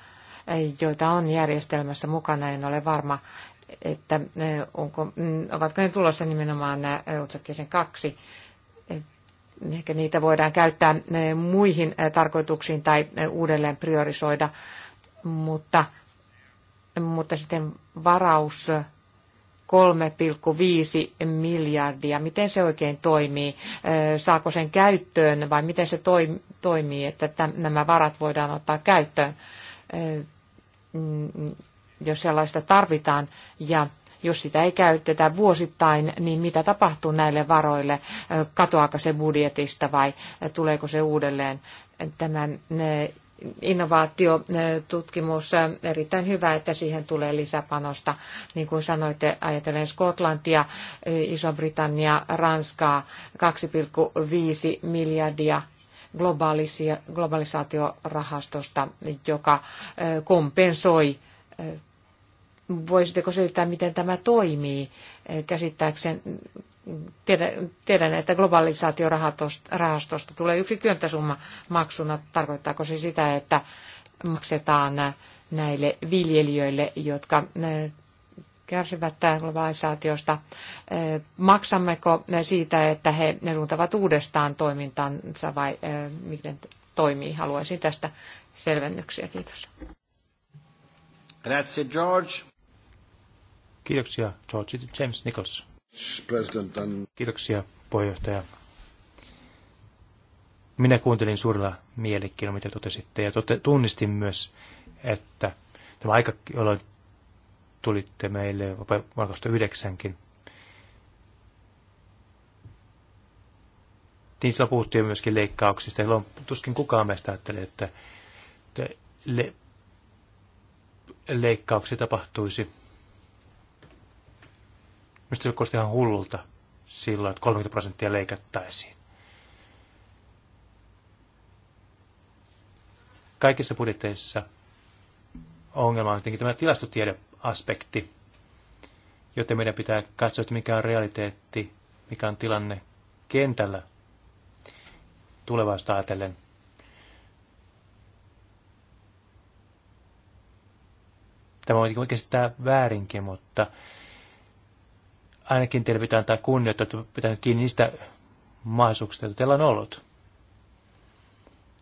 eh, joita on järjestelmässä mukana, en ole varma, että eh, onko, mm, ovatko ne tulossa nimenomaan eh, otsakkeeseen kaksi. Ehkä niitä voidaan käyttää muihin tarkoituksiin tai uudelleen priorisoida, mutta, mutta sitten varaus 3,5 miljardia. Miten se oikein toimii? Saako sen käyttöön vai miten se toimii, että nämä varat voidaan ottaa käyttöön, mm, jos sellaista tarvitaan? Ja jos sitä ei käytetä vuosittain, niin mitä tapahtuu näille varoille? Katoako se budjetista vai tuleeko se uudelleen? Tämän innovaatiotutkimus, erittäin hyvä, että siihen tulee lisäpanosta. Niin kuin sanoitte, ajatellen Skotlantia, Iso-Britannia, Ranskaa, 2,5 miljardia globalisaatiorahastosta, joka kompensoi. Voisitteko selittää, miten tämä toimii? Käsittääkseni Tiedän, että globalisaatiorahastosta tulee yksi könttäsumma maksuna. Tarkoittaako se sitä, että maksetaan näille viljelijöille, jotka kärsivät globalisaatiosta. Maksammeko siitä, että he runtavat uudestaan toimintansa vai miten toimii? Haluaisin tästä selvennyksiä. Kiitos. Grazie George. Kiitoksia George. James Nichols. Kiitoksia, puheenjohtaja. Minä kuuntelin suurella mielikkiin, mitä totesitte, ja tote, tunnistin myös, että tämä aika, jolloin tulitte meille vuonna yhdeksänkin, niin silloin puhuttiin myöskin leikkauksista. ja tuskin kukaan meistä ajatteli, että le, leikkauksia tapahtuisi Minusta se kosti ihan hullulta silloin, että 30 prosenttia leikattaisiin. Kaikissa budjeteissa ongelma on tietenkin tämä tilastotiedeaspekti, joten meidän pitää katsoa, että mikä on realiteetti, mikä on tilanne kentällä tulevaisuutta ajatellen. Tämä on oikeasti väärinkin, mutta ainakin teille pitää antaa kunnioita, että pitää kiinni niistä mahdollisuuksista, joita teillä on ollut.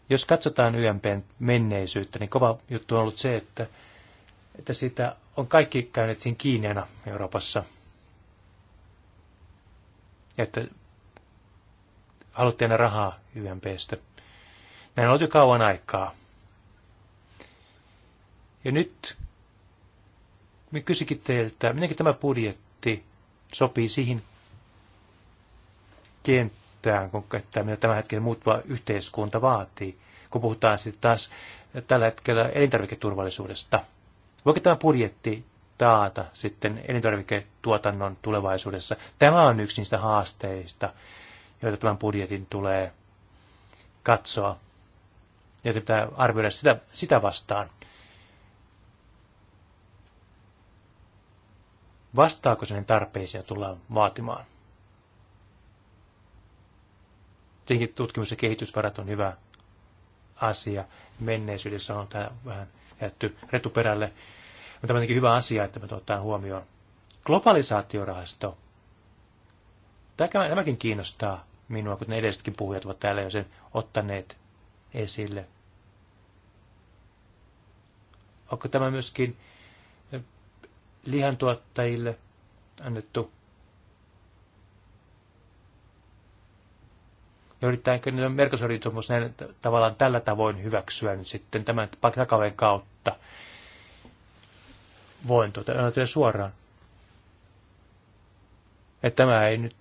Jos katsotaan YMPn menneisyyttä, niin kova juttu on ollut se, että, että sitä on kaikki käyneet siinä kiinniänä Euroopassa. Ja että haluttiin aina rahaa YMPstä. Näin on ollut jo kauan aikaa. Ja nyt me kysykin teiltä, minäkin tämä budjetti sopii siihen kenttään, että mitä tämän hetken muuttuva yhteiskunta vaatii, kun puhutaan sitten taas tällä hetkellä elintarviketurvallisuudesta. Voiko tämä budjetti taata sitten elintarviketuotannon tulevaisuudessa? Tämä on yksi niistä haasteista, joita tämän budjetin tulee katsoa. Ja pitää arvioida sitä, sitä vastaan. vastaako sen ja tullaan vaatimaan. Tietenkin tutkimus- ja kehitysvarat on hyvä asia. Menneisyydessä on tämä vähän jätty retuperälle. Mutta tämä on hyvä asia, että me ottaa huomioon. Globalisaatiorahasto. Tämäkin kiinnostaa minua, kun ne edellisetkin puhujat ovat täällä jo sen ottaneet esille. Onko tämä myöskin lihantuottajille annettu. Ja yrittääkö nyt merkosoritumus näin tavallaan tällä tavoin hyväksyä niin sitten tämän takaven kautta. Voin tuota, teille suoraan. Että tämä ei nyt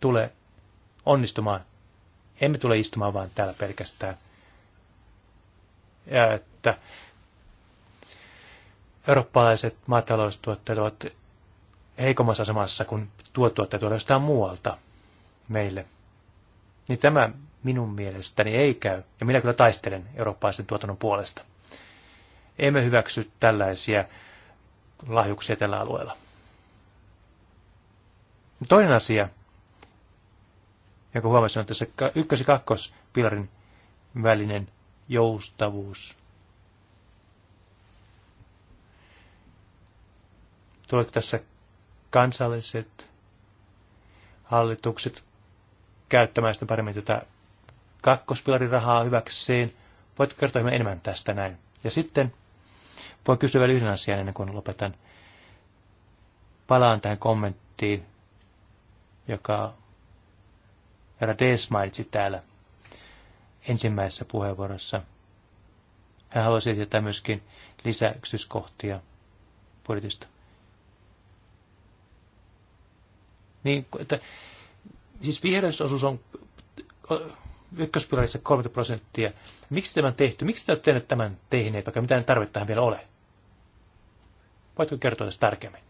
tule onnistumaan. Emme tule istumaan vaan täällä pelkästään. Ja että eurooppalaiset maataloustuotteet ovat heikommassa asemassa kuin tuotuotteet ovat jostain muualta meille. Niin tämä minun mielestäni ei käy, ja minä kyllä taistelen eurooppalaisen tuotannon puolesta. Emme hyväksy tällaisia lahjuksia tällä alueella. Toinen asia, jonka huomasin, on tässä ykkös- ja kakkospilarin välinen joustavuus. tuleeko tässä kansalliset hallitukset käyttämään sitä paremmin tätä kakkospilarin rahaa hyväkseen. Voit kertoa hieman enemmän tästä näin. Ja sitten voi kysyä vielä yhden asian ennen kuin lopetan. Palaan tähän kommenttiin, joka herra Dees mainitsi täällä ensimmäisessä puheenvuorossa. Hän haluaisi tietää myöskin lisää budjetista. Niin, että, siis vihreysosuus on ykköspilarissa 30 prosenttia. Miksi tämä on tehty? Miksi te olette tämän tehneet, vaikka mitään tarvetta tähän vielä ole? Voitko kertoa tästä tarkemmin?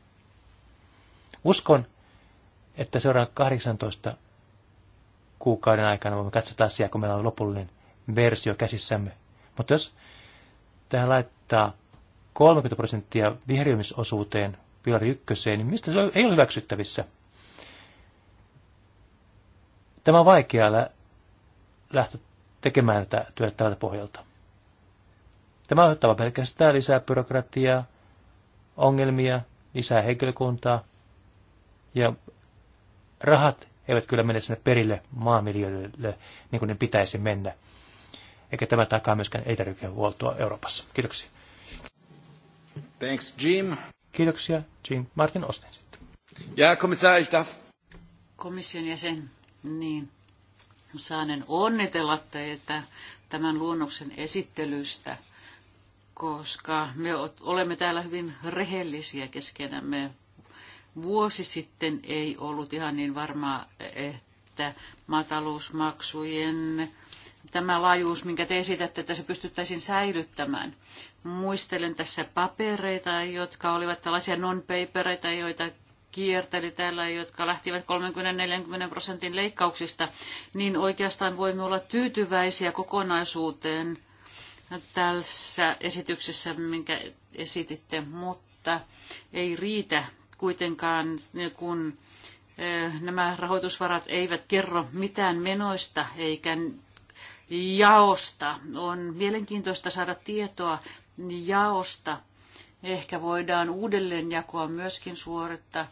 Uskon, että seuraavan 18 kuukauden aikana voimme katsoa asiaa, kun meillä on lopullinen versio käsissämme. Mutta jos tähän laittaa 30 prosenttia vihreämisosuuteen pilari ykköseen, niin mistä se ei ole hyväksyttävissä? Tämä on vaikea lähteä tekemään tätä työtä tältä pohjalta. Tämä aiheuttaa pelkästään lisää byrokratiaa, ongelmia, lisää henkilökuntaa ja rahat eivät kyllä mene sinne perille maanviljelijöille niin kuin ne pitäisi mennä. Eikä tämä takaa myöskään elintarvikehuoltoa Euroopassa. Kiitoksia. Thanks, Jim. Kiitoksia, Jim. Martin Osten sitten. Ja komissaari, Komission jäsen niin saanen onnitella teitä tämän luonnoksen esittelystä, koska me olemme täällä hyvin rehellisiä keskenämme. Vuosi sitten ei ollut ihan niin varmaa, että matalousmaksujen tämä laajuus, minkä te esitätte, että se pystyttäisiin säilyttämään. Muistelen tässä papereita, jotka olivat tällaisia non-papereita, joita kierteli täällä, jotka lähtivät 30-40 prosentin leikkauksista, niin oikeastaan voimme olla tyytyväisiä kokonaisuuteen tässä esityksessä, minkä esititte, mutta ei riitä kuitenkaan, kun eh, nämä rahoitusvarat eivät kerro mitään menoista eikä jaosta. On mielenkiintoista saada tietoa jaosta. Ehkä voidaan uudelleenjakoa myöskin suorittaa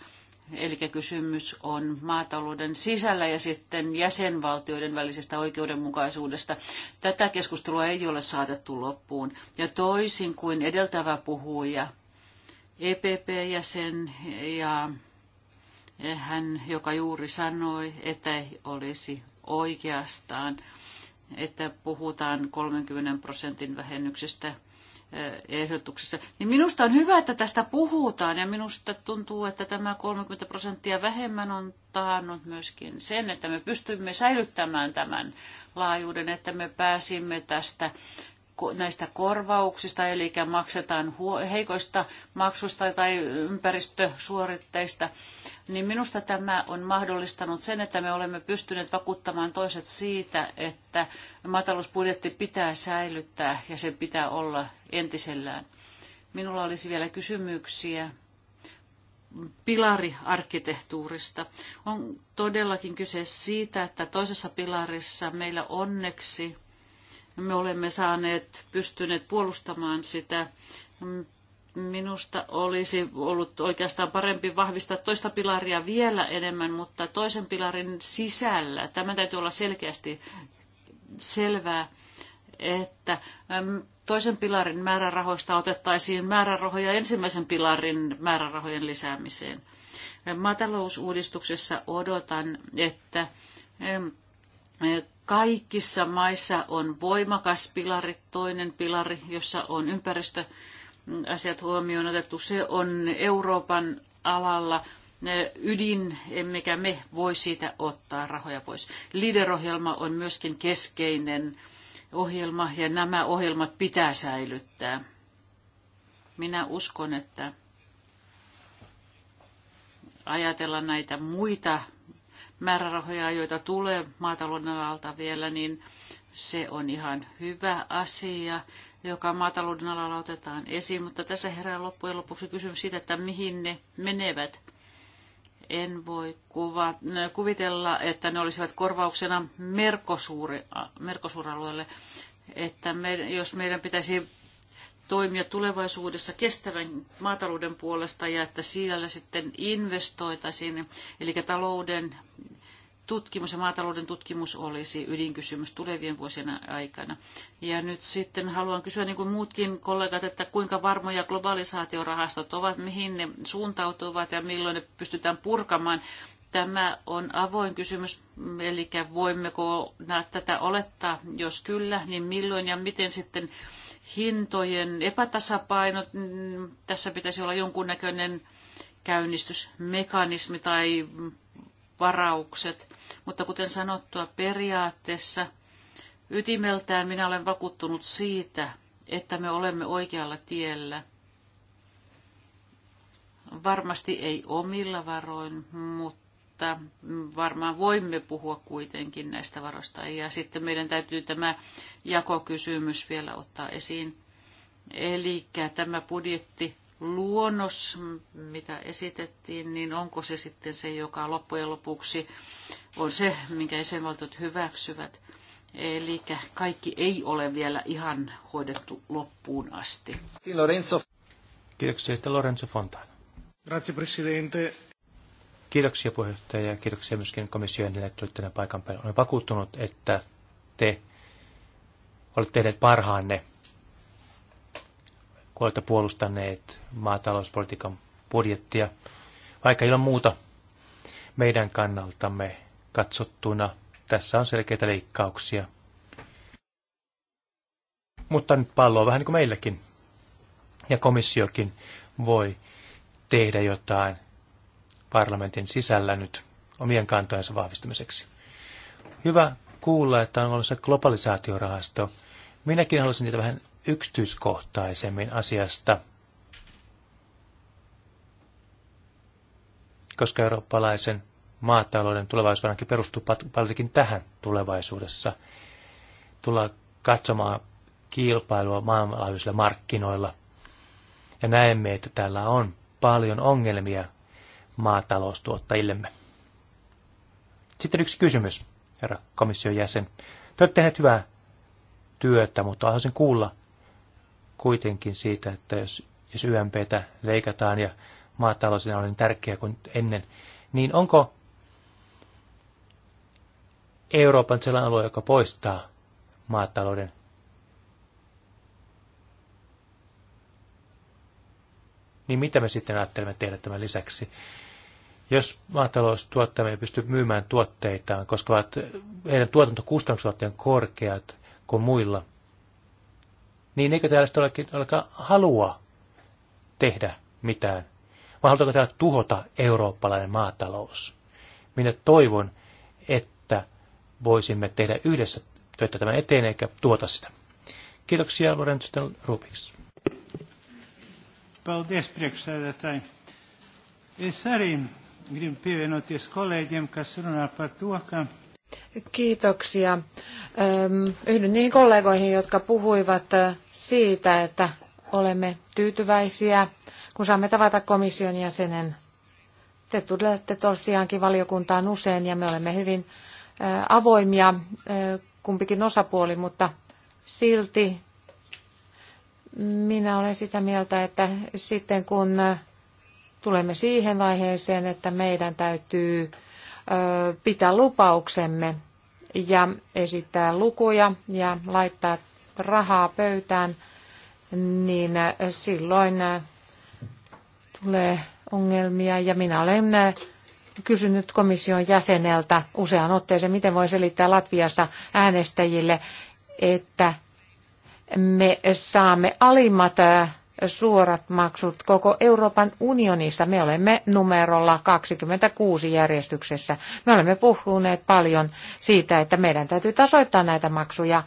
Eli kysymys on maatalouden sisällä ja sitten jäsenvaltioiden välisestä oikeudenmukaisuudesta. Tätä keskustelua ei ole saatettu loppuun. Ja toisin kuin edeltävä puhuja, EPP-jäsen ja hän, joka juuri sanoi, että ei olisi oikeastaan, että puhutaan 30 prosentin vähennyksestä Eh, ehdotuksessa, niin minusta on hyvä, että tästä puhutaan ja minusta tuntuu, että tämä 30 prosenttia vähemmän on taannut myöskin sen, että me pystymme säilyttämään tämän laajuuden, että me pääsimme tästä näistä korvauksista, eli maksetaan heikoista maksusta tai ympäristösuoritteista niin minusta tämä on mahdollistanut sen, että me olemme pystyneet vakuuttamaan toiset siitä, että maatalousbudjetti pitää säilyttää ja sen pitää olla entisellään. Minulla olisi vielä kysymyksiä pilariarkkitehtuurista. On todellakin kyse siitä, että toisessa pilarissa meillä onneksi me olemme saaneet pystyneet puolustamaan sitä Minusta olisi ollut oikeastaan parempi vahvistaa toista pilaria vielä enemmän, mutta toisen pilarin sisällä, tämä täytyy olla selkeästi selvää, että toisen pilarin määrärahoista otettaisiin määrärahoja ensimmäisen pilarin määrärahojen lisäämiseen. Maatalousuudistuksessa odotan, että kaikissa maissa on voimakas pilari, toinen pilari, jossa on ympäristö asiat huomioon otettu. Se on Euroopan alalla ydin, emmekä me voi siitä ottaa rahoja pois. LIDER-ohjelma on myöskin keskeinen ohjelma ja nämä ohjelmat pitää säilyttää. Minä uskon, että ajatella näitä muita määrärahoja, joita tulee maatalouden alalta vielä, niin se on ihan hyvä asia joka maatalouden alalla otetaan esiin, mutta tässä herää loppujen lopuksi kysymys siitä, että mihin ne menevät. En voi kuva, äh, kuvitella, että ne olisivat korvauksena merkosuuralueelle, äh, että me, jos meidän pitäisi toimia tulevaisuudessa kestävän maatalouden puolesta ja että siellä sitten investoitaisiin, eli talouden tutkimus ja maatalouden tutkimus olisi ydinkysymys tulevien vuosien aikana. Ja nyt sitten haluan kysyä niin kuin muutkin kollegat, että kuinka varmoja globalisaatiorahastot ovat, mihin ne suuntautuvat ja milloin ne pystytään purkamaan. Tämä on avoin kysymys, eli voimmeko tätä olettaa, jos kyllä, niin milloin ja miten sitten hintojen epätasapainot, mm, tässä pitäisi olla jonkunnäköinen käynnistysmekanismi tai varaukset. Mutta kuten sanottua, periaatteessa ytimeltään minä olen vakuuttunut siitä, että me olemme oikealla tiellä. Varmasti ei omilla varoin, mutta varmaan voimme puhua kuitenkin näistä varoista. Ja sitten meidän täytyy tämä jakokysymys vielä ottaa esiin. Eli tämä budjetti luonnos, mitä esitettiin, niin onko se sitten se, joka loppujen lopuksi on se, minkä jäsenvaltiot hyväksyvät. Eli kaikki ei ole vielä ihan hoidettu loppuun asti. Lorenzo. Kiitoksia Lorenzo Fontana. Grazie Presidente. Kiitoksia puheenjohtaja ja kiitoksia myöskin komission että tulitte tänne paikan päälle. Olen vakuuttunut, että te olette tehneet parhaanne kun olette puolustaneet maatalouspolitiikan budjettia, vaikka ilman muuta meidän kannaltamme katsottuna tässä on selkeitä leikkauksia. Mutta nyt pallo on vähän niin kuin meilläkin. Ja komissiokin voi tehdä jotain parlamentin sisällä nyt omien kantojensa vahvistamiseksi. Hyvä kuulla, että on olemassa globalisaatiorahasto. Minäkin haluaisin niitä vähän yksityiskohtaisemmin asiasta, koska eurooppalaisen maatalouden tulevaisuudenkin perustuu paljonkin tähän tulevaisuudessa. Tulla katsomaan kilpailua maailmanlaajuisilla markkinoilla. Ja näemme, että täällä on paljon ongelmia maataloustuottajillemme. Sitten yksi kysymys, herra komission jäsen. Te olette tehneet hyvää työtä, mutta haluaisin kuulla kuitenkin siitä, että jos, jos YMPtä leikataan ja maatalous on niin tärkeä kuin ennen, niin onko Euroopan sellainen alue, joka poistaa maatalouden niin mitä me sitten ajattelemme tehdä tämän lisäksi? Jos maataloustuottajamme ei pysty myymään tuotteitaan, koska heidän tuotantokustannukset ovat korkeat kuin muilla, niin eikö täällä sitten olekin, alkaa halua tehdä mitään? Vai halutaanko täällä tuhota eurooppalainen maatalous? Minä toivon, että voisimme tehdä yhdessä töitä tämän eteen eikä tuota sitä. Kiitoksia, Lorentusten Rubiks. Paldies, priekšsēdētāji. Es arī gribu pievienoties kolēģiem, kas runā par to, ka Kiitoksia. Yhdyn niihin kollegoihin, jotka puhuivat siitä, että olemme tyytyväisiä, kun saamme tavata komission jäsenen. Te tulette tosiaankin valiokuntaan usein ja me olemme hyvin avoimia kumpikin osapuoli, mutta silti minä olen sitä mieltä, että sitten kun tulemme siihen vaiheeseen, että meidän täytyy pitää lupauksemme ja esittää lukuja ja laittaa rahaa pöytään, niin silloin tulee ongelmia. Ja minä olen kysynyt komission jäseneltä usean otteeseen, miten voi selittää Latviassa äänestäjille, että me saamme alimmat suorat maksut koko Euroopan unionissa. Me olemme numerolla 26 järjestyksessä. Me olemme puhuneet paljon siitä, että meidän täytyy tasoittaa näitä maksuja.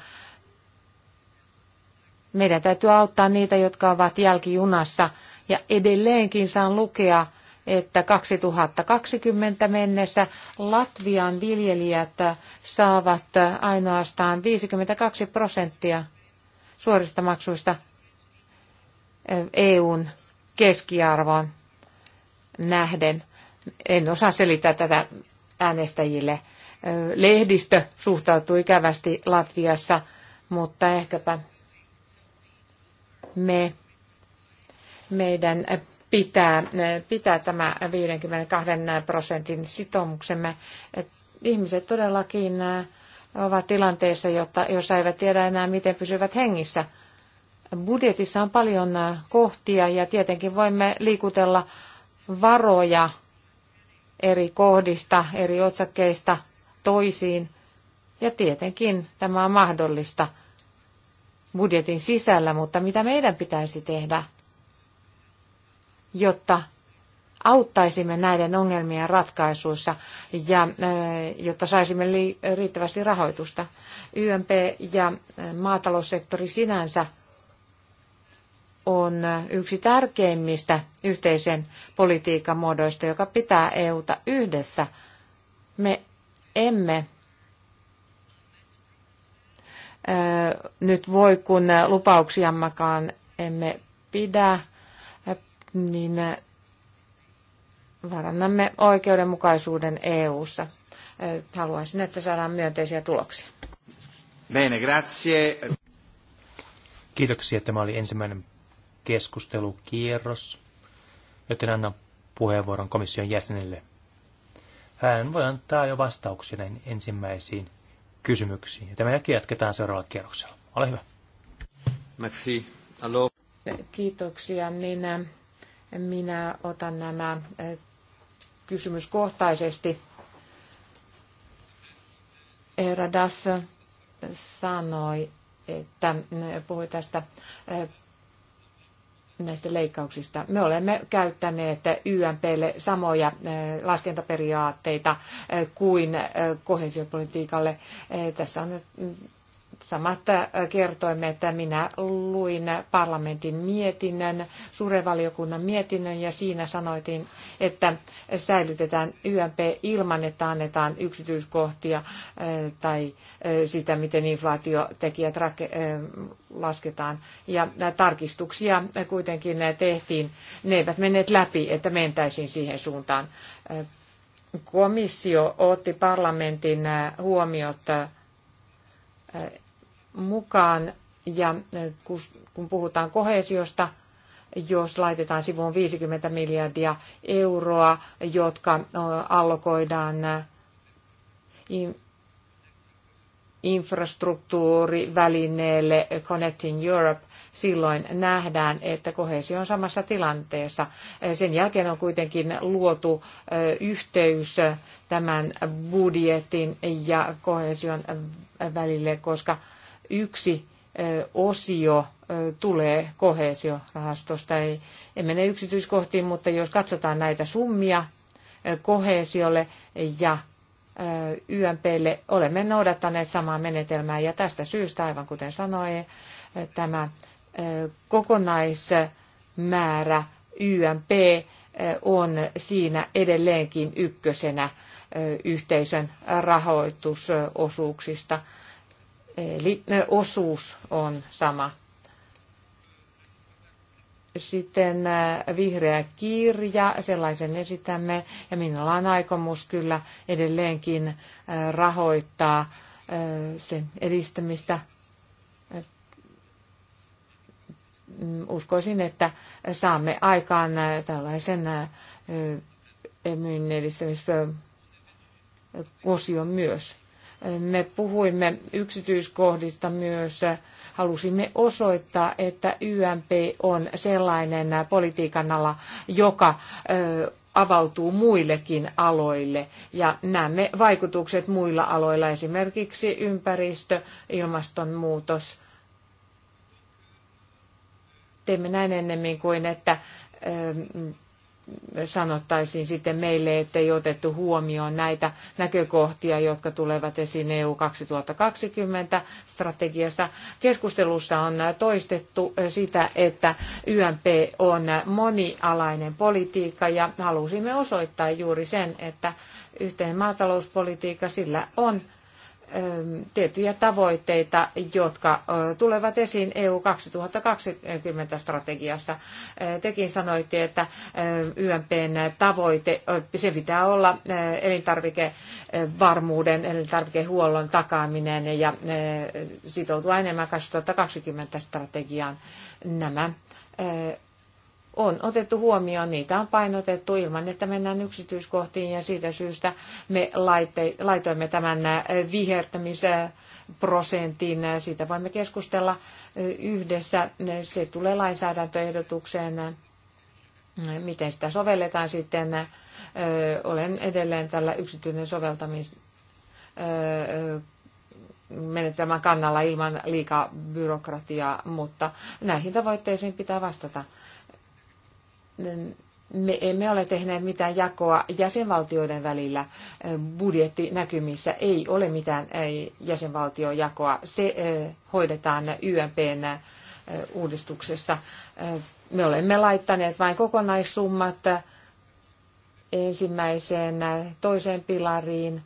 Meidän täytyy auttaa niitä, jotka ovat jälkijunassa. Ja edelleenkin saan lukea, että 2020 mennessä Latvian viljelijät saavat ainoastaan 52 prosenttia suorista maksuista EUn keskiarvoon nähden. En osaa selittää tätä äänestäjille. Lehdistö suhtautuu ikävästi Latviassa, mutta ehkäpä me, meidän pitää, pitää tämä 52 prosentin sitoumuksemme. ihmiset todellakin äh, ovat tilanteessa, jotta, jos eivät tiedä enää, miten pysyvät hengissä – budjetissa on paljon äh, kohtia ja tietenkin voimme liikutella varoja eri kohdista, eri otsakkeista toisiin. Ja tietenkin tämä on mahdollista budjetin sisällä, mutta mitä meidän pitäisi tehdä, jotta auttaisimme näiden ongelmien ratkaisuissa ja äh, jotta saisimme riittävästi rahoitusta. YMP ja äh, maataloussektori sinänsä on yksi tärkeimmistä yhteisen politiikan muodoista, joka pitää EUta yhdessä. Me emme nyt voi, kun lupauksiammakaan emme pidä, niin varannamme oikeudenmukaisuuden EU-ssa. Haluaisin, että saadaan myönteisiä tuloksia. Bene, grazie. Kiitoksia. Tämä oli ensimmäinen keskustelukierros, joten annan puheenvuoron komission jäsenille. Hän voi antaa jo vastauksia näin ensimmäisiin kysymyksiin. Tämä jälkeen jatketaan seuraavalla kierroksella. Ole hyvä. Merci. Hello. Kiitoksia. Minä, niin, äh, minä otan nämä äh, kysymyskohtaisesti. Radas sanoi, että äh, puhui tästä näistä leikkauksista. Me olemme käyttäneet YMPlle samoja eh, laskentaperiaatteita eh, kuin eh, kohesiopolitiikalle. Tässä on samat kertoimme, että minä luin parlamentin mietinnön, suuren valiokunnan mietinnön ja siinä sanoitin, että säilytetään YMP ilman, että annetaan yksityiskohtia tai sitä, miten inflaatiotekijät lasketaan. Ja tarkistuksia kuitenkin tehtiin. Ne eivät menneet läpi, että mentäisiin siihen suuntaan. Komissio otti parlamentin huomiot mukaan. Ja eh, kun puhutaan kohesiosta, jos laitetaan sivuun 50 miljardia euroa, jotka eh, allokoidaan eh, infrastruktuurivälineelle Connecting Europe, silloin nähdään, että kohesio on samassa tilanteessa. Sen jälkeen on kuitenkin luotu yhteys tämän budjetin ja kohesion välille, koska yksi osio tulee koheesiorahastosta. Ei, en mene yksityiskohtiin, mutta jos katsotaan näitä summia koheesiolle ja YMPlle, olemme noudattaneet samaa menetelmää ja tästä syystä, aivan kuten sanoin, tämä kokonaismäärä YMP on siinä edelleenkin ykkösenä yhteisön rahoitusosuuksista – Eli e, osuus on sama. Sitten e, vihreä kirja, sellaisen esitämme, ja minulla on aikomus kyllä edelleenkin e, rahoittaa sen edistämistä. Uskoisin, että saamme aikaan tällaisen myynnin edistämisosion myös. Me puhuimme yksityiskohdista myös. Halusimme osoittaa, että YMP on sellainen politiikan ala, joka avautuu muillekin aloille ja näemme vaikutukset muilla aloilla, esimerkiksi ympäristö, ilmastonmuutos. Teemme näin ennemmin kuin, että sanottaisiin sitten meille, ettei otettu huomioon näitä näkökohtia, jotka tulevat esiin EU 2020 strategiassa. Keskustelussa on toistettu sitä, että YMP on monialainen politiikka ja halusimme osoittaa juuri sen, että yhteen maatalouspolitiikka sillä on tiettyjä tavoitteita, jotka tulevat esiin EU 2020 strategiassa. Tekin sanoitte, että YMPn tavoite, se pitää olla elintarvikevarmuuden, elintarvikehuollon takaaminen ja sitoutua enemmän 2020 strategiaan. Nämä on otettu huomioon, niitä on painotettu ilman, että mennään yksityiskohtiin ja siitä syystä me laite, laitoimme tämän äh, vihertämisprosentin. Äh, siitä voimme keskustella äh, yhdessä. Se tulee lainsäädäntöehdotukseen miten sitä sovelletaan sitten. Olen edelleen tällä yksityinen soveltamis menetelmän kannalla ilman liikaa byrokratiaa, mutta näihin tavoitteisiin pitää vastata me emme ole tehneet mitään jakoa jäsenvaltioiden välillä. Budjettinäkymissä ei ole mitään jäsenvaltiojakoa. Se hoidetaan YMPn uudistuksessa. Me olemme laittaneet vain kokonaissummat ensimmäiseen, toiseen pilariin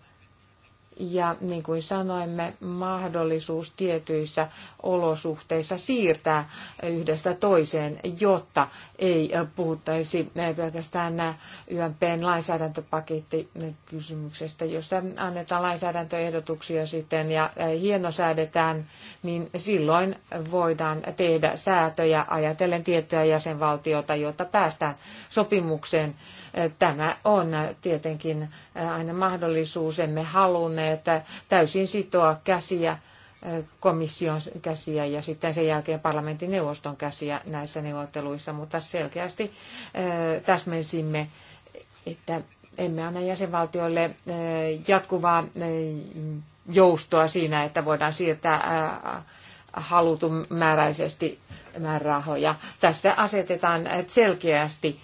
ja niin kuin sanoimme, mahdollisuus tietyissä olosuhteissa siirtää yhdestä toiseen, jotta ei puhuttaisi pelkästään YMPn lainsäädäntöpaketti kysymyksestä, jossa annetaan lainsäädäntöehdotuksia sitten ja hienosäädetään, niin silloin voidaan tehdä säätöjä ajatellen tiettyä jäsenvaltiota, jotta päästään sopimukseen Tämä on tietenkin aina mahdollisuus. Emme halunneet täysin sitoa käsiä komission käsiä ja sitten sen jälkeen parlamentin neuvoston käsiä näissä neuvotteluissa, mutta selkeästi täsmensimme, että emme anna jäsenvaltioille jatkuvaa joustoa siinä, että voidaan siirtää halutumääräisesti määrärahoja. Tässä asetetaan selkeästi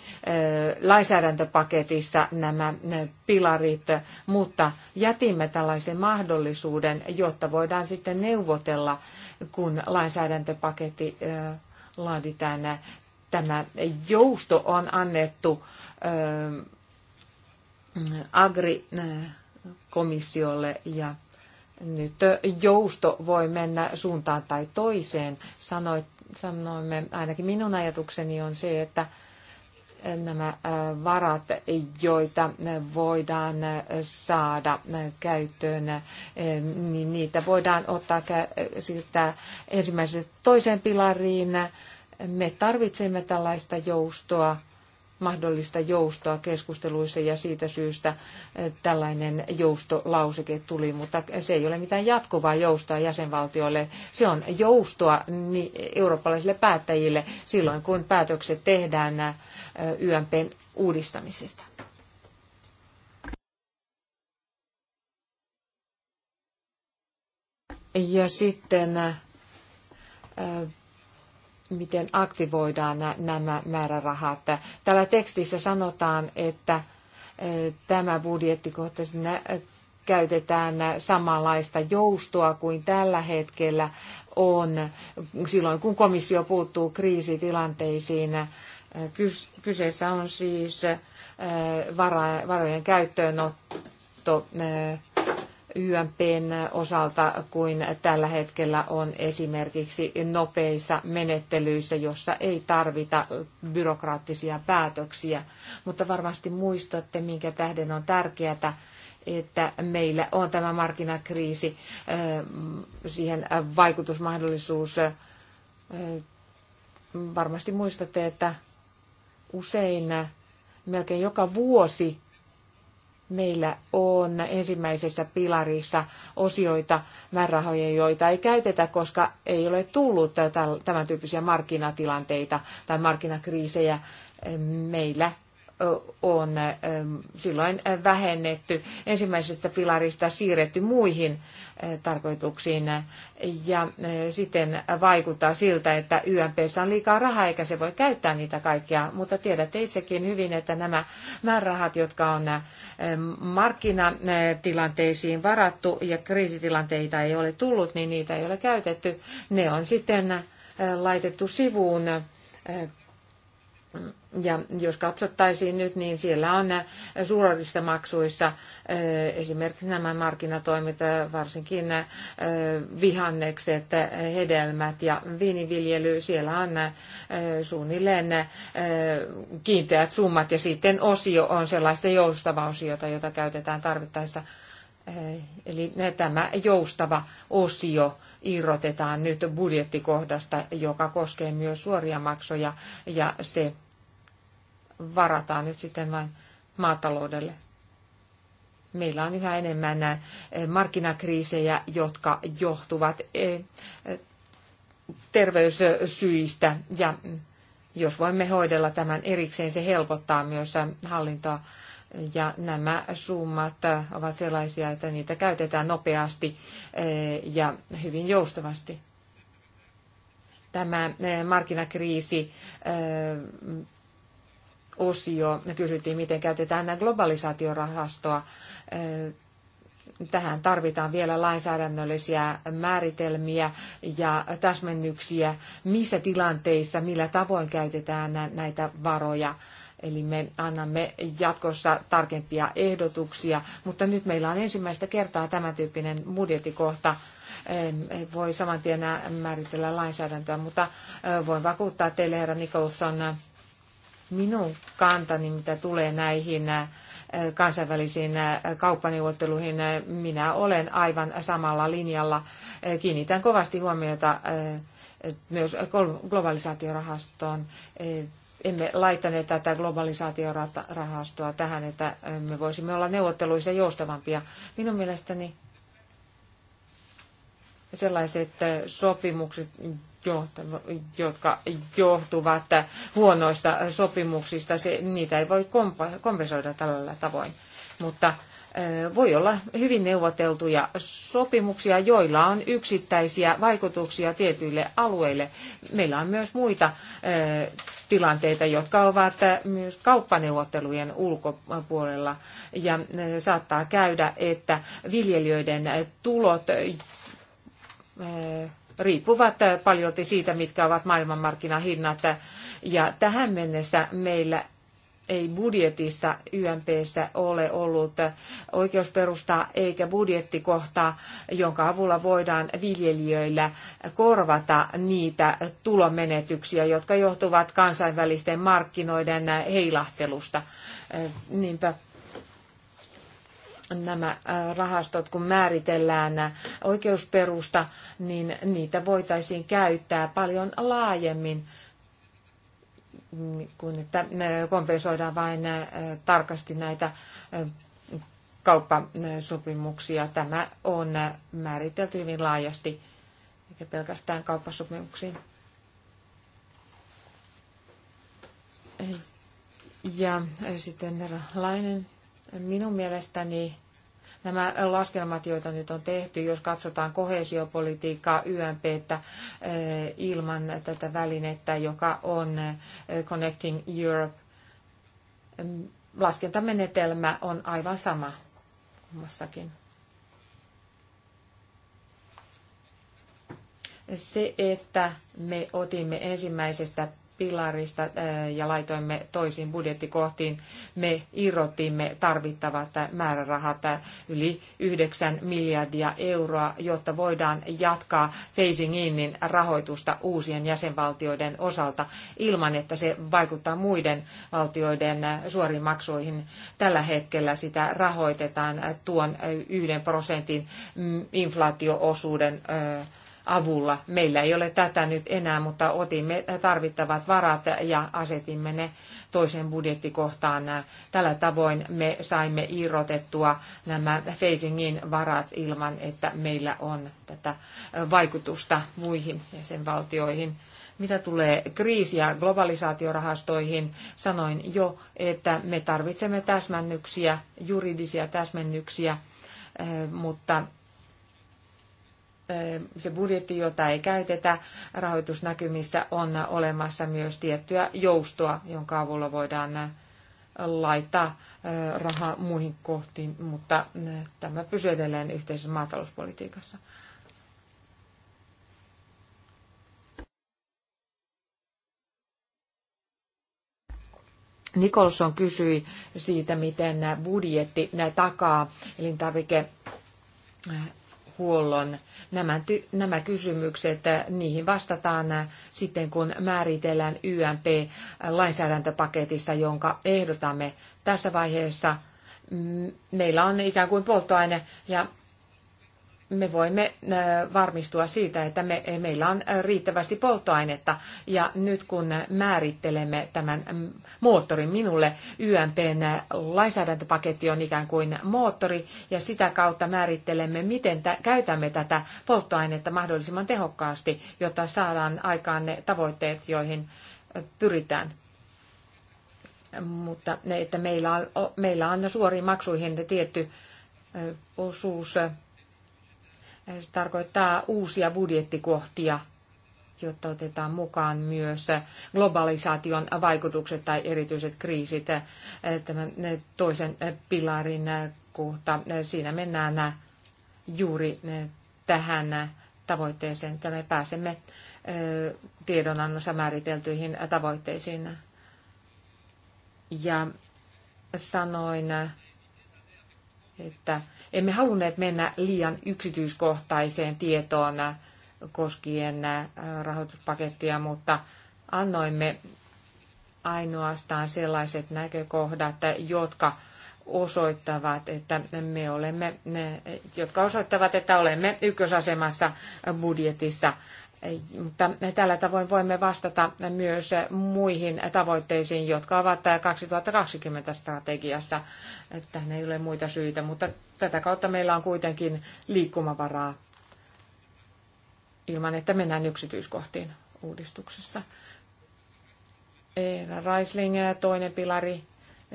lainsäädäntöpaketissa nämä pilarit, mutta jätimme tällaisen mahdollisuuden, jotta voidaan sitten neuvotella, kun lainsäädäntöpaketti laaditaan. Tämä jousto on annettu agrikomissiolle ja nyt jousto voi mennä suuntaan tai toiseen. Sanoit, sanoimme, ainakin minun ajatukseni on se, että nämä äh, varat, joita voidaan äh, saada äh, käyttöön, niin niitä voidaan ottaa siirtää ensimmäisestä toiseen pilariin. Me tarvitsemme tällaista joustoa mahdollista joustoa keskusteluissa ja siitä syystä eh, tällainen joustolauseke tuli, mutta se ei ole mitään jatkuvaa joustoa jäsenvaltioille. Se on joustoa eurooppalaisille päättäjille silloin, kun päätökset tehdään eh, YMPn uudistamisesta. Ja sitten eh, miten aktivoidaan nämä määrärahat. Täällä tekstissä sanotaan, että e, tämä budjettikohtaisena käytetään samanlaista joustoa kuin tällä hetkellä on silloin, kun komissio puuttuu kriisitilanteisiin. Kyseessä on siis e, varojen käyttöönotto e, YMPn osalta kuin tällä hetkellä on esimerkiksi nopeissa menettelyissä, jossa ei tarvita byrokraattisia päätöksiä. Mutta varmasti muistatte, minkä tähden on tärkeää, että meillä on tämä markkinakriisi, eh, siihen vaikutusmahdollisuus. Eh, varmasti muistatte, että usein eh, melkein joka vuosi meillä on ensimmäisessä pilarissa osioita määrärahoja, joita ei käytetä, koska ei ole tullut tämän tyyppisiä markkinatilanteita tai markkinakriisejä. Meillä on silloin vähennetty ensimmäisestä pilarista siirretty muihin tarkoituksiin ja siten vaikuttaa siltä, että YMPssä on liikaa rahaa eikä se voi käyttää niitä kaikkia, mutta tiedätte itsekin hyvin, että nämä määrärahat, jotka on markkinatilanteisiin varattu ja kriisitilanteita ei ole tullut, niin niitä ei ole käytetty. Ne on sitten laitettu sivuun ja jos katsottaisiin nyt, niin siellä on suurissa maksuissa eh, esimerkiksi nämä markkinatoimet, eh, varsinkin eh, vihannekset, hedelmät ja viiniviljely. Siellä on suunnilleen kiinteät summat ja sitten osio on sellaista joustavaa osiota, jota käytetään tarvittaessa. Eli tämä joustava osio irrotetaan nyt budjettikohdasta, joka koskee myös suoria maksoja ja se varataan nyt sitten vain maataloudelle. Meillä on yhä enemmän eh, markkinakriisejä, jotka johtuvat eh, terveyssyistä ja jos voimme hoidella tämän erikseen, se helpottaa myös hallintoa. Ja nämä summat eh, ovat sellaisia, että niitä käytetään nopeasti ja hyvin joustavasti. Tämä markkinakriisi osio. Kysyttiin, miten käytetään globalisaatiorahastoa. Tähän tarvitaan vielä lainsäädännöllisiä määritelmiä ja täsmennyksiä, missä tilanteissa, millä tavoin käytetään näitä varoja. Eli me annamme jatkossa tarkempia ehdotuksia, mutta nyt meillä on ensimmäistä kertaa tämä tyyppinen budjetikohta. Ei voi saman tien määritellä lainsäädäntöä, mutta voin vakuuttaa teille, herra Nicholson, minun kantani, mitä tulee näihin äh, kansainvälisiin äh, kauppaneuvotteluihin, äh, minä olen aivan samalla linjalla. Kiinnitän kovasti huomiota myös globalisaatiorahastoon. Emme laittaneet tätä globalisaatiorahastoa tähän, että me voisimme olla neuvotteluissa joustavampia. Minun mielestäni sellaiset sopimukset, jotka johtuvat huonoista sopimuksista. Se, niitä ei voi kompensoida tällä tavoin. Mutta voi olla hyvin neuvoteltuja sopimuksia, joilla on yksittäisiä vaikutuksia tietyille alueille. Meillä on myös muita tilanteita, jotka ovat myös kauppaneuvottelujen ulkopuolella ja saattaa käydä, että viljelijöiden tulot riippuvat eh, paljolti siitä, mitkä ovat maailmanmarkkinahinnat. Ja tähän mennessä meillä ei budjetissa YMPssä ole ollut oikeusperustaa eikä budjettikohtaa, jonka avulla voidaan viljelijöillä korvata niitä tulomenetyksiä, jotka johtuvat kansainvälisten markkinoiden heilahtelusta. Eh, niinpä nämä äh, rahastot, kun määritellään oikeusperusta, niin niitä voitaisiin käyttää paljon laajemmin kuin että äh, kompensoidaan vain äh, tarkasti näitä kauppasopimuksia. Tämä on määritelty hyvin laajasti, eikä pelkästään kauppasopimuksiin. Ja sitten herra Lainen Minun mielestäni nämä laskelmat, joita nyt on tehty, jos katsotaan kohesiopolitiikkaa YMPtä eh, ilman tätä välinettä, joka on eh, Connecting Europe, laskentamenetelmä on aivan sama kummassakin. Se, että me otimme ensimmäisestä pilarista ja laitoimme toisiin budjettikohtiin. Me irrotimme tarvittavat määrärahat yli 9 miljardia euroa, jotta voidaan jatkaa phasing Inin rahoitusta uusien jäsenvaltioiden osalta ilman, että se vaikuttaa muiden valtioiden suoriin maksuihin. Tällä hetkellä sitä rahoitetaan tuon yhden prosentin mm, inflaatioosuuden avulla. Meillä ei ole tätä nyt enää, mutta otimme tarvittavat varat ja asetimme ne toiseen budjettikohtaan. Tällä tavoin me saimme irrotettua nämä Facingin varat ilman, että meillä on tätä vaikutusta muihin jäsenvaltioihin. Mitä tulee kriisi- ja globalisaatiorahastoihin, sanoin jo, että me tarvitsemme täsmennyksiä, juridisia täsmennyksiä, eh, mutta se budjetti, jota ei käytetä rahoitusnäkymissä on olemassa myös tiettyä joustoa, jonka avulla voidaan laittaa rahaa muihin kohtiin, mutta tämä pysyy edelleen yhteisessä maatalouspolitiikassa. Nikolson kysyi siitä, miten budjetti takaa elintarvike terveydenhuollon. Nämä, ty, nämä kysymykset, äh, niihin vastataan äh, sitten, kun määritellään YMP-lainsäädäntöpaketissa, äh, jonka ehdotamme tässä vaiheessa. Mm, meillä on ikään kuin polttoaine ja me voimme äh, varmistua siitä, että me, meillä on äh, riittävästi polttoainetta. Ja nyt kun määrittelemme tämän mm, moottorin minulle, YMPn äh, lainsäädäntöpaketti on ikään kuin moottori, ja sitä kautta määrittelemme, miten käytämme tätä polttoainetta mahdollisimman tehokkaasti, jotta saadaan aikaan ne tavoitteet, joihin pyritään mutta että meillä on, meillä on suoriin maksuihin tietty osuus se tarkoittaa uusia budjettikohtia, jotta otetaan mukaan myös globalisaation vaikutukset tai erityiset kriisit. Tämän toisen pilarin kohta, siinä mennään juuri tähän tavoitteeseen, että me pääsemme tiedonannossa määriteltyihin tavoitteisiin. Ja sanoin että emme halunneet mennä liian yksityiskohtaiseen tietoon koskien äh, rahoituspakettia, mutta annoimme ainoastaan sellaiset näkökohdat, jotka osoittavat, että me olemme, ne, jotka osoittavat, että olemme ykkösasemassa budjetissa mutta tällä tavoin voimme vastata myös muihin tavoitteisiin, jotka ovat 2020 strategiassa. Tähän ei ole muita syitä, mutta tätä kautta meillä on kuitenkin liikkumavaraa ilman, että mennään yksityiskohtiin uudistuksessa. Eera Reisling, toinen pilari,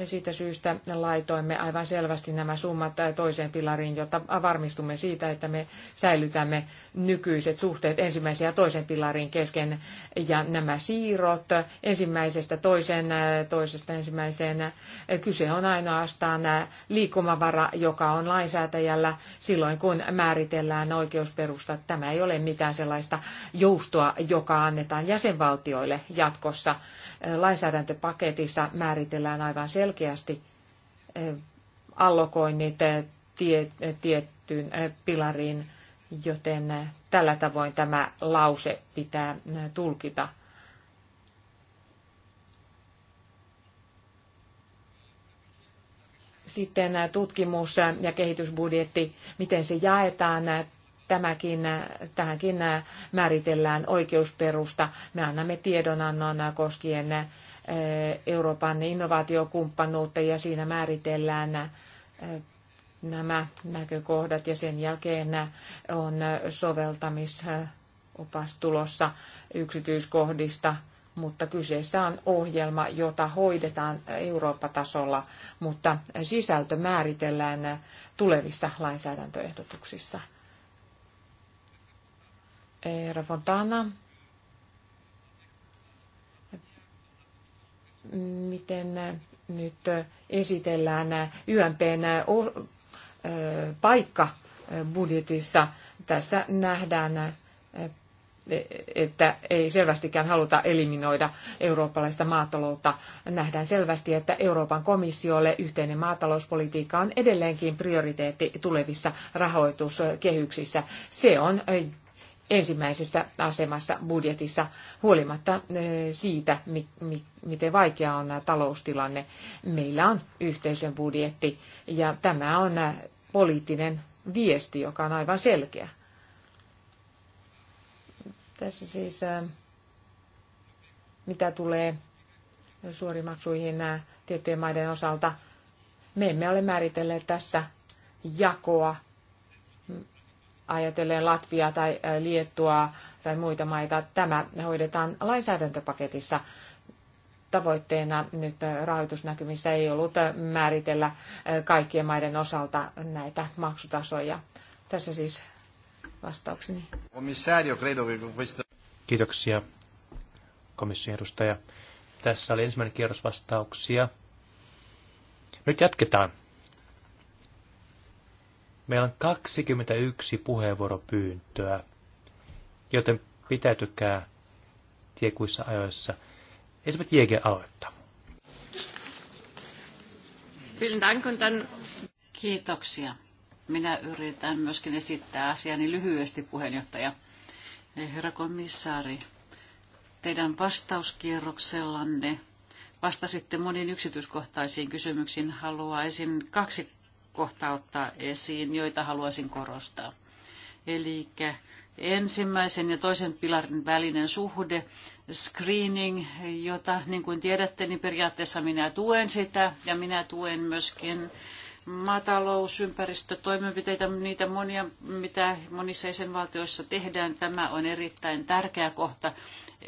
siitä syystä laitoimme aivan selvästi nämä summat toiseen pilariin, jotta varmistumme siitä, että me säilytämme nykyiset suhteet ensimmäisen ja toisen pilarin kesken. Ja nämä siirrot ensimmäisestä toiseen, toisesta ensimmäiseen, kyse on ainoastaan liikkumavara, joka on lainsäätäjällä silloin, kun määritellään oikeusperusta. Tämä ei ole mitään sellaista joustoa, joka annetaan jäsenvaltioille jatkossa. Lainsäädäntöpaketissa määritellään aivan selvästi selkeästi eh, niitä tie, tiettyyn eh, pilariin, joten eh, tällä tavoin tämä lause pitää tulkita. Sitten tutkimus- ja kehitysbudjetti, miten se jaetaan, tämäkin, tähänkin määritellään oikeusperusta. Me annamme tiedonannon koskien Eh, Euroopan innovaatiokumppanuutta ja siinä määritellään eh, nämä näkökohdat ja sen jälkeen on soveltamisopas tulossa yksityiskohdista, mutta kyseessä on ohjelma, jota hoidetaan Eurooppa-tasolla, mutta sisältö määritellään tulevissa lainsäädäntöehdotuksissa. Eero Fontana miten nyt esitellään YMPn paikka budjetissa. Tässä nähdään, että ei selvästikään haluta eliminoida eurooppalaista maataloutta. Nähdään selvästi, että Euroopan komissiolle yhteinen maatalouspolitiikka on edelleenkin prioriteetti tulevissa rahoituskehyksissä. Se on ensimmäisessä asemassa budjetissa huolimatta eh, siitä, miten vaikea on taloustilanne. Meillä on yhteisön budjetti ja tämä on eh, poliittinen viesti, joka on aivan selkeä. Tässä siis, eh, mitä tulee suorimaksuihin tiettyjen maiden osalta, me emme ole määritelleet tässä jakoa ajatellen Latviaa tai Liettua tai muita maita, tämä hoidetaan lainsäädäntöpaketissa. Tavoitteena nyt rahoitusnäkymissä ei ollut määritellä kaikkien maiden osalta näitä maksutasoja. Tässä siis vastaukseni. Kiitoksia komission edustaja. Tässä oli ensimmäinen kierros vastauksia. Nyt jatketaan Meillä on 21 puheenvuoropyyntöä, joten pitäytykää tiekuissa ajoissa. Esimerkiksi Jäger aloittaa. Kiitoksia. Minä yritän myöskin esittää asiani lyhyesti, puheenjohtaja. Herra komissaari, teidän vastauskierroksellanne vastasitte moniin yksityiskohtaisiin kysymyksiin. Haluaisin kaksi kohta ottaa esiin, joita haluaisin korostaa. Eli ensimmäisen ja toisen pilarin välinen suhde, screening, jota niin kuin tiedätte, niin periaatteessa minä tuen sitä ja minä tuen myöskin maatalousympäristötoimenpiteitä, niitä monia, mitä monissa jäsenvaltioissa tehdään. Tämä on erittäin tärkeä kohta.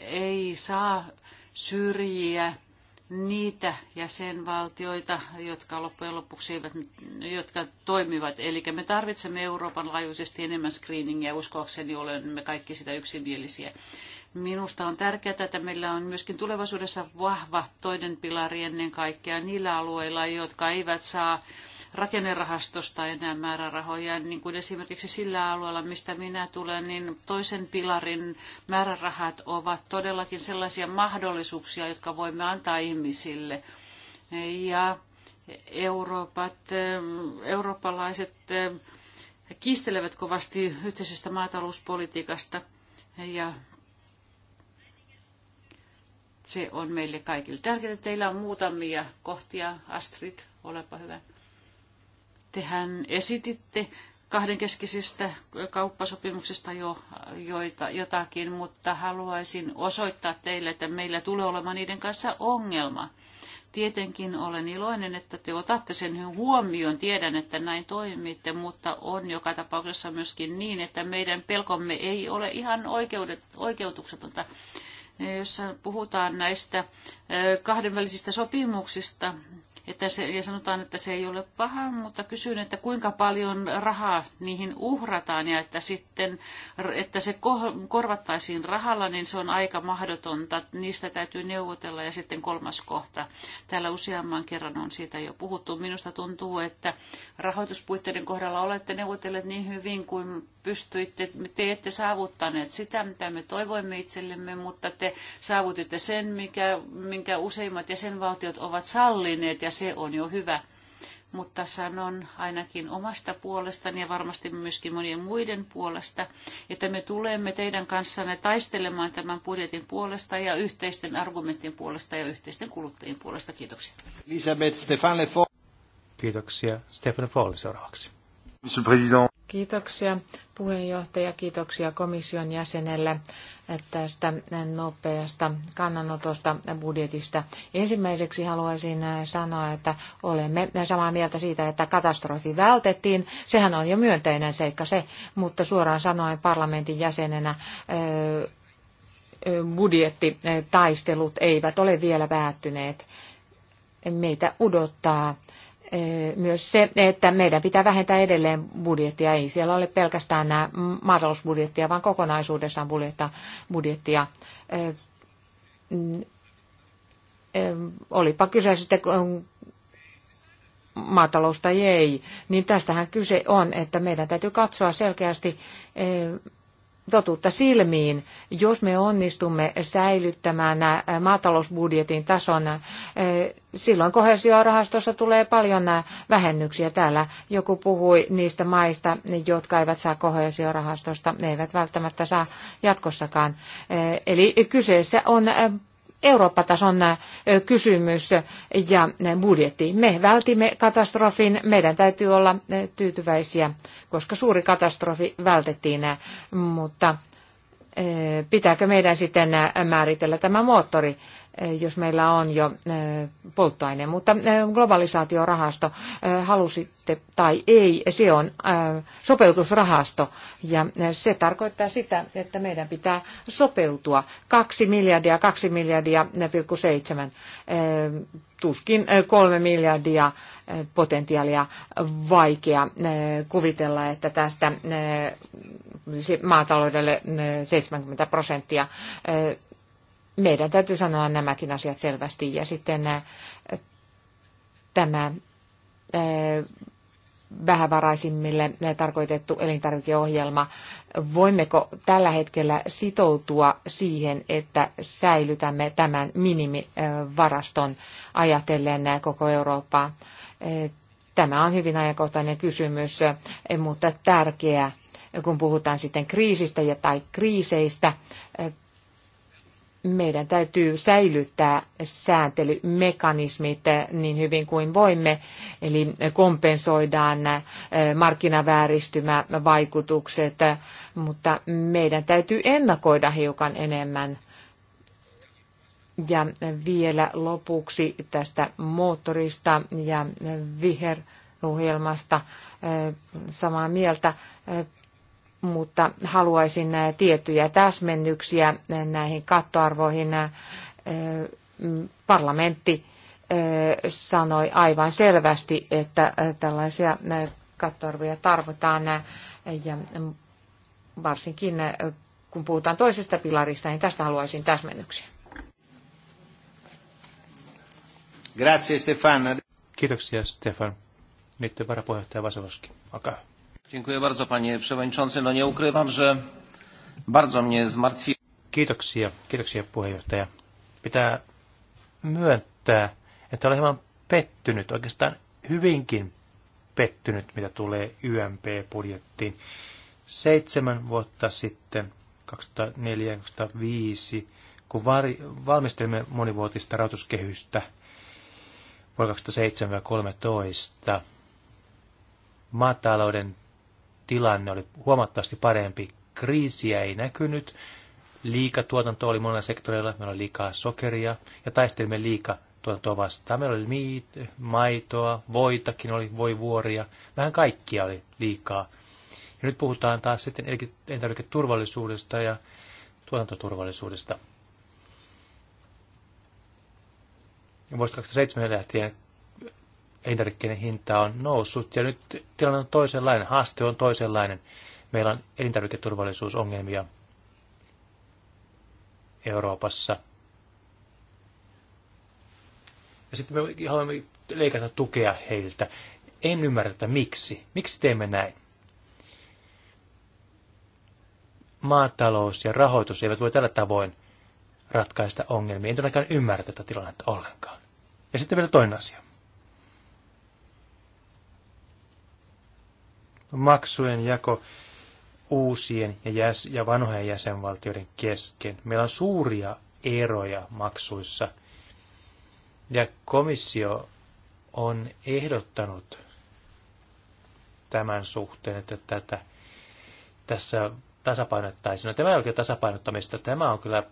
Ei saa syrjiä niitä jäsenvaltioita, jotka loppujen lopuksi eivät, jotka toimivat. Eli me tarvitsemme Euroopan laajuisesti enemmän screeningiä, uskoakseni olemme kaikki sitä yksimielisiä. Minusta on tärkeää, että meillä on myöskin tulevaisuudessa vahva toinen pilari ennen kaikkea niillä alueilla, jotka eivät saa rakennerahastosta enää määrärahoja, niin kuin esimerkiksi sillä alueella, mistä minä tulen, niin toisen pilarin määrärahat ovat todellakin sellaisia mahdollisuuksia, jotka voimme antaa ihmisille. Ja Euroopat, eh, eurooppalaiset eh, kiistelevät kovasti yhteisestä maatalouspolitiikasta ja se on meille kaikille tärkeää. Teillä on muutamia kohtia. Astrid, olepa hyvä. Tehän esititte kahdenkeskisistä kauppasopimuksista jo joita, jotakin, mutta haluaisin osoittaa teille, että meillä tulee olemaan niiden kanssa ongelma. Tietenkin olen iloinen, että te otatte sen huomioon. Tiedän, että näin toimitte, mutta on joka tapauksessa myöskin niin, että meidän pelkomme ei ole ihan oikeudet, oikeutuksetonta. Jos puhutaan näistä kahdenvälisistä sopimuksista, että se, ja sanotaan, että se ei ole paha, mutta kysyn, että kuinka paljon rahaa niihin uhrataan ja että sitten, että se korvattaisiin rahalla, niin se on aika mahdotonta. Niistä täytyy neuvotella ja sitten kolmas kohta. Täällä useamman kerran on siitä jo puhuttu. Minusta tuntuu, että rahoituspuitteiden kohdalla olette neuvotelleet niin hyvin kuin pystyitte, te ette saavuttaneet sitä, mitä me toivoimme itsellemme, mutta te saavutitte sen, mikä, minkä useimmat jäsenvaltiot ovat sallineet ja se on jo hyvä. Mutta sanon ainakin omasta puolestani ja varmasti myöskin monien muiden puolesta, että me tulemme teidän kanssanne taistelemaan tämän budjetin puolesta ja yhteisten argumenttien puolesta ja yhteisten kuluttajien puolesta. Kiitoksia. Elisabeth Stefane Kiitoksia. Stefan Fall seuraavaksi. Kiitoksia puheenjohtaja, kiitoksia komission jäsenelle tästä nopeasta kannanotosta budjetista. Ensimmäiseksi haluaisin sanoa, että olemme samaa mieltä siitä, että katastrofi vältettiin. Sehän on jo myönteinen seikka se, mutta suoraan sanoen parlamentin jäsenenä budjettitaistelut eivät ole vielä päättyneet. Meitä odottaa Eh, myös se, että meidän pitää vähentää edelleen budjettia. Ei siellä ole pelkästään nämä maatalousbudjettia, vaan kokonaisuudessaan budjettia. Eh, eh, olipa kyse sitten maatalous tai ei, niin tästähän kyse on, että meidän täytyy katsoa selkeästi totuutta silmiin, jos me onnistumme säilyttämään maatalousbudjetin tason. Silloin kohesiorahastossa tulee paljon vähennyksiä. Täällä joku puhui niistä maista, jotka eivät saa kohesiorahastosta, ne eivät välttämättä saa jatkossakaan. Eli kyseessä on Eurooppa-tason kysymys ja budjetti. Me vältimme katastrofin, meidän täytyy olla tyytyväisiä, koska suuri katastrofi vältettiin, mutta pitääkö meidän sitten määritellä tämä moottori? Eh, jos meillä on jo eh, polttoaine. Mutta eh, globalisaatiorahasto, halusitte tai ei, se on sopeutusrahasto. Ja se tarkoittaa sitä, että meidän pitää sopeutua 2 miljardia, 2 miljardia, 7, tuskin 3 miljardia potentiaalia vaikea kuvitella, että tästä maataloudelle 70 prosenttia meidän täytyy sanoa nämäkin asiat selvästi. Ja sitten tämä vähävaraisimmille tarkoitettu elintarvikeohjelma. Voimmeko tällä hetkellä sitoutua siihen, että säilytämme tämän minimivaraston ajatellen koko Eurooppaa? Tämä on hyvin ajankohtainen kysymys, mutta tärkeä, kun puhutaan sitten kriisistä ja tai kriiseistä meidän täytyy säilyttää sääntelymekanismit niin hyvin kuin voimme, eli kompensoidaan markkinavääristymävaikutukset, mutta meidän täytyy ennakoida hiukan enemmän. Ja vielä lopuksi tästä moottorista ja viherohjelmasta samaa mieltä mutta haluaisin äh, tiettyjä täsmennyksiä äh, näihin kattoarvoihin. Äh, parlamentti sanoi aivan selvästi, että tällaisia kattoarvoja tarvitaan ja varsinkin kun puhutaan toisesta pilarista, niin tästä haluaisin täsmennyksiä. Grazie Stefan. Kiitoksia Stefan. Nyt varapuheenjohtaja Vasovski. olkaa hyvä. Dziękuję bardzo, panie przewodniczący. No nie ukrywam, że bardzo mnie zmartwi... Kiitoksia, kiitoksia puheenjohtaja. Pitää myöntää, että olen hieman pettynyt, oikeastaan hyvinkin pettynyt, mitä tulee YMP-budjettiin. Seitsemän vuotta sitten, 2004-2005, kun valmistelimme monivuotista rahoituskehystä vuonna 2007-2013, maatalouden tilanne oli huomattavasti parempi. Kriisiä ei näkynyt, liikatuotanto oli monella sektoreilla, meillä oli liikaa sokeria ja taistelimme liikatuotantoa vastaan. Meillä oli miit, maitoa, voitakin oli, voivuoria, vähän kaikkia oli liikaa. Ja nyt puhutaan taas sitten elintarviketurvallisuudesta ja tuotantoturvallisuudesta. Ja vuodesta 2007 lähtien elintarvikkeiden hinta on noussut ja nyt tilanne on toisenlainen, haaste on toisenlainen. Meillä on elintarviketurvallisuusongelmia Euroopassa. Ja sitten me haluamme leikata tukea heiltä. En ymmärrä, että miksi. Miksi teemme näin? Maatalous ja rahoitus eivät voi tällä tavoin ratkaista ongelmia. En todellakaan ymmärrä tätä tilannetta ollenkaan. Ja sitten vielä toinen asia. maksujen jako uusien ja, jäs- ja vanhojen jäsenvaltioiden kesken. Meillä on suuria eroja maksuissa. Ja komissio on ehdottanut tämän suhteen, että tätä tässä tasapainottaisiin. No tämä ei ole tasapainottamista, tämä on kyllä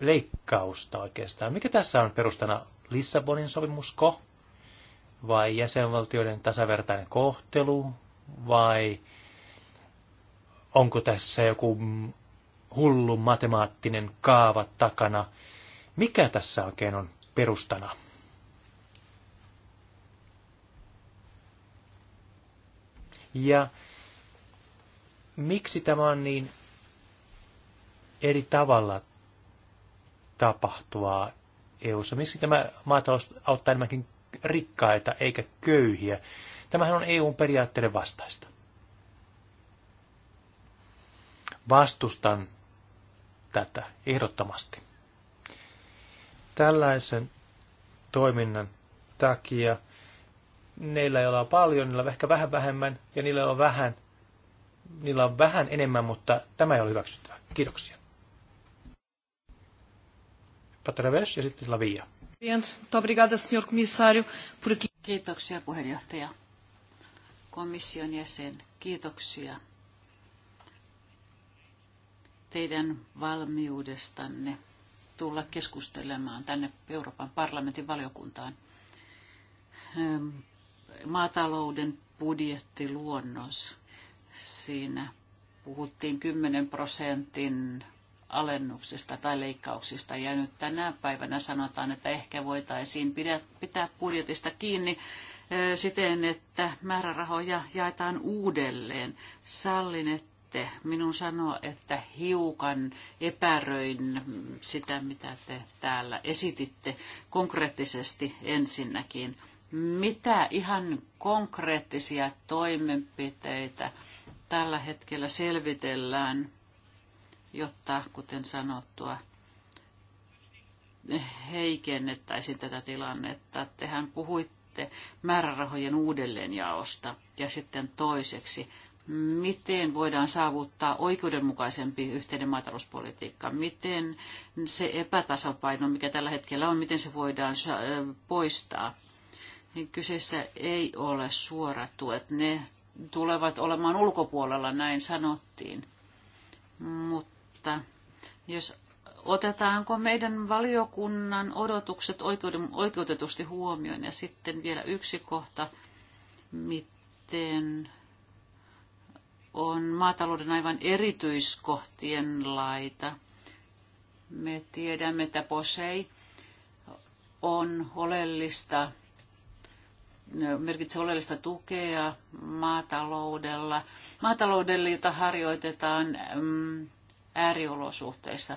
leikkausta oikeastaan. Mikä tässä on perustana? Lissabonin sopimusko vai jäsenvaltioiden tasavertainen kohtelu vai onko tässä joku hullu matemaattinen kaava takana? Mikä tässä oikein on perustana? Ja miksi tämä on niin eri tavalla tapahtuvaa EU-ssa? Miksi tämä maatalous auttaa enemmänkin rikkaita eikä köyhiä? Tämähän on EUn periaatteiden vastaista. Vastustan tätä ehdottomasti. Tällaisen toiminnan takia neillä, ei on paljon, niillä on ehkä vähän vähemmän ja niillä on vähän, niillä on vähän enemmän, mutta tämä ei ole hyväksyttävä. Kiitoksia. Patraves ja sitten Lavia. Kiitoksia puheenjohtaja komission jäsen, kiitoksia teidän valmiudestanne tulla keskustelemaan tänne Euroopan parlamentin valiokuntaan. Maatalouden budjettiluonnos. Siinä puhuttiin 10 prosentin alennuksista tai leikkauksista. Ja nyt tänä päivänä sanotaan, että ehkä voitaisiin pitää budjetista kiinni siten, että määrärahoja jaetaan uudelleen. Sallinette minun sanoa, että hiukan epäröin sitä, mitä te täällä esititte konkreettisesti ensinnäkin. Mitä ihan konkreettisia toimenpiteitä tällä hetkellä selvitellään, jotta, kuten sanottua, heikennettäisiin tätä tilannetta. Tehän puhuitte sitten määrärahojen uudelleenjaosta? Ja sitten toiseksi, miten voidaan saavuttaa oikeudenmukaisempi yhteinen maatalouspolitiikka? Miten se epätasapaino, mikä tällä hetkellä on, miten se voidaan poistaa? Niin kyseessä ei ole suorattu, tuet. Ne tulevat olemaan ulkopuolella, näin sanottiin. Mutta jos otetaanko meidän valiokunnan odotukset oikeuden, oikeutetusti huomioon. Ja sitten vielä yksi kohta, miten on maatalouden aivan erityiskohtien laita. Me tiedämme, että posei on oleellista, merkitsee oleellista tukea maataloudella, maataloudelle, jota harjoitetaan mm, äriolosuhteissa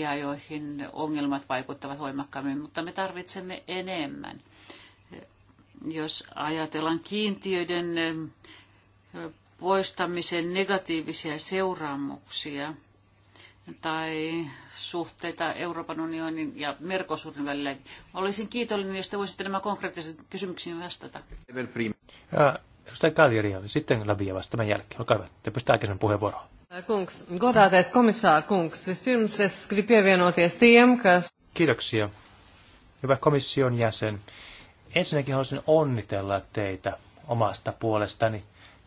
ja joihin ongelmat vaikuttavat voimakkaammin, mutta me tarvitsemme enemmän. Jos ajatellaan kiintiöiden poistamisen negatiivisia seuraamuksia tai suhteita Euroopan unionin ja Merkosurin välillä, olisin kiitollinen, jos te voisitte nämä konkreettiset kysymyksiin vastata. Edustaja Kaljeria, sitten Lavia vasta tämän jälkeen. Olkaa hyvä, te pystytte aikaisemmin puheenvuoroon. Kungs, godātais komisāra kungs, vispirms es gribu pievienoties tiem, kas... Kiitoksia. Hyvä komission jäsen. Ensinnäkin haluaisin onnitella teitä omasta puolestani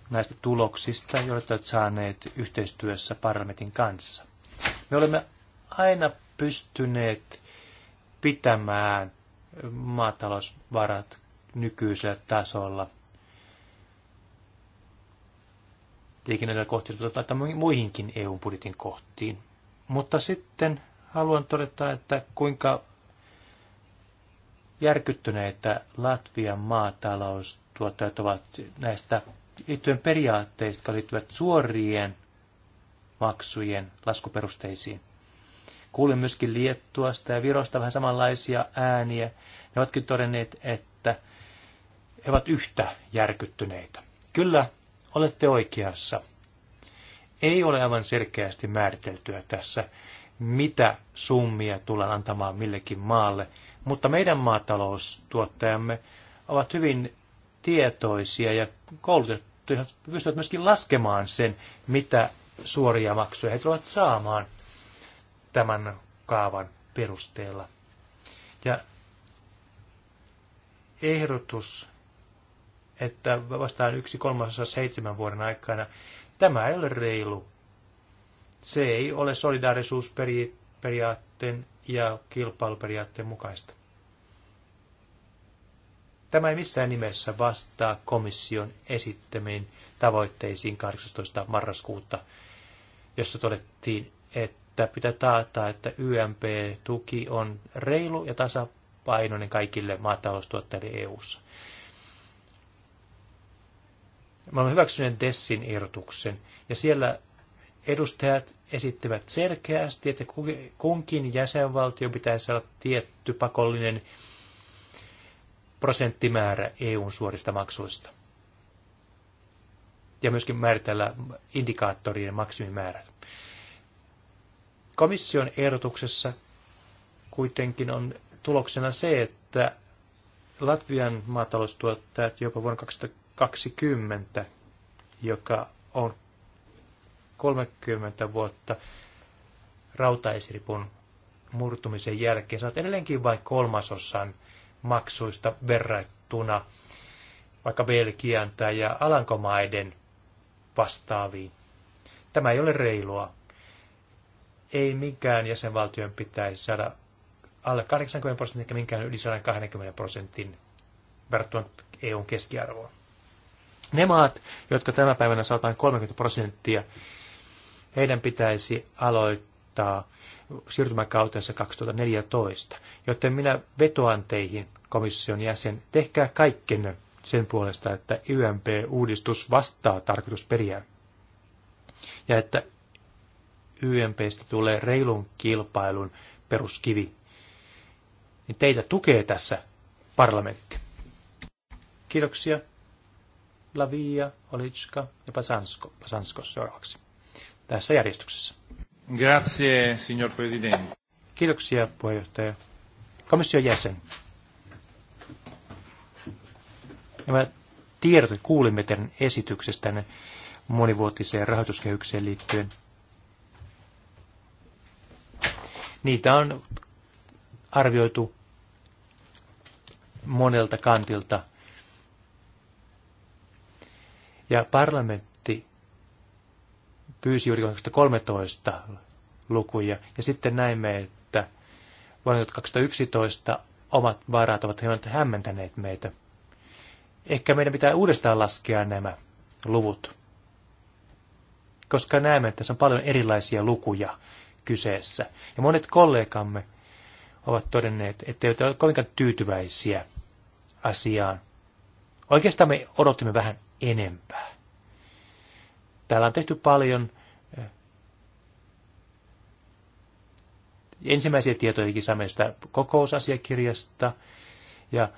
näistä tuloksista, joita olet saaneet yhteistyössä parlamentin kanssa. Me olemme aina pystyneet pitämään maatalousvarat nykyisellä tasolla liikennöitä kohti, että muihinkin EU-budjetin kohtiin. Mutta sitten haluan todeta, että kuinka järkyttyneitä Latvian maataloustuottajat ovat näistä liittyen periaatteista, jotka liittyvät suorien maksujen laskuperusteisiin. Kuulin myöskin Liettuasta ja Virosta vähän samanlaisia ääniä. Ne ovatkin todenneet, että he ovat yhtä järkyttyneitä. Kyllä olette oikeassa. Ei ole aivan selkeästi määriteltyä tässä, mitä summia tullaan antamaan millekin maalle, mutta meidän maataloustuottajamme ovat hyvin tietoisia ja koulutettuja, pystyvät myöskin laskemaan sen, mitä suoria maksuja he tulevat saamaan tämän kaavan perusteella. Ja ehdotus että vastaan yksi kolmasosa seitsemän vuoden aikana. Tämä ei ole reilu. Se ei ole solidaarisuusperiaatteen ja kilpailuperiaatteen mukaista. Tämä ei missään nimessä vastaa komission esittämiin tavoitteisiin 18. marraskuuta, jossa todettiin, että pitää taata, että YMP-tuki on reilu ja tasapainoinen kaikille maataloustuottajille EU-ssa. Mä olen hyväksynyt Dessin irtuksen, ja siellä edustajat esittivät selkeästi, että kunkin jäsenvaltio pitäisi saada tietty pakollinen prosenttimäärä EUn suorista maksuista. Ja myöskin määritellä indikaattorien maksimimäärät. Komission ehdotuksessa kuitenkin on tuloksena se, että Latvian maataloustuottajat jopa vuonna 2020 20, joka on 30 vuotta rautaisiripun murtumisen jälkeen. Saat edelleenkin vain kolmasosan maksuista verrattuna vaikka Belgian tai ja Alankomaiden vastaaviin. Tämä ei ole reilua. Ei minkään jäsenvaltion pitäisi saada alle 80 prosentin eikä minkään yli 120 prosentin verrattuna EUn keskiarvoon. Ne maat, jotka tänä päivänä saataan 30 prosenttia, heidän pitäisi aloittaa siirtymäkautensa 2014. Joten minä vetoan teihin, komission jäsen, tehkää kaikkenne sen puolesta, että YMP-uudistus vastaa tarkoitusperiä. Ja että YMPstä tulee reilun kilpailun peruskivi. Niin teitä tukee tässä parlamentti. Kiitoksia. Lavia, Olitska ja Pasansko, Pasansko seuraavaksi. Tässä järjestyksessä. Grazie, signor Presidente. Kiitoksia, puheenjohtaja. Komission jäsen. Nämä tiedot, että kuulimme teidän esityksestänne monivuotiseen rahoituskehykseen liittyen. Niitä on arvioitu monelta kantilta ja parlamentti pyysi juuri 2013 lukuja. Ja sitten näimme, että vuonna 2011 omat varat ovat hieman hämmentäneet meitä. Ehkä meidän pitää uudestaan laskea nämä luvut, koska näemme, että tässä on paljon erilaisia lukuja kyseessä. Ja monet kollegamme ovat todenneet, eivät ole kovinkaan tyytyväisiä asiaan. Oikeastaan me odotimme vähän enempää. Täällä on tehty paljon ensimmäisiä tietoja saamme kokousasiakirjasta ja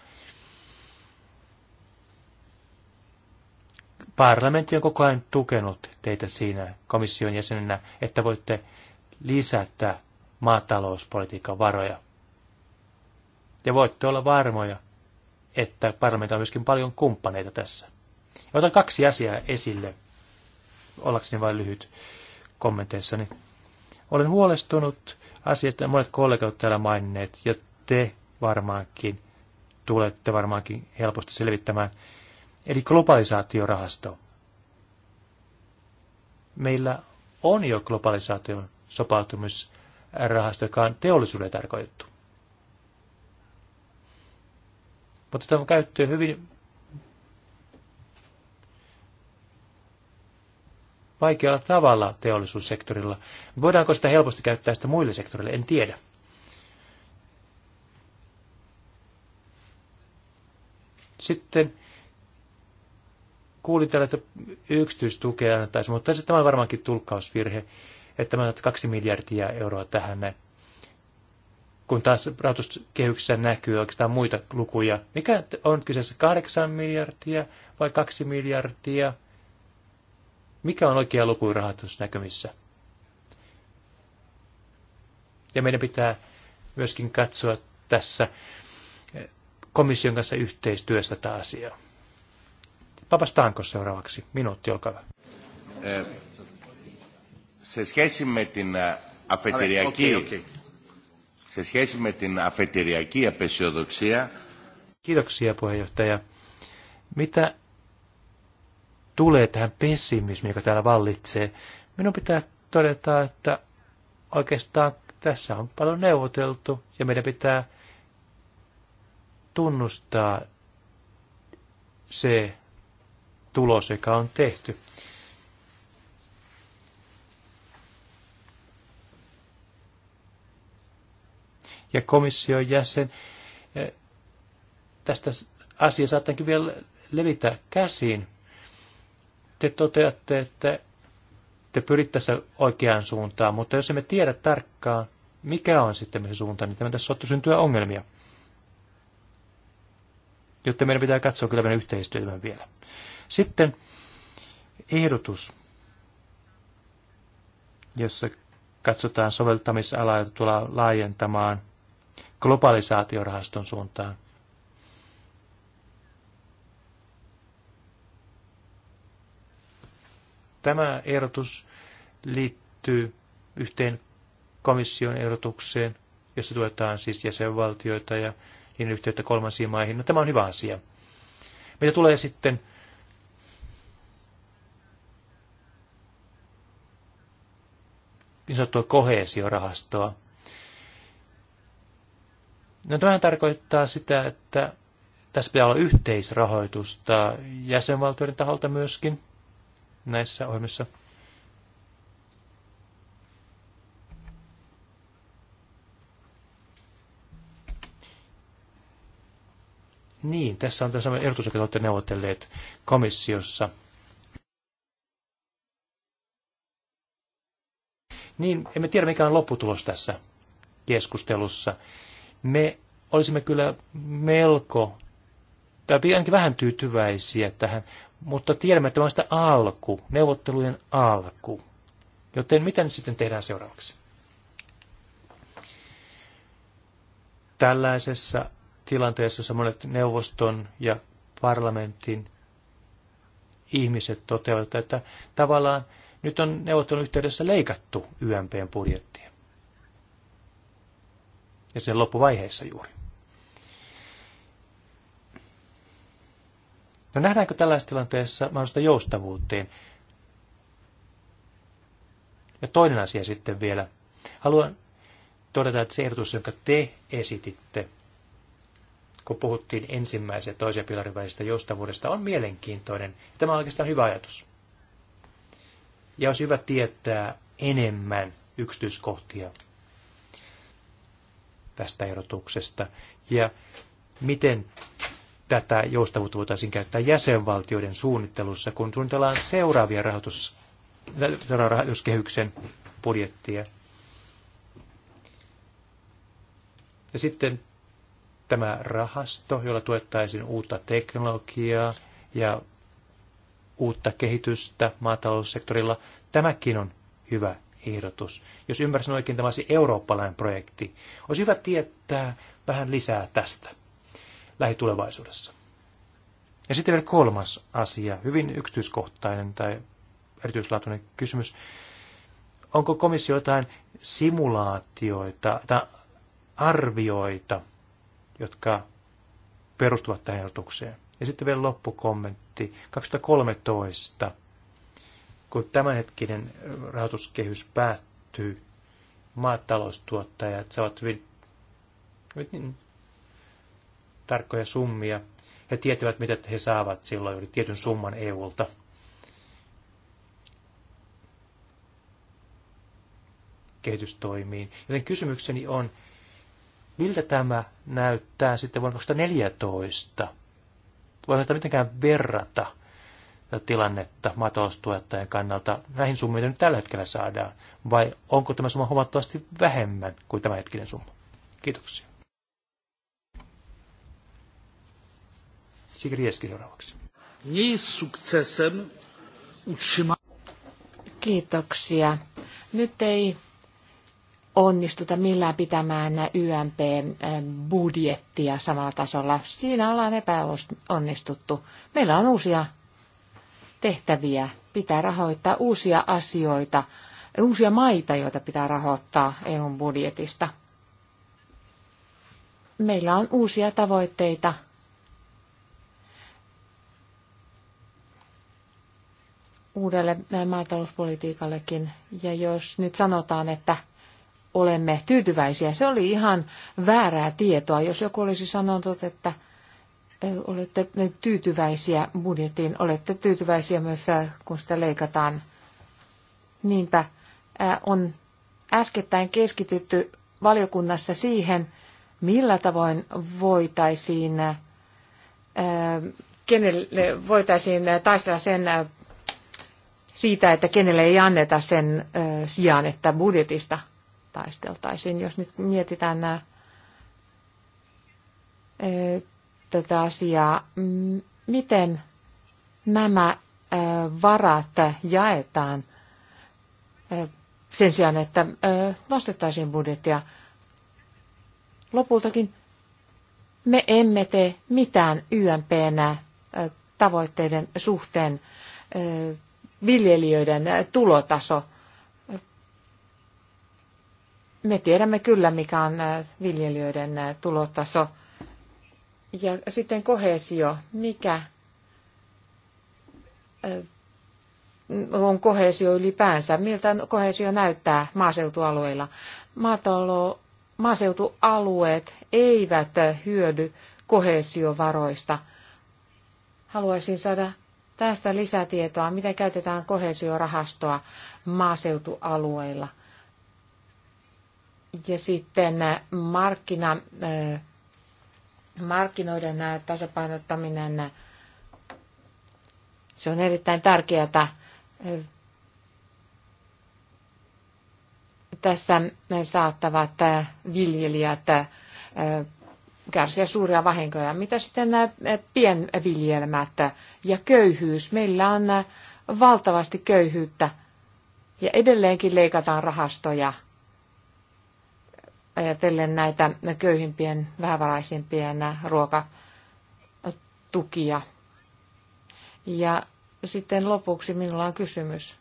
parlamentti on koko ajan tukenut teitä siinä komission jäsenenä, että voitte lisätä maatalouspolitiikan varoja. Ja voitte olla varmoja, että parlamentti on myöskin paljon kumppaneita tässä. Otan kaksi asiaa esille, ollakseni vain lyhyt kommenteissani. Olen huolestunut asiasta, ja monet kollegat täällä maininneet, ja te varmaankin tulette varmaankin helposti selvittämään. Eli globalisaatiorahasto. Meillä on jo globalisaation sopautumisrahasto, joka on teollisuudelle tarkoitettu. Mutta tämä käyttöön hyvin vaikealla tavalla teollisuussektorilla. Voidaanko sitä helposti käyttää sitä muille sektoreille? En tiedä. Sitten kuulin täällä, että yksityistukea annettaisiin, mutta tässä tämä on varmaankin tulkkausvirhe, että tämä on kaksi miljardia euroa tähän näin. Kun taas rahoituskehyksessä näkyy oikeastaan muita lukuja. Mikä on kyseessä, kahdeksan miljardia vai kaksi miljardia? Mikä on oikea luku rahoitusnäkymissä? Ja meidän pitää myöskin katsoa tässä eh, komission kanssa yhteistyössä tätä asiaa. Papastaanko seuraavaksi? Minuutti, olkaa hyvä. Eh, se σχέση με την αφετηριακή, se σχέση με την αφετηριακή απεσιοδοξία. Kiitoksia puheenjohtaja. Mitä tulee tähän pessimismiin, joka täällä vallitsee, minun pitää todeta, että oikeastaan tässä on paljon neuvoteltu ja meidän pitää tunnustaa se tulos, joka on tehty. Ja komission jäsen, eh, tästä asia saattaakin vielä levitä käsiin te toteatte, että te pyritte tässä oikeaan suuntaan, mutta jos emme tiedä tarkkaan, mikä on sitten se suunta, niin tämä tässä saattaa syntyä ongelmia. Jotta meidän pitää katsoa kyllä meidän yhteistyötä vielä. Sitten ehdotus, jossa katsotaan soveltamisalaa, jota tullaan laajentamaan globalisaatiorahaston suuntaan. Tämä ehdotus liittyy yhteen komission ehdotukseen, jossa tuetaan siis jäsenvaltioita ja niin yhteyttä kolmansiin maihin. No, tämä on hyvä asia. Mitä tulee sitten niin sanottua kohesiorahastoa. No, tämä tarkoittaa sitä, että tässä pitää olla yhteisrahoitusta jäsenvaltioiden taholta myöskin näissä ohjelmissa. Niin, tässä on tämä sama ehdotus, joka olette neuvotelleet komissiossa. Niin, emme tiedä mikä on lopputulos tässä keskustelussa. Me olisimme kyllä melko, tai ainakin vähän tyytyväisiä tähän mutta tiedämme, että tämä on sitä alku, neuvottelujen alku. Joten mitä nyt sitten tehdään seuraavaksi? Tällaisessa tilanteessa, jossa monet neuvoston ja parlamentin ihmiset toteavat, että tavallaan nyt on neuvottelun yhteydessä leikattu YMPn budjettia. Ja sen loppuvaiheessa juuri. No nähdäänkö tällaisessa tilanteessa mahdollista joustavuuteen? Ja toinen asia sitten vielä. Haluan todeta, että se ehdotus, jonka te esititte, kun puhuttiin ensimmäisen ja toisen pilarin välisestä joustavuudesta, on mielenkiintoinen. Tämä on oikeastaan hyvä ajatus. Ja olisi hyvä tietää enemmän yksityiskohtia tästä ehdotuksesta ja miten tätä joustavuutta voitaisiin käyttää jäsenvaltioiden suunnittelussa, kun suunnitellaan seuraavia rahoitus, seuraavan rahoituskehyksen budjettia. Ja sitten tämä rahasto, jolla tuettaisiin uutta teknologiaa ja uutta kehitystä maataloussektorilla, tämäkin on hyvä ehdotus. Jos ymmärsin oikein, tämä olisi eurooppalainen projekti. Olisi hyvä tietää vähän lisää tästä lähitulevaisuudessa. Ja sitten vielä kolmas asia, hyvin yksityiskohtainen tai erityislaatuinen kysymys. Onko komissio jotain simulaatioita tai arvioita, jotka perustuvat tähän ehdotukseen? Ja sitten vielä loppukommentti. 2013, kun tämänhetkinen rahoituskehys päättyy, maataloustuottajat saavat hyvin, hyvin tarkkoja summia. He tietävät, mitä he saavat silloin juuri tietyn summan EUlta. kehitystoimiin. Joten kysymykseni on, miltä tämä näyttää sitten vuonna 2014? Voiko tätä mitenkään verrata tätä tilannetta maataloustuottajan kannalta näihin summiin, mitä nyt tällä hetkellä saadaan? Vai onko tämä summa huomattavasti vähemmän kuin tämä hetkinen summa? Kiitoksia. Sigrieski seuraavaksi. Kiitoksia. Nyt ei onnistuta millään pitämään YMP-budjettia eh, samalla tasolla. Siinä ollaan epäonnistuttu. Meillä on uusia tehtäviä. Pitää rahoittaa uusia asioita, uusia maita, joita pitää rahoittaa eu budjetista. Meillä on uusia tavoitteita – uudelle äh, maatalouspolitiikallekin. Ja jos nyt sanotaan, että olemme tyytyväisiä, se oli ihan väärää tietoa. Jos joku olisi sanonut, että olette tyytyväisiä budjettiin, olette tyytyväisiä myös, äh, kun sitä leikataan. Niinpä äh, on äskettäin keskitytty valiokunnassa siihen, millä tavoin voitaisiin, kenelle voitaisiin taistella sen siitä, että kenelle ei anneta sen sijaan, että budjetista taisteltaisiin. Jos nyt mietitään ö, tätä asiaa, miten nämä varat jaetaan sen sijaan, että nostettaisiin budjettia. Lopultakin me emme tee mitään YMPnä tavoitteiden suhteen viljelijöiden tulotaso. Me tiedämme kyllä, mikä on viljelijöiden tulotaso. Ja sitten kohesio. Mikä on kohesio ylipäänsä? Miltä kohesio näyttää maaseutualueilla? Maatalo, maaseutualueet eivät hyödy kohesiovaroista. Haluaisin saada tästä lisätietoa, miten käytetään kohesiorahastoa maaseutualueilla. Ja sitten äh, markkina, äh, markkinoiden äh, tasapainottaminen, se on erittäin tärkeää. Tässä saattavat viljelijät kärsiä suuria vahinkoja. Mitä sitten nämä pienviljelmät ja köyhyys? Meillä on valtavasti köyhyyttä ja edelleenkin leikataan rahastoja ajatellen näitä köyhimpien, vähävaraisimpien ruokatukia. Ja sitten lopuksi minulla on kysymys.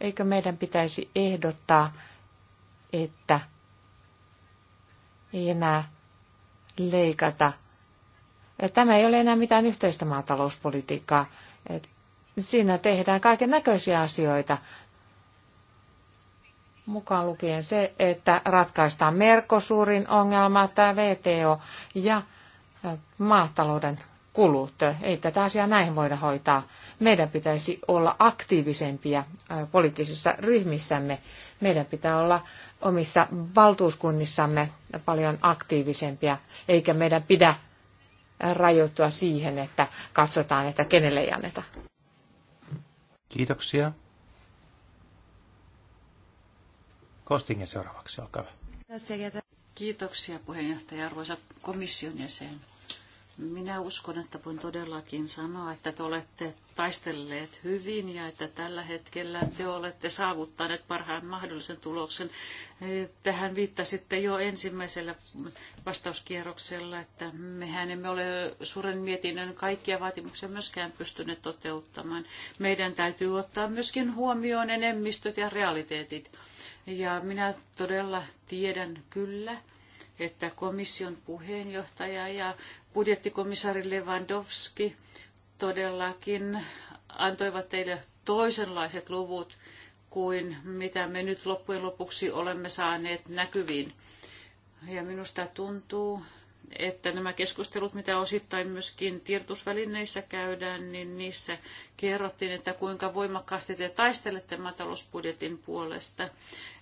Eikö meidän pitäisi ehdottaa, että ei enää leikata. Tämä ei ole enää mitään yhteistä maatalouspolitiikkaa. Siinä tehdään kaiken näköisiä asioita, mukaan lukien se, että ratkaistaan Merkosuurin ongelma, tämä VTO ja maatalouden kulut. Ei tätä asiaa näin voida hoitaa. Meidän pitäisi olla aktiivisempia poliittisissa ryhmissämme. Meidän pitää olla omissa valtuuskunnissamme paljon aktiivisempia, eikä meidän pidä rajoittua siihen, että katsotaan, että kenelle ei anneta. Kiitoksia. Kostingen seuraavaksi, olkaa hyvä. Kiitoksia puheenjohtaja, arvoisa komission jäsen. Minä uskon, että voin todellakin sanoa, että te olette taistelleet hyvin ja että tällä hetkellä te olette saavuttaneet parhaan mahdollisen tuloksen. Tähän viittasitte jo ensimmäisellä vastauskierroksella, että mehän emme ole suuren mietinnön kaikkia vaatimuksia myöskään pystyneet toteuttamaan. Meidän täytyy ottaa myöskin huomioon enemmistöt ja realiteetit. Ja minä todella tiedän kyllä, että komission puheenjohtaja ja budjettikomissaari Lewandowski todellakin antoivat teille toisenlaiset luvut kuin mitä me nyt loppujen lopuksi olemme saaneet näkyviin. Ja minusta tuntuu, että nämä keskustelut, mitä osittain myöskin tiedotusvälineissä käydään, niin niissä kerrottiin, että kuinka voimakkaasti te taistelette maatalousbudjetin puolesta,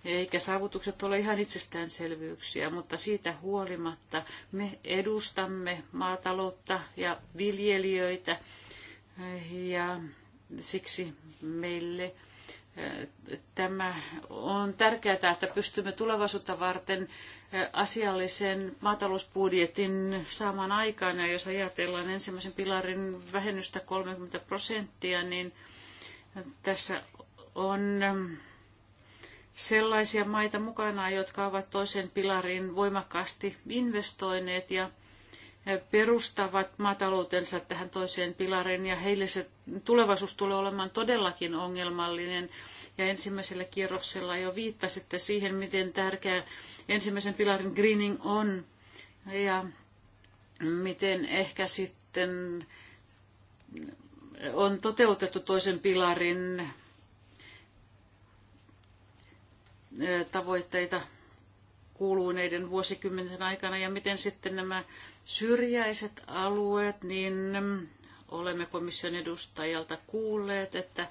eikä saavutukset ole ihan itsestäänselvyyksiä, mutta siitä huolimatta me edustamme maataloutta ja viljelijöitä ja siksi meille Tämä on tärkeää, että pystymme tulevaisuutta varten eh, asiallisen maatalousbudjetin saamaan aikaan. Ja jos ajatellaan ensimmäisen pilarin vähennystä 30 prosenttia, niin tässä on eh, sellaisia maita mukana, jotka ovat toisen pilarin voimakkaasti investoineet ja perustavat maataloutensa tähän toiseen pilariin ja heille se tulevaisuus tulee olemaan todellakin ongelmallinen. Ja ensimmäisellä kierroksella jo viittasitte siihen, miten tärkeä ensimmäisen pilarin greening on ja miten ehkä sitten on toteutettu toisen pilarin tavoitteita kuluneiden vuosikymmenten aikana ja miten sitten nämä syrjäiset alueet, niin olemme komission edustajalta kuulleet, että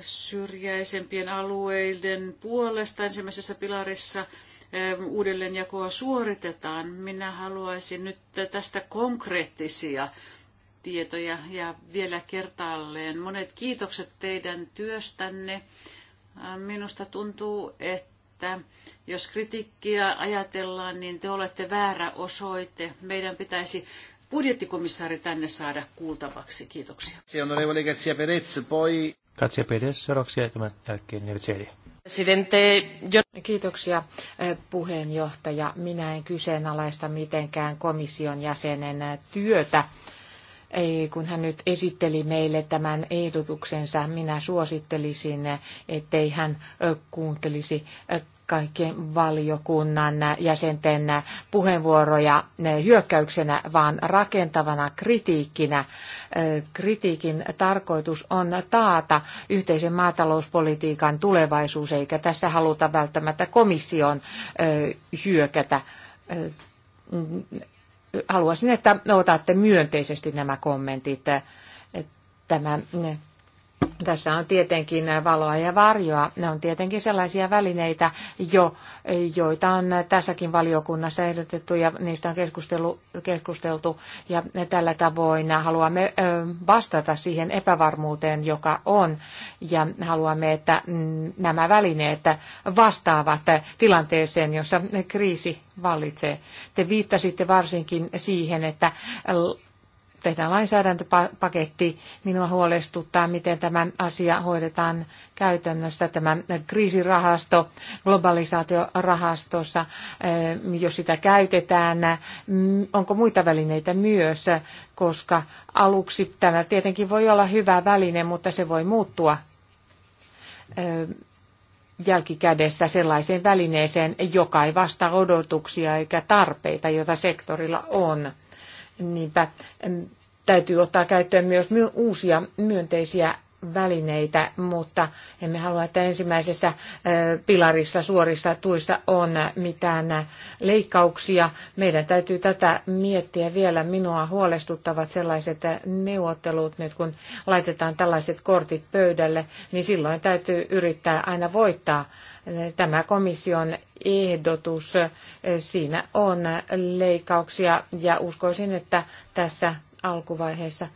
syrjäisempien alueiden puolesta ensimmäisessä pilarissa eh, uudelleenjakoa suoritetaan. Minä haluaisin nyt tästä konkreettisia tietoja ja vielä kertaalleen monet kiitokset teidän työstänne. Minusta tuntuu, että että jos kritiikkiä ajatellaan, niin te olette väärä osoite. Meidän pitäisi budjettikomissaari tänne saada kuultavaksi. Kiitoksia. Onorevole Perez, seuraavaksi tämän jälkeen Kiitoksia eh, puheenjohtaja. Minä en kyseenalaista mitenkään komission jäsenen eh, työtä. Ei, kun hän nyt esitteli meille tämän ehdotuksensa, minä suosittelisin, eh, ettei hän kuuntelisi kaikkien valiokunnan jäsenten puheenvuoroja hyökkäyksenä, vaan rakentavana kritiikkinä. Kritiikin tarkoitus on taata yhteisen maatalouspolitiikan tulevaisuus, eikä tässä haluta välttämättä komission hyökätä. Haluaisin, että otatte myönteisesti nämä kommentit. Tämä tässä on tietenkin valoa ja varjoa. Ne on tietenkin sellaisia välineitä jo, joita on tässäkin valiokunnassa ehdotettu ja niistä on keskusteltu. Ja tällä tavoin haluamme vastata siihen epävarmuuteen, joka on. Ja haluamme, että mm, nämä välineet vastaavat tilanteeseen, jossa kriisi vallitsee. Te viittasitte varsinkin siihen, että tehdään lainsäädäntöpaketti. Minua huolestuttaa, miten tämä asia hoidetaan käytännössä, tämä kriisirahasto, globalisaatiorahastossa, eh, jos sitä käytetään. Mm, onko muita välineitä myös, koska aluksi tämä tietenkin voi olla hyvä väline, mutta se voi muuttua eh, jälkikädessä sellaiseen välineeseen, joka ei vastaa odotuksia eikä tarpeita, joita sektorilla on Niinpä täytyy ottaa käyttöön myös uusia myönteisiä välineitä, mutta emme halua, että ensimmäisessä pilarissa suorissa tuissa on mitään leikkauksia. Meidän täytyy tätä miettiä vielä. Minua huolestuttavat sellaiset neuvottelut nyt, kun laitetaan tällaiset kortit pöydälle, niin silloin täytyy yrittää aina voittaa tämä komission ehdotus. Siinä on leikkauksia ja uskoisin, että tässä alkuvaiheessa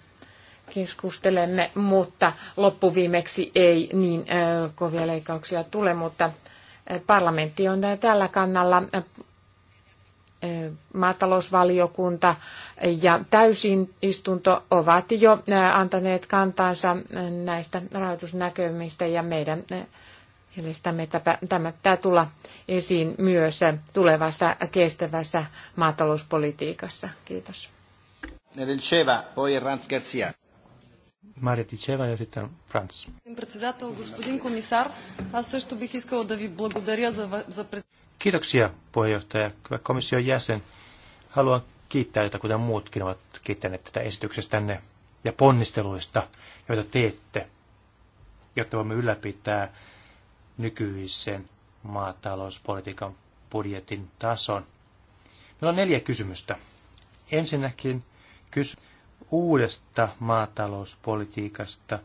keskustelemme, mutta loppuviimeksi ei niin äh, kovia leikkauksia tule, mutta äh, parlamentti on tällä kannalla äh, maatalousvaliokunta ja täysistunto ovat jo antaneet kantansa näistä rahoitusnäkymistä ja meidän mielestämme tämä pitää tulla esiin myös tulevassa kestävässä maatalouspolitiikassa. Kiitos. Nedelceva, poi Rans Garcia. Мария Тичева и Рита Франц. Председател, господин комисар, аз също бих искала да ви благодаря за, за през... Kiitoksia puheenjohtaja, hyvä komission jäsen. Haluan kiittää teitä, kuten muutkin ovat kiittäneet tätä esityksestänne ja ponnisteluista, joita teette, jotta voimme ylläpitää nykyisen maatalouspolitiikan budjetin tason. Meillä on neljä kysymystä. Ensinnäkin kysymys uudesta maatalouspolitiikasta?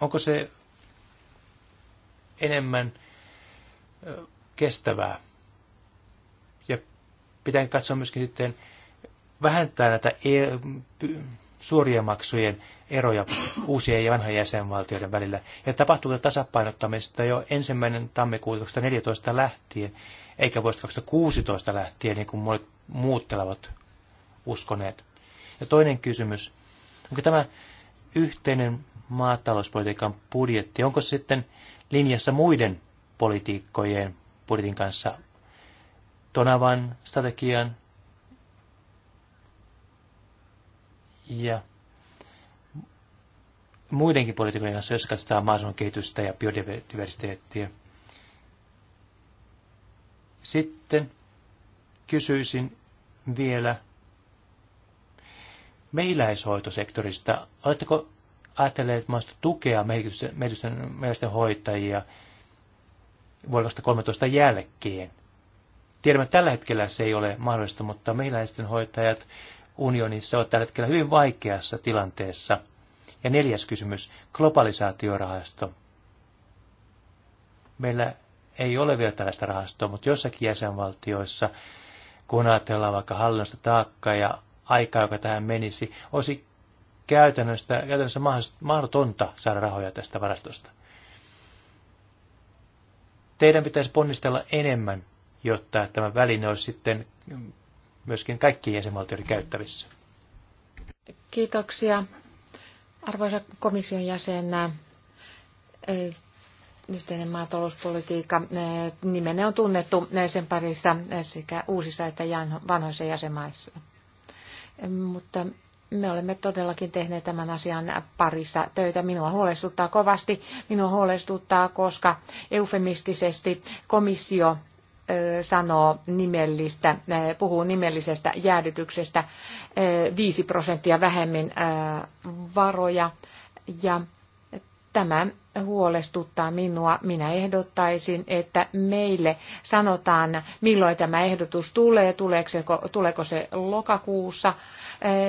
Onko se enemmän kestävää? Ja pitää katsoa myöskin sitten vähentää näitä e, suoria maksujen eroja uusien ja vanhojen jäsenvaltioiden välillä. Ja tapahtuu tasapainottamista jo ensimmäinen tammikuuta 2014 lähtien, eikä vuodesta 2016 lähtien, niin kuin monet muut uskoneet. Ja toinen kysymys, onko tämä yhteinen maatalouspolitiikan budjetti, onko se sitten linjassa muiden politiikkojen budjetin kanssa, Tonavan strategian ja muidenkin poliitikojen kanssa, jos katsotaan maaseudun kehitystä ja biodiversiteettiä. Sitten kysyisin vielä mehiläishoitosektorista. Oletteko ajatelleet maasta tukea mehiläisten, mehiläisten hoitajia vuonna 2013 jälkeen? Tiedämme, että tällä hetkellä se ei ole mahdollista, mutta mehiläisten hoitajat unionissa ovat tällä hetkellä hyvin vaikeassa tilanteessa. Ja neljäs kysymys, globalisaatiorahasto. Meillä ei ole vielä tällaista rahastoa, mutta jossakin jäsenvaltioissa, kun ajatellaan vaikka hallinnosta taakkaa ja aikaa, joka tähän menisi, olisi käytännössä, käytännössä mahdotonta saada rahoja tästä varastosta. Teidän pitäisi ponnistella enemmän, jotta tämä väline olisi sitten myöskin kaikkien jäsenvaltioiden käyttävissä. Kiitoksia. Arvoisa komission jäsen, eh, yhteinen maatalouspolitiikka eh, nimenne on tunnettu eh, sen parissa sekä uusissa että vanhoissa jäsenmaissa mutta me olemme todellakin tehneet tämän asian parissa töitä. Minua huolestuttaa kovasti. Minua huolestuttaa, koska eufemistisesti komissio sanoo nimellistä, puhuu nimellisestä jäädytyksestä 5 prosenttia vähemmän varoja ja Tämä huolestuttaa minua. Minä ehdottaisin, että meille sanotaan, milloin tämä ehdotus tulee, tuleeko se, tuleeko se lokakuussa.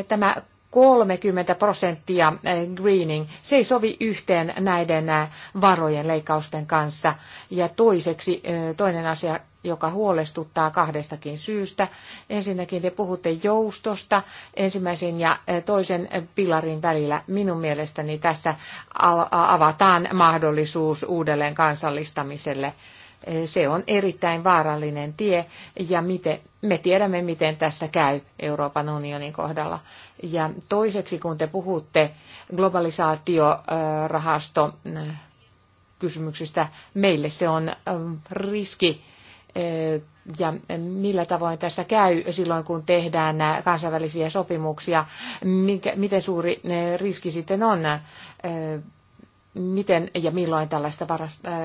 Tämä 30 prosenttia eh, greening. Se ei sovi yhteen näiden eh, varojen leikkausten kanssa. Ja toiseksi eh, toinen asia, joka huolestuttaa kahdestakin syystä. Ensinnäkin te puhutte joustosta ensimmäisen ja toisen pilarin välillä. Minun mielestäni tässä avataan mahdollisuus uudelleen kansallistamiselle se on erittäin vaarallinen tie ja miten, me tiedämme, miten tässä käy Euroopan unionin kohdalla. Ja toiseksi, kun te puhutte globalisaatiorahasto äh, kysymyksistä, meille se on ähm, riski äh, ja millä tavoin tässä käy silloin, kun tehdään kansainvälisiä sopimuksia, miten suuri äh, riski sitten on, miten ja milloin tällaista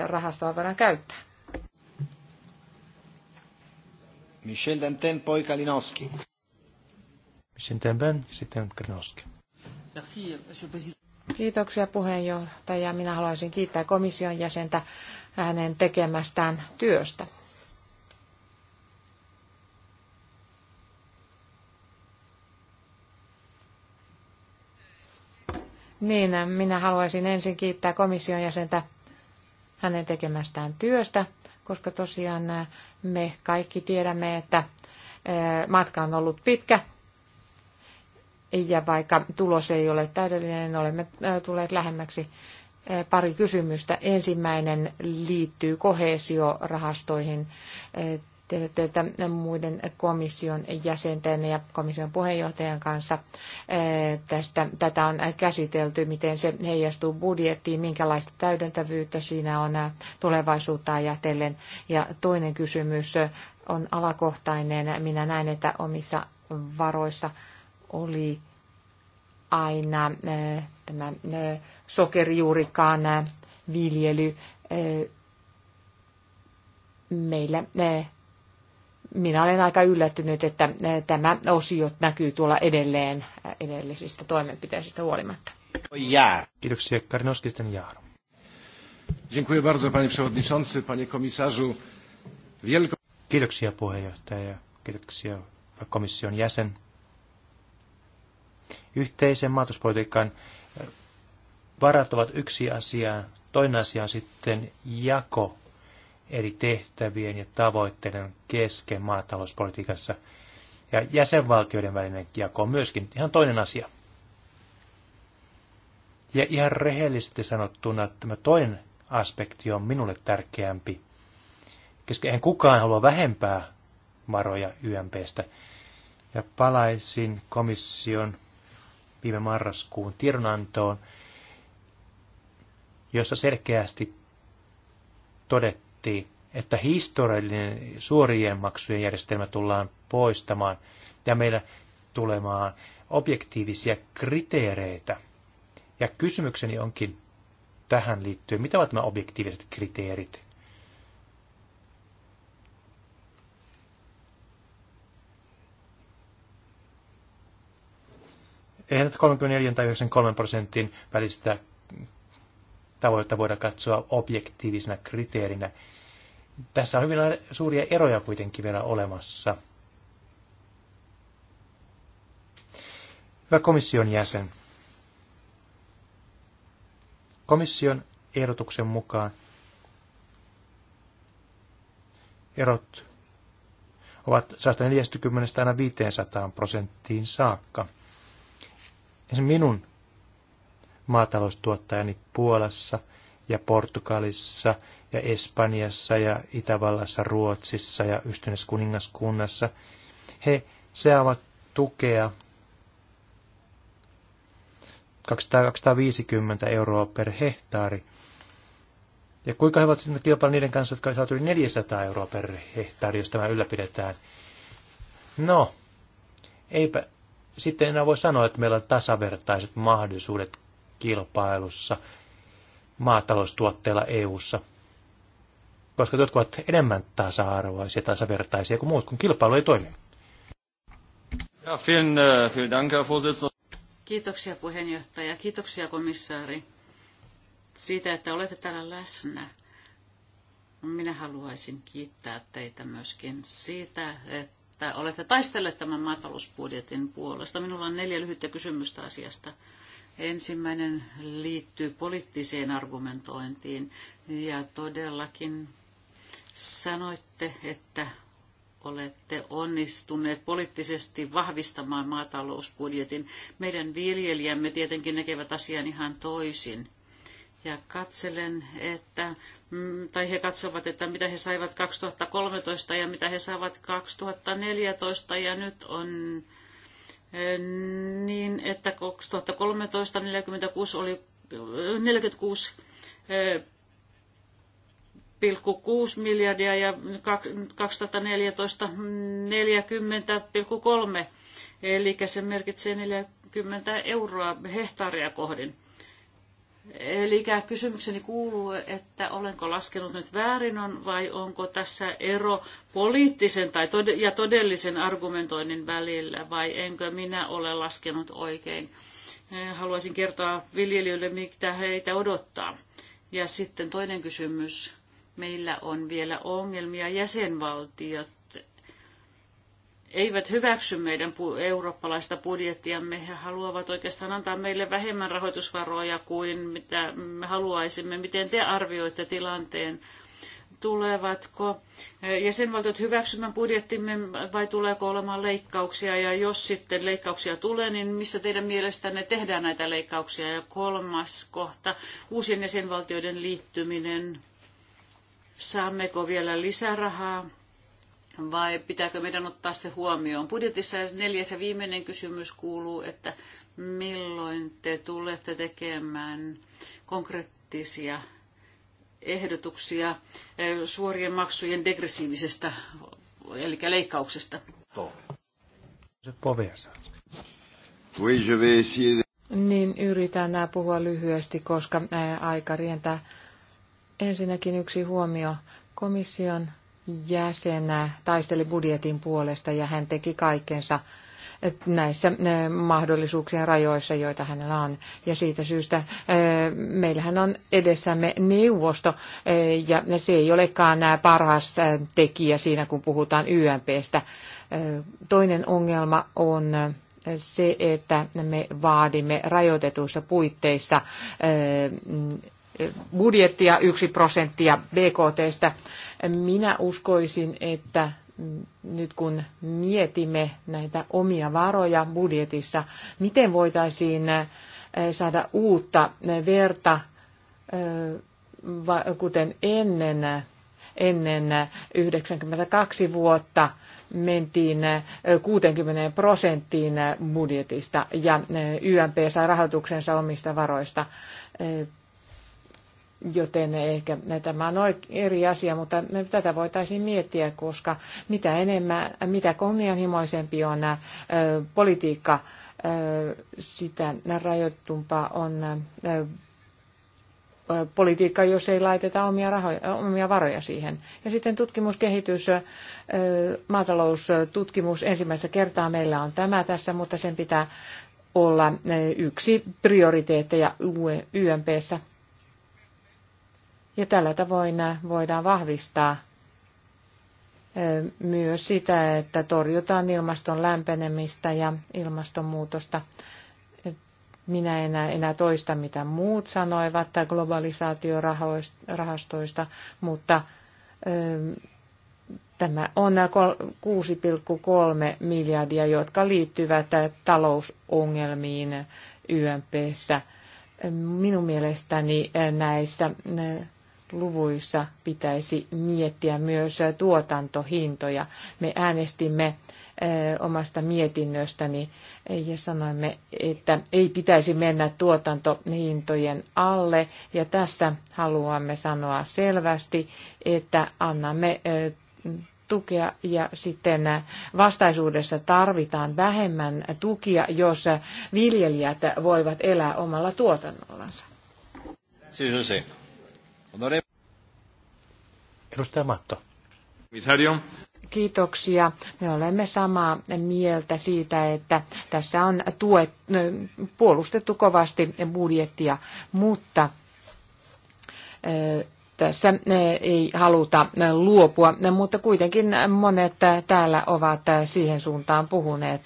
rahastoa voidaan käyttää. Michel Danten, poi Kalinowski. Michel Danten, sitten Kalinowski. Merci, Kiitoksia puheenjohtaja. Minä haluaisin kiittää komission jäsentä hänen tekemästään työstä. Niin, minä haluaisin ensin kiittää komission jäsentä hänen tekemästään työstä koska tosiaan me kaikki tiedämme, että matka on ollut pitkä. Ja vaikka tulos ei ole täydellinen, olemme tulleet lähemmäksi pari kysymystä. Ensimmäinen liittyy kohesiorahastoihin tehdä muiden komission jäsenten ja komission puheenjohtajan kanssa. Tästä, tätä on käsitelty, miten se heijastuu budjettiin, minkälaista täydentävyyttä siinä on tulevaisuutta ajatellen. Ja toinen kysymys on alakohtainen. Minä näen, että omissa varoissa oli aina tämä sokerijuurikaan viljely meillä minä olen aika yllättynyt, että tämä osio näkyy tuolla edelleen edellisistä toimenpiteistä huolimatta. Jaar. Kiitoksia Karinoskisten sitten Dziękuję bardzo, panie przewodniczący, panie komisarzu. Wielko... Kiitoksia puheenjohtaja ja kiitoksia komission jäsen. Yhteisen maatuspolitiikan varat ovat yksi asia, toinen asia on sitten jako eri tehtävien ja tavoitteiden kesken maatalouspolitiikassa. Ja jäsenvaltioiden välinen jako on myöskin ihan toinen asia. Ja ihan rehellisesti sanottuna tämä toinen aspekti on minulle tärkeämpi, koska en kukaan halua vähempää varoja YMPstä. Ja palaisin komission viime marraskuun tiedonantoon, jossa selkeästi todettiin, ilmoitti, että historiallinen suorien maksujen järjestelmä tullaan poistamaan ja meillä tulemaan objektiivisia kriteereitä. Ja kysymykseni onkin tähän liittyen, mitä ovat nämä objektiiviset kriteerit? Ehdot 34 tai 93 prosentin välistä tavoitetta voida katsoa objektiivisena kriteerinä. Tässä on hyvin suuria eroja kuitenkin vielä olemassa. Hyvä komission jäsen. Komission ehdotuksen mukaan erot ovat 140-500 prosenttiin saakka. Esimerkiksi minun maataloustuottajani Puolassa ja Portugalissa ja Espanjassa ja Itävallassa, Ruotsissa ja Ystyneessä kuningaskunnassa. He saavat tukea 250 euroa per hehtaari. Ja kuinka he ovat sitten kilpailla niiden kanssa, jotka saavat yli 400 euroa per hehtaari, jos tämä ylläpidetään? No, eipä sitten enää voi sanoa, että meillä on tasavertaiset mahdollisuudet kilpailussa maataloustuotteilla EU:ssa, koska jotkut ovat enemmän tasa-arvoisia, tasavertaisia kuin muut, kun kilpailu ei toimi. Ja, vielen, äh, vielen Dank, Kiitoksia puheenjohtaja, kiitoksia komissaari siitä, että olette täällä läsnä. Minä haluaisin kiittää teitä myöskin siitä, että olette taistelleet tämän maatalousbudjetin puolesta. Minulla on neljä lyhyttä kysymystä asiasta. Ensimmäinen liittyy poliittiseen argumentointiin ja todellakin sanoitte, että olette onnistuneet poliittisesti vahvistamaan maatalousbudjetin. Meidän viljelijämme tietenkin näkevät asian ihan toisin. Ja katselen, että, mm, tai he katsovat, että mitä he saivat 2013 ja mitä he saavat 2014 ja nyt on niin, että 2013 46 oli 46,6 eh, miljardia ja 2014 40,3. Eli se merkitsee 40 euroa hehtaaria kohdin. Eli kysymykseni kuuluu, että olenko laskenut nyt väärin on, vai onko tässä ero poliittisen tai tod- ja todellisen argumentoinnin välillä vai enkö minä ole laskenut oikein. Eh, haluaisin kertoa viljelijöille, mitä heitä odottaa. Ja sitten toinen kysymys. Meillä on vielä ongelmia jäsenvaltiot eivät hyväksy meidän eurooppalaista budjettiamme. He haluavat oikeastaan antaa meille vähemmän rahoitusvaroja kuin mitä me haluaisimme. Miten te arvioitte tilanteen? Tulevatko eh, jäsenvaltiot hyväksymään budjettimme vai tuleeko olemaan leikkauksia? Ja jos sitten leikkauksia tulee, niin missä teidän mielestänne tehdään näitä leikkauksia? Ja kolmas kohta, uusien jäsenvaltioiden liittyminen. Saammeko vielä lisärahaa? vai pitääkö meidän ottaa se huomioon? Budjetissa neljäs ja viimeinen kysymys kuuluu, että milloin te tulette tekemään konkreettisia ehdotuksia eh, suorien maksujen degressiivisestä, eli leikkauksesta? Niin yritän puhua lyhyesti, koska eh, aika rientää. Ensinnäkin yksi huomio. Komission jäsenä taisteli budjetin puolesta ja hän teki kaikkensa näissä eh, mahdollisuuksien rajoissa, joita hänellä on. Ja siitä syystä eh, meillähän on edessämme neuvosto, eh, ja se ei olekaan nämä paras tekijä siinä, kun puhutaan YMPstä. Toinen ongelma on se, että me vaadimme rajoitetuissa puitteissa budjettia 1 prosenttia BKTstä. Minä uskoisin, että nyt kun mietimme näitä omia varoja budjetissa, miten voitaisiin saada uutta verta, kuten ennen, ennen 92 vuotta mentiin 60 prosenttiin budjetista ja YMP sai rahoituksensa omista varoista. Joten ehkä tämä on eri asia, mutta tätä voitaisiin miettiä, koska mitä enemmän, mitä kunnianhimoisempi on politiikka, sitä rajoittumpaa on politiikka, jos ei laiteta omia, rahoja, omia varoja siihen. Ja sitten tutkimuskehitys, maataloustutkimus, ensimmäistä kertaa meillä on tämä tässä, mutta sen pitää olla yksi prioriteetteja UMPssä. E- ja tällä tavoin voidaan vahvistaa myös sitä, että torjutaan ilmaston lämpenemistä ja ilmastonmuutosta. Minä en enää, enää toista, mitä muut sanoivat globalisaatiorahastoista, mutta tämä on 6,3 miljardia, jotka liittyvät talousongelmiin YMPssä. Minun mielestäni näissä luvuissa pitäisi miettiä myös tuotantohintoja. Me äänestimme eh, omasta mietinnöstäni eh, ja sanoimme, että ei pitäisi mennä tuotantohintojen alle. Ja tässä haluamme sanoa selvästi, että annamme eh, tukea ja sitten vastaisuudessa tarvitaan vähemmän tukia, jos viljelijät voivat elää omalla tuotannollansa. Siis Onore. Edustaja Matto. Kiitoksia. Me olemme samaa mieltä siitä, että tässä on tuet, puolustettu kovasti budjettia, mutta tässä eh, ei haluta eh, luopua, eh, mutta kuitenkin monet täällä ovat siihen suuntaan puhuneet.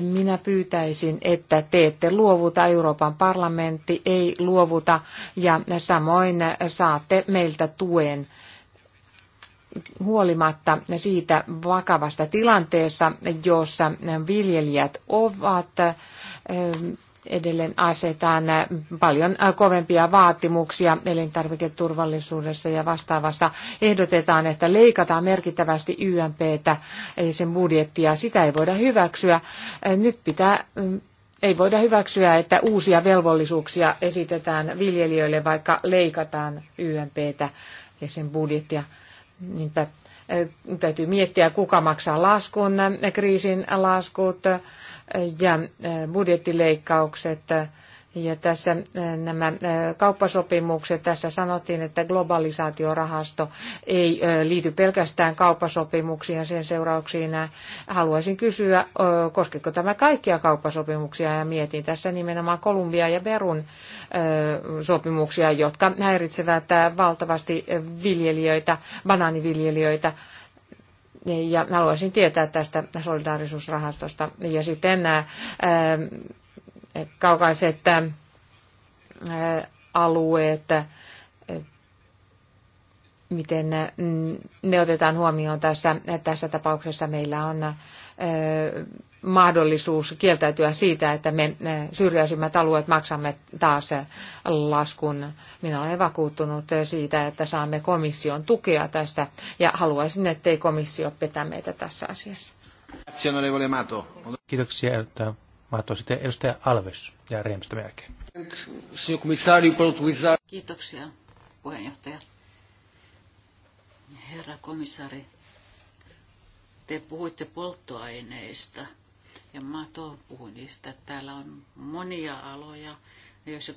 Minä pyytäisin, että te ette luovuta, Euroopan parlamentti ei luovuta ja samoin saatte meiltä tuen huolimatta siitä vakavasta tilanteessa, jossa viljelijät ovat edelleen asetaan paljon kovempia vaatimuksia elintarviketurvallisuudessa ja vastaavassa. Ehdotetaan, että leikataan merkittävästi YMPtä, sen budjettia. Sitä ei voida hyväksyä. Nyt pitää mm, ei voida hyväksyä, että uusia velvollisuuksia esitetään viljelijöille, vaikka leikataan YMPtä ja sen budjettia. Niinpä täytyy miettiä, kuka maksaa laskun, kriisin laskut, ja budjettileikkaukset. Ja tässä nämä kauppasopimukset, tässä sanottiin, että globalisaatiorahasto ei liity pelkästään kauppasopimuksiin ja sen seurauksiin. Haluaisin kysyä, koskeeko tämä kaikkia kauppasopimuksia ja mietin tässä nimenomaan Kolumbia ja Perun sopimuksia, jotka häiritsevät valtavasti viljelijöitä, banaaniviljelijöitä ja haluaisin tietää tästä solidaarisuusrahastosta. Ja sitten nämä kaukaiset alueet, miten ne otetaan huomioon tässä, tässä tapauksessa. Meillä on mahdollisuus kieltäytyä siitä, että me eh, syrjäisimmät alueet maksamme taas eh, laskun. Minä olen vakuuttunut eh, siitä, että saamme komission tukea tästä ja haluaisin, ettei komissio petä meitä tässä asiassa. Kiitoksia, että Mato. Sitten edustaja Alves ja Reemstä jälkeen. Kiitoksia, puheenjohtaja. Herra komissaari, te puhuitte polttoaineista – ja Mato puhui niistä. Täällä on monia aloja, joissa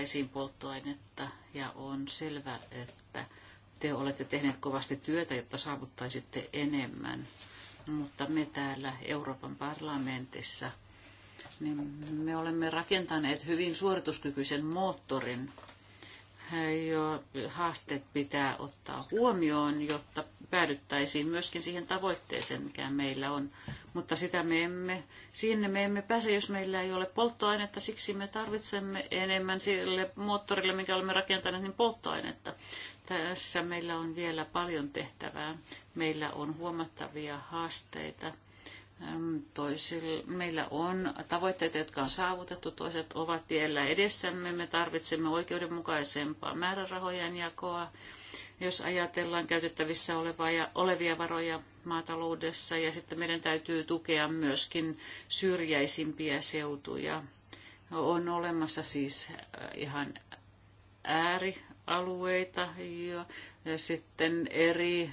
esiin polttoainetta ja on selvä, että te olette tehneet kovasti työtä, jotta saavuttaisitte enemmän. Mutta me täällä Euroopan parlamentissa, niin me olemme rakentaneet hyvin suorituskykyisen moottorin jo haasteet pitää ottaa huomioon, jotta päädyttäisiin myöskin siihen tavoitteeseen, mikä meillä on. Mutta sitä me emme, sinne me emme pääse, jos meillä ei ole polttoainetta. Siksi me tarvitsemme enemmän sille moottorille, mikä olemme rakentaneet, niin polttoainetta. Tässä meillä on vielä paljon tehtävää. Meillä on huomattavia haasteita Ähm, Toisilla, meillä on tavoitteita, jotka on saavutettu, toiset ovat vielä edessämme. Me tarvitsemme oikeudenmukaisempaa määrärahojen jakoa, jos ajatellaan käytettävissä olevaa ja, olevia varoja maataloudessa. Ja sitten meidän täytyy tukea myöskin syrjäisimpiä seutuja. On olemassa siis äh, ihan äärialueita ja sitten eri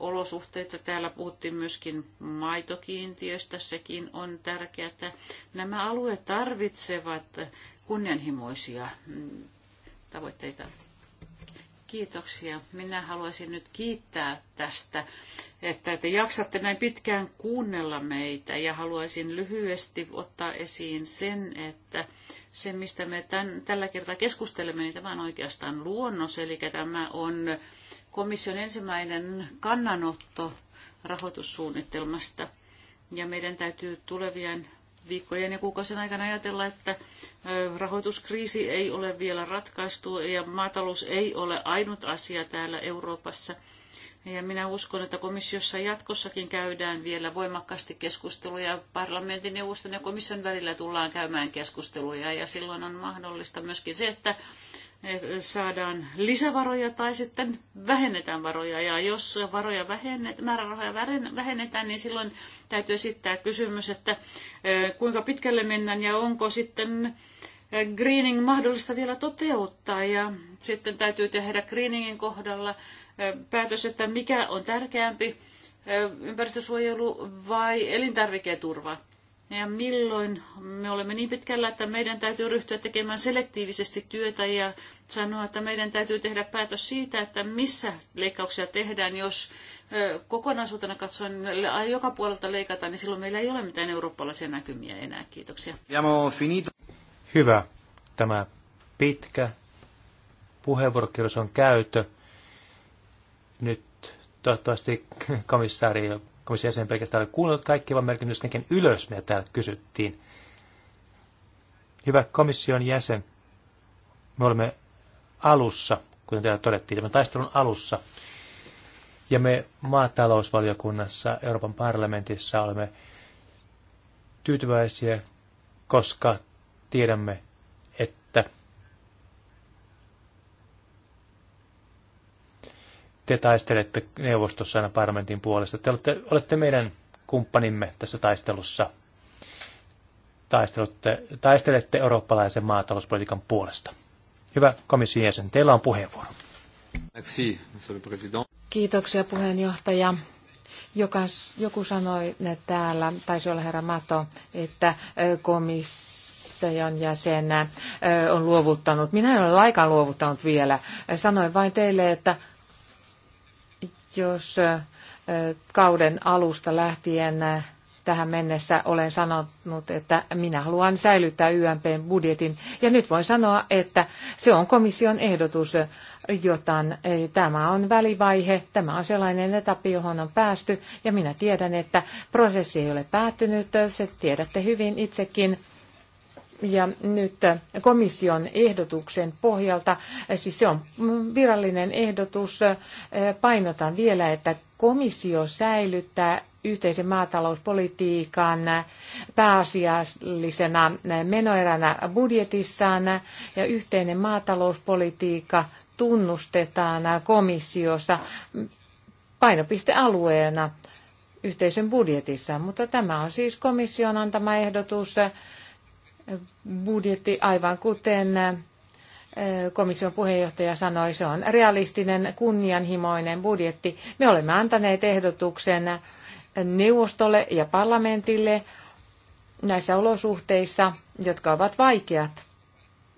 olosuhteita. Täällä puhuttiin myöskin maitokiintiöstä, sekin on tärkeää. Että nämä alueet tarvitsevat kunnianhimoisia mm, tavoitteita. Kiitoksia. Minä haluaisin nyt kiittää tästä, että te jaksatte näin pitkään kuunnella meitä ja haluaisin lyhyesti ottaa esiin sen, että se, mistä me tämän, tällä kertaa keskustelemme, niin tämä on oikeastaan luonnos, eli tämä on komission ensimmäinen kannanotto rahoitussuunnitelmasta. Ja meidän täytyy tulevien viikkojen ja kuukausien aikana ajatella, että rahoituskriisi ei ole vielä ratkaistu ja maatalous ei ole ainut asia täällä Euroopassa. Ja minä uskon, että komissiossa jatkossakin käydään vielä voimakkaasti keskusteluja. Parlamentin, neuvoston ja komission välillä tullaan käymään keskusteluja ja silloin on mahdollista myöskin se, että saadaan lisävaroja tai sitten vähennetään varoja. Ja jos varoja vähennet, määrärahoja vähennetään, niin silloin täytyy esittää kysymys, että kuinka pitkälle mennään ja onko sitten greening mahdollista vielä toteuttaa. Ja sitten täytyy tehdä greeningin kohdalla päätös, että mikä on tärkeämpi, ympäristösuojelu vai elintarviketurva ja milloin me olemme niin pitkällä, että meidän täytyy ryhtyä tekemään selektiivisesti työtä ja sanoa, että meidän täytyy tehdä päätös siitä, että missä leikkauksia tehdään. Jos kokonaisuutena katsoen joka puolelta leikataan, niin silloin meillä ei ole mitään eurooppalaisia näkymiä enää. Kiitoksia. Hyvä. Tämä pitkä puheenvuorokierros on käytö. Nyt toivottavasti komissaari komission jäsen pelkästään ole kuunnellut kaikki, vaan merkinnyt jostakin ylös, mitä täällä kysyttiin. Hyvä komission jäsen, me olemme alussa, kuten täällä todettiin, tämän taistelun alussa. Ja me maatalousvaliokunnassa Euroopan parlamentissa olemme tyytyväisiä, koska tiedämme, että te taistelette neuvostossa aina parlamentin puolesta. Te olette, olette meidän kumppanimme tässä taistelussa. Taistelette, taistelette eurooppalaisen maatalouspolitiikan puolesta. Hyvä komission jäsen, teillä on puheenvuoro. Merci, Kiitoksia puheenjohtaja. Jokas, joku sanoi täällä, taisi olla herra Mato, että komission jäsen on luovuttanut. Minä en ole lainkaan luovuttanut vielä. Sanoin vain teille, että jos kauden alusta lähtien tähän mennessä olen sanonut, että minä haluan säilyttää YMPn budjetin. Ja nyt voin sanoa, että se on komission ehdotus, joten tämä on välivaihe, tämä on sellainen etappi, johon on päästy. Ja minä tiedän, että prosessi ei ole päättynyt, se tiedätte hyvin itsekin. Ja nyt äh, komission ehdotuksen pohjalta, äh, siis se on virallinen ehdotus, äh, painotan vielä, että komissio säilyttää yhteisen maatalouspolitiikan pääasiallisena menoeränä budjetissaan ja yhteinen maatalouspolitiikka tunnustetaan komissiossa painopistealueena yhteisön budjetissa, mutta tämä on siis komission antama ehdotus budjetti, aivan kuten komission puheenjohtaja sanoi, se on realistinen, kunnianhimoinen budjetti. Me olemme antaneet ehdotuksen neuvostolle ja parlamentille näissä olosuhteissa, jotka ovat vaikeat.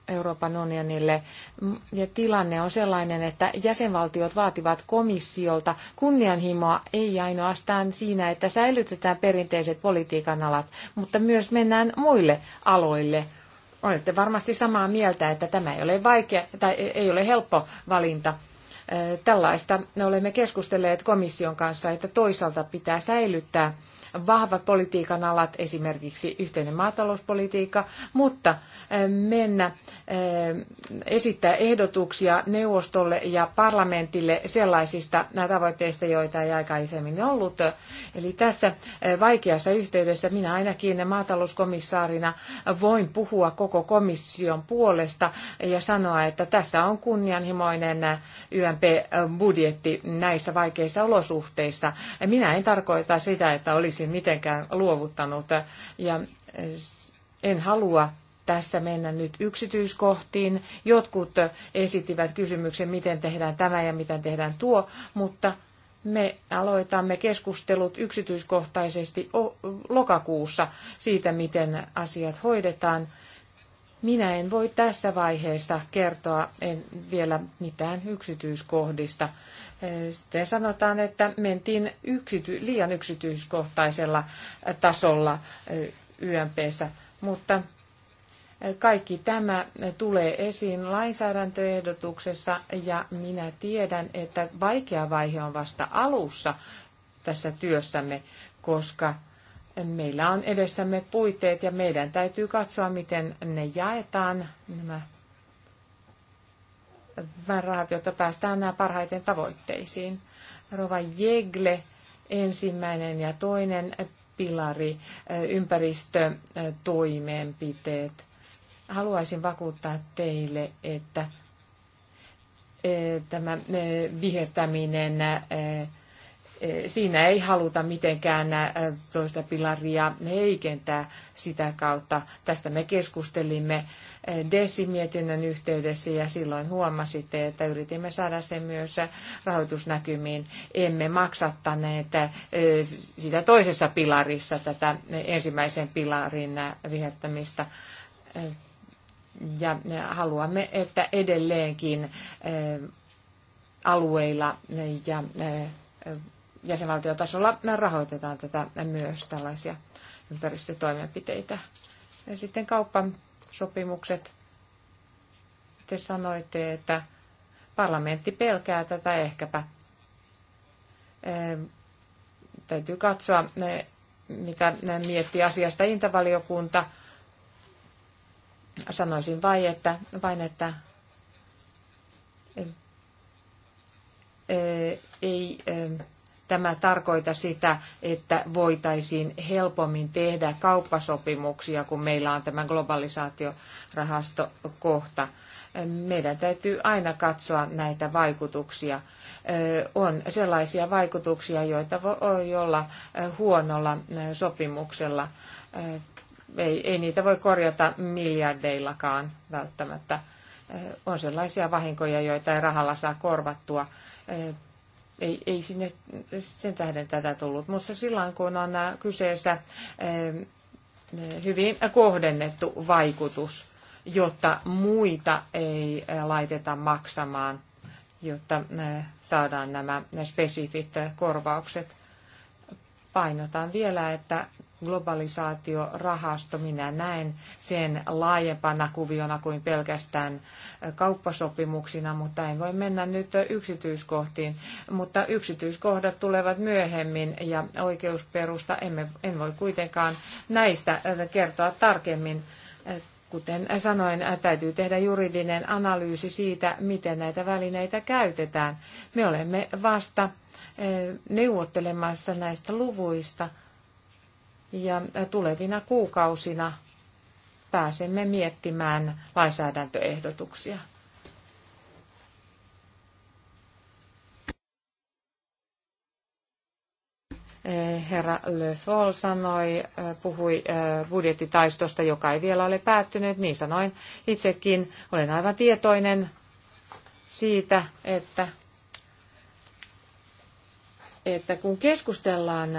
Euroopan unionille. Ja tilanne on sellainen, että jäsenvaltiot vaativat komissiolta kunnianhimoa ei ainoastaan siinä, että säilytetään perinteiset politiikan alat, mutta myös mennään muille aloille. Olette varmasti samaa mieltä, että tämä ei ole vaikea tai ei ole helppo valinta. Tällaista olemme keskustelleet komission kanssa, että toisaalta pitää säilyttää vahvat politiikan alat, esimerkiksi yhteinen maatalouspolitiikka, mutta eh, mennä eh, esittää ehdotuksia neuvostolle ja parlamentille sellaisista tavoitteista, joita ei aikaisemmin ollut. Eli tässä eh, vaikeassa yhteydessä minä ainakin maatalouskomissaarina voin puhua koko komission puolesta ja sanoa, että tässä on kunnianhimoinen YMP-budjetti näissä vaikeissa olosuhteissa. Minä en tarkoita sitä, että olisi olisi mitenkään luovuttanut. Ja eh, en halua tässä mennä nyt yksityiskohtiin. Jotkut esittivät kysymyksen, miten tehdään tämä ja miten tehdään tuo, mutta me aloitamme keskustelut yksityiskohtaisesti lokakuussa siitä, miten asiat hoidetaan. Minä en voi tässä vaiheessa kertoa en vielä mitään yksityiskohdista. Sitten sanotaan, että mentiin yksity, liian yksityiskohtaisella tasolla eh, YMPssä, mutta eh, kaikki tämä tulee esiin lainsäädäntöehdotuksessa ja minä tiedän, että vaikea vaihe on vasta alussa tässä työssämme, koska meillä on edessämme puitteet ja meidän täytyy katsoa, miten ne jaetaan, nämä määrärahat, jotta päästään nämä parhaiten tavoitteisiin. Rova Jegle, ensimmäinen ja toinen pilari, eh, ympäristötoimenpiteet. Haluaisin vakuuttaa teille, että eh, tämä eh, vihertäminen Eh, siinä ei haluta mitenkään eh, toista pilaria heikentää sitä kautta. Tästä me keskustelimme eh, DESI-mietinnön yhteydessä ja silloin huomasitte, että yritimme saada sen myös rahoitusnäkymiin. Emme maksattaneet sitä toisessa pilarissa tätä ensimmäisen pilarin vihertämistä ja haluamme, että edelleenkin alueilla ja jäsenvaltiotasolla rahoitetaan tätä myös tällaisia ympäristötoimenpiteitä. Ja sitten kauppan sopimukset. Te sanoitte, että parlamentti pelkää tätä ehkäpä. Täytyy katsoa, mitä miettii asiasta intavaliokunta. Sanoisin vain, että, vain, että e, ei tämä tarkoita sitä, että voitaisiin helpommin tehdä kauppasopimuksia, kun meillä on tämä globalisaatiorahastokohta. Meidän täytyy aina katsoa näitä vaikutuksia. On sellaisia vaikutuksia, joita voi olla huonolla sopimuksella. Ei, ei niitä voi korjata miljardeillakaan välttämättä. On sellaisia vahinkoja, joita ei rahalla saa korvattua ei, ei sinne sen tähden tätä tullut, mutta silloin kun on äh, kyseessä äh, äh, hyvin kohdennettu vaikutus, jotta muita ei laiteta maksamaan, jotta saadaan nämä spesifit korvaukset. Painotan vielä, että globalisaatiorahasto, minä näen sen laajempana kuviona kuin pelkästään kauppasopimuksina, mutta en voi mennä nyt yksityiskohtiin. Mutta yksityiskohdat tulevat myöhemmin ja oikeusperusta emme, en voi kuitenkaan näistä kertoa tarkemmin. Kuten sanoin, täytyy tehdä juridinen analyysi siitä, miten näitä välineitä käytetään. Me olemme vasta eh, neuvottelemassa näistä luvuista, ja tulevina kuukausina pääsemme miettimään lainsäädäntöehdotuksia. herra Le Foll sanoi, puhui äh, budjettitaistosta, joka ei vielä ole päättynyt, niin sanoin itsekin. Olen aivan tietoinen siitä, että, että kun keskustellaan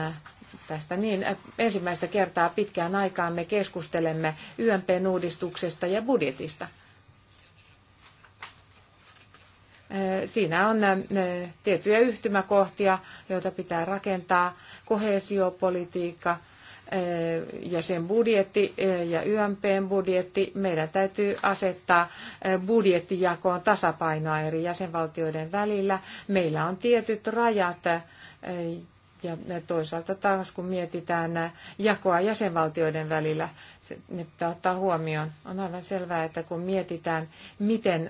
tästä. Niin, äh, ensimmäistä kertaa pitkään aikaan me keskustelemme YMPn uudistuksesta ja budjetista. Äh, siinä on äh, tiettyjä yhtymäkohtia, joita pitää rakentaa. Kohesiopolitiikka ja sen budjetti ja YMPn budjetti. Meidän täytyy asettaa budjettijakoon tasapainoa eri jäsenvaltioiden välillä. Meillä on tietyt rajat, ja toisaalta taas kun mietitään jakoa jäsenvaltioiden välillä, se, ne pitää ottaa huomioon. On aivan selvää, että kun mietitään, miten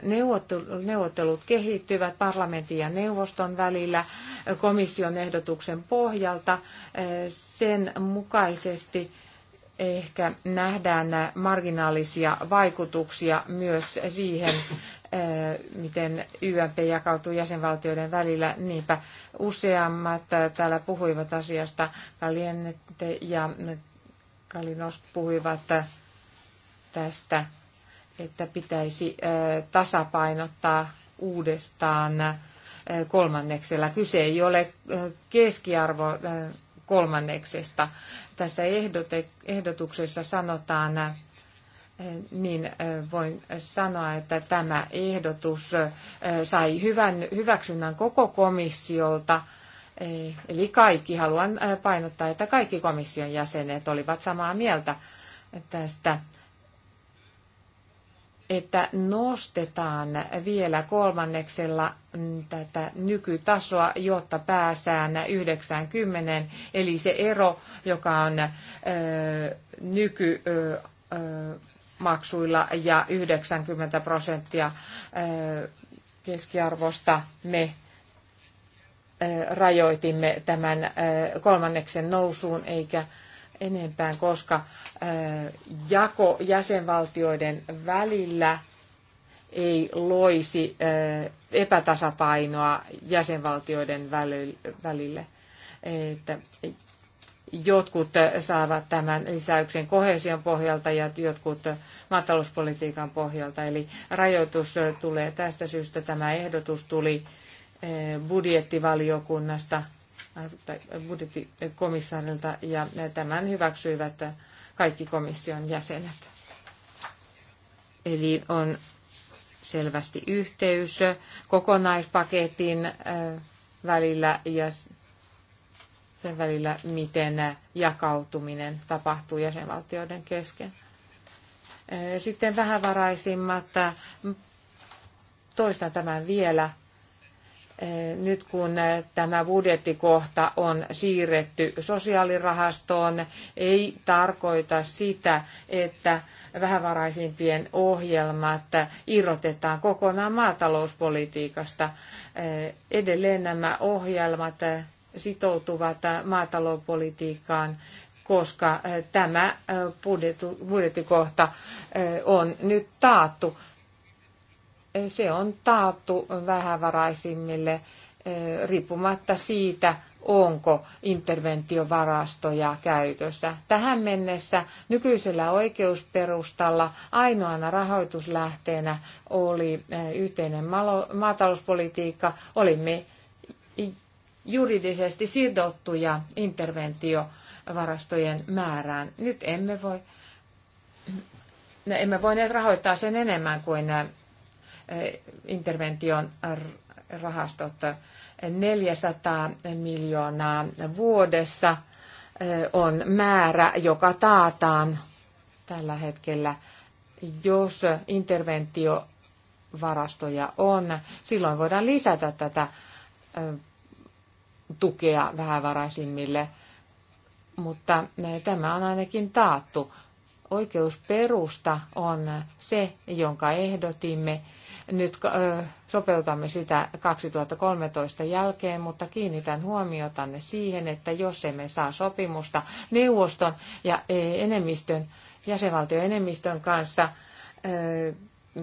neuvottelut kehittyvät parlamentin ja neuvoston välillä komission ehdotuksen pohjalta, eh, sen mukaisesti ehkä nähdään marginaalisia vaikutuksia myös siihen, eh, miten YMP jakautuu jäsenvaltioiden välillä. Niinpä useammat täällä puhuivat asiasta. Kaliennette ja Kalinos puhuivat tästä, että pitäisi eh, tasapainottaa uudestaan eh, kolmanneksella. Kyse ei ole keskiarvo kolmanneksesta. Tässä ehdotuksessa sanotaan, äh, niin äh, voin sanoa, että tämä ehdotus äh, sai hyvän hyväksynnän koko komissiolta. Eli kaikki, haluan painottaa, että kaikki komission jäsenet olivat samaa mieltä tästä että nostetaan vielä kolmanneksella mm, tätä nykytasoa, jotta pääsään 90, eli se ero, joka on nykymaksuilla ja 90 prosenttia keskiarvosta me rajoitimme tämän kolmanneksen nousuun, eikä enempään, koska jako jäsenvaltioiden välillä ei loisi epätasapainoa jäsenvaltioiden välille. Että jotkut saavat tämän lisäyksen kohesion pohjalta ja jotkut maatalouspolitiikan pohjalta. Eli rajoitus tulee tästä syystä. Tämä ehdotus tuli budjettivaliokunnasta Äh, äh, budjettikomissaarilta ja äh, tämän hyväksyivät kaikki komission jäsenet. Eli on selvästi yhteys kokonaispaketin välillä ja sen välillä, miten jakautuminen tapahtuu jäsenvaltioiden kesken. Sitten vähävaraisimmat. Toistan tämän vielä nyt kun tämä budjettikohta on siirretty sosiaalirahastoon, ei tarkoita sitä, että vähävaraisimpien ohjelmat irrotetaan kokonaan maatalouspolitiikasta. Edelleen nämä ohjelmat sitoutuvat maatalouspolitiikkaan, koska tämä budjettikohta on nyt taattu se on taattu vähävaraisimmille eh, riippumatta siitä, onko interventiovarastoja käytössä. Tähän mennessä nykyisellä oikeusperustalla ainoana rahoituslähteenä oli eh, yhteinen maatalouspolitiikka. Olimme juridisesti sidottuja interventiovarastojen määrään. Nyt emme voi no emme voineet rahoittaa sen enemmän kuin eh, intervention rahastot 400 miljoonaa vuodessa eh, on määrä, joka taataan tällä hetkellä, jos interventiovarastoja on. Silloin voidaan lisätä tätä eh, tukea vähävaraisimmille, mutta eh, tämä on ainakin taattu oikeusperusta on se, jonka ehdotimme. Nyt sopeutamme sitä 2013 jälkeen, mutta kiinnitän huomiotanne siihen, että jos emme saa sopimusta neuvoston ja e, enemmistön, jäsenvaltion enemmistön kanssa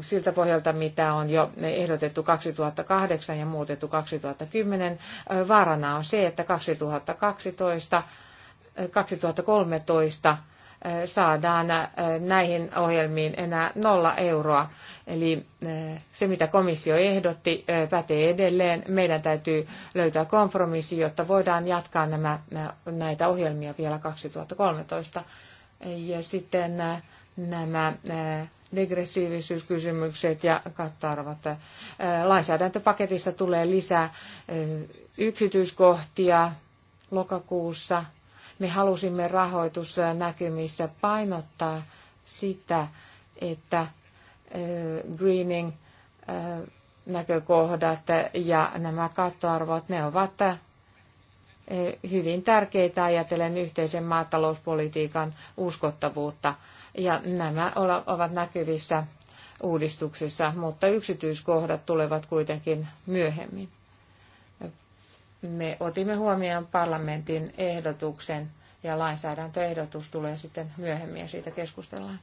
siltä pohjalta, mitä on jo ehdotettu 2008 ja muutettu 2010, vaarana on se, että 2012, 2013 saadaan näihin ohjelmiin enää nolla euroa. Eli se, mitä komissio ehdotti, pätee edelleen. Meidän täytyy löytää kompromissi, jotta voidaan jatkaa nämä, näitä ohjelmia vielä 2013. Ja sitten nämä degressiivisyyskysymykset ja kattarvat. Lainsäädäntöpaketissa tulee lisää yksityiskohtia lokakuussa – me halusimme rahoitusnäkymissä painottaa sitä, että greening näkökohdat ja nämä kattoarvot, ne ovat hyvin tärkeitä ajatellen yhteisen maatalouspolitiikan uskottavuutta. Ja nämä ovat näkyvissä uudistuksissa, mutta yksityiskohdat tulevat kuitenkin myöhemmin me otimme huomioon parlamentin ehdotuksen ja lainsäädäntöehdotus tulee sitten myöhemmin ja siitä keskustellaan.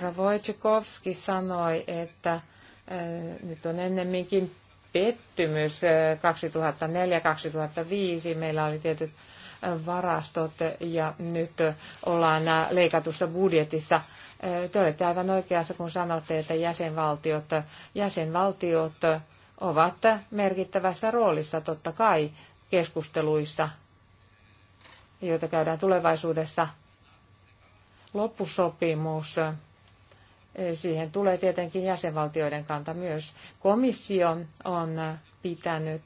Ravoitchikovski sanoi, että nyt on ennemminkin pettymys 2004-2005. Meillä oli tietyt varastot ja nyt ollaan leikatussa budjetissa te olette aivan oikeassa, kun sanotte, että jäsenvaltiot, jäsenvaltiot ovat merkittävässä roolissa totta kai keskusteluissa, joita käydään tulevaisuudessa. Loppusopimus, siihen tulee tietenkin jäsenvaltioiden kanta myös. Komissio on pitänyt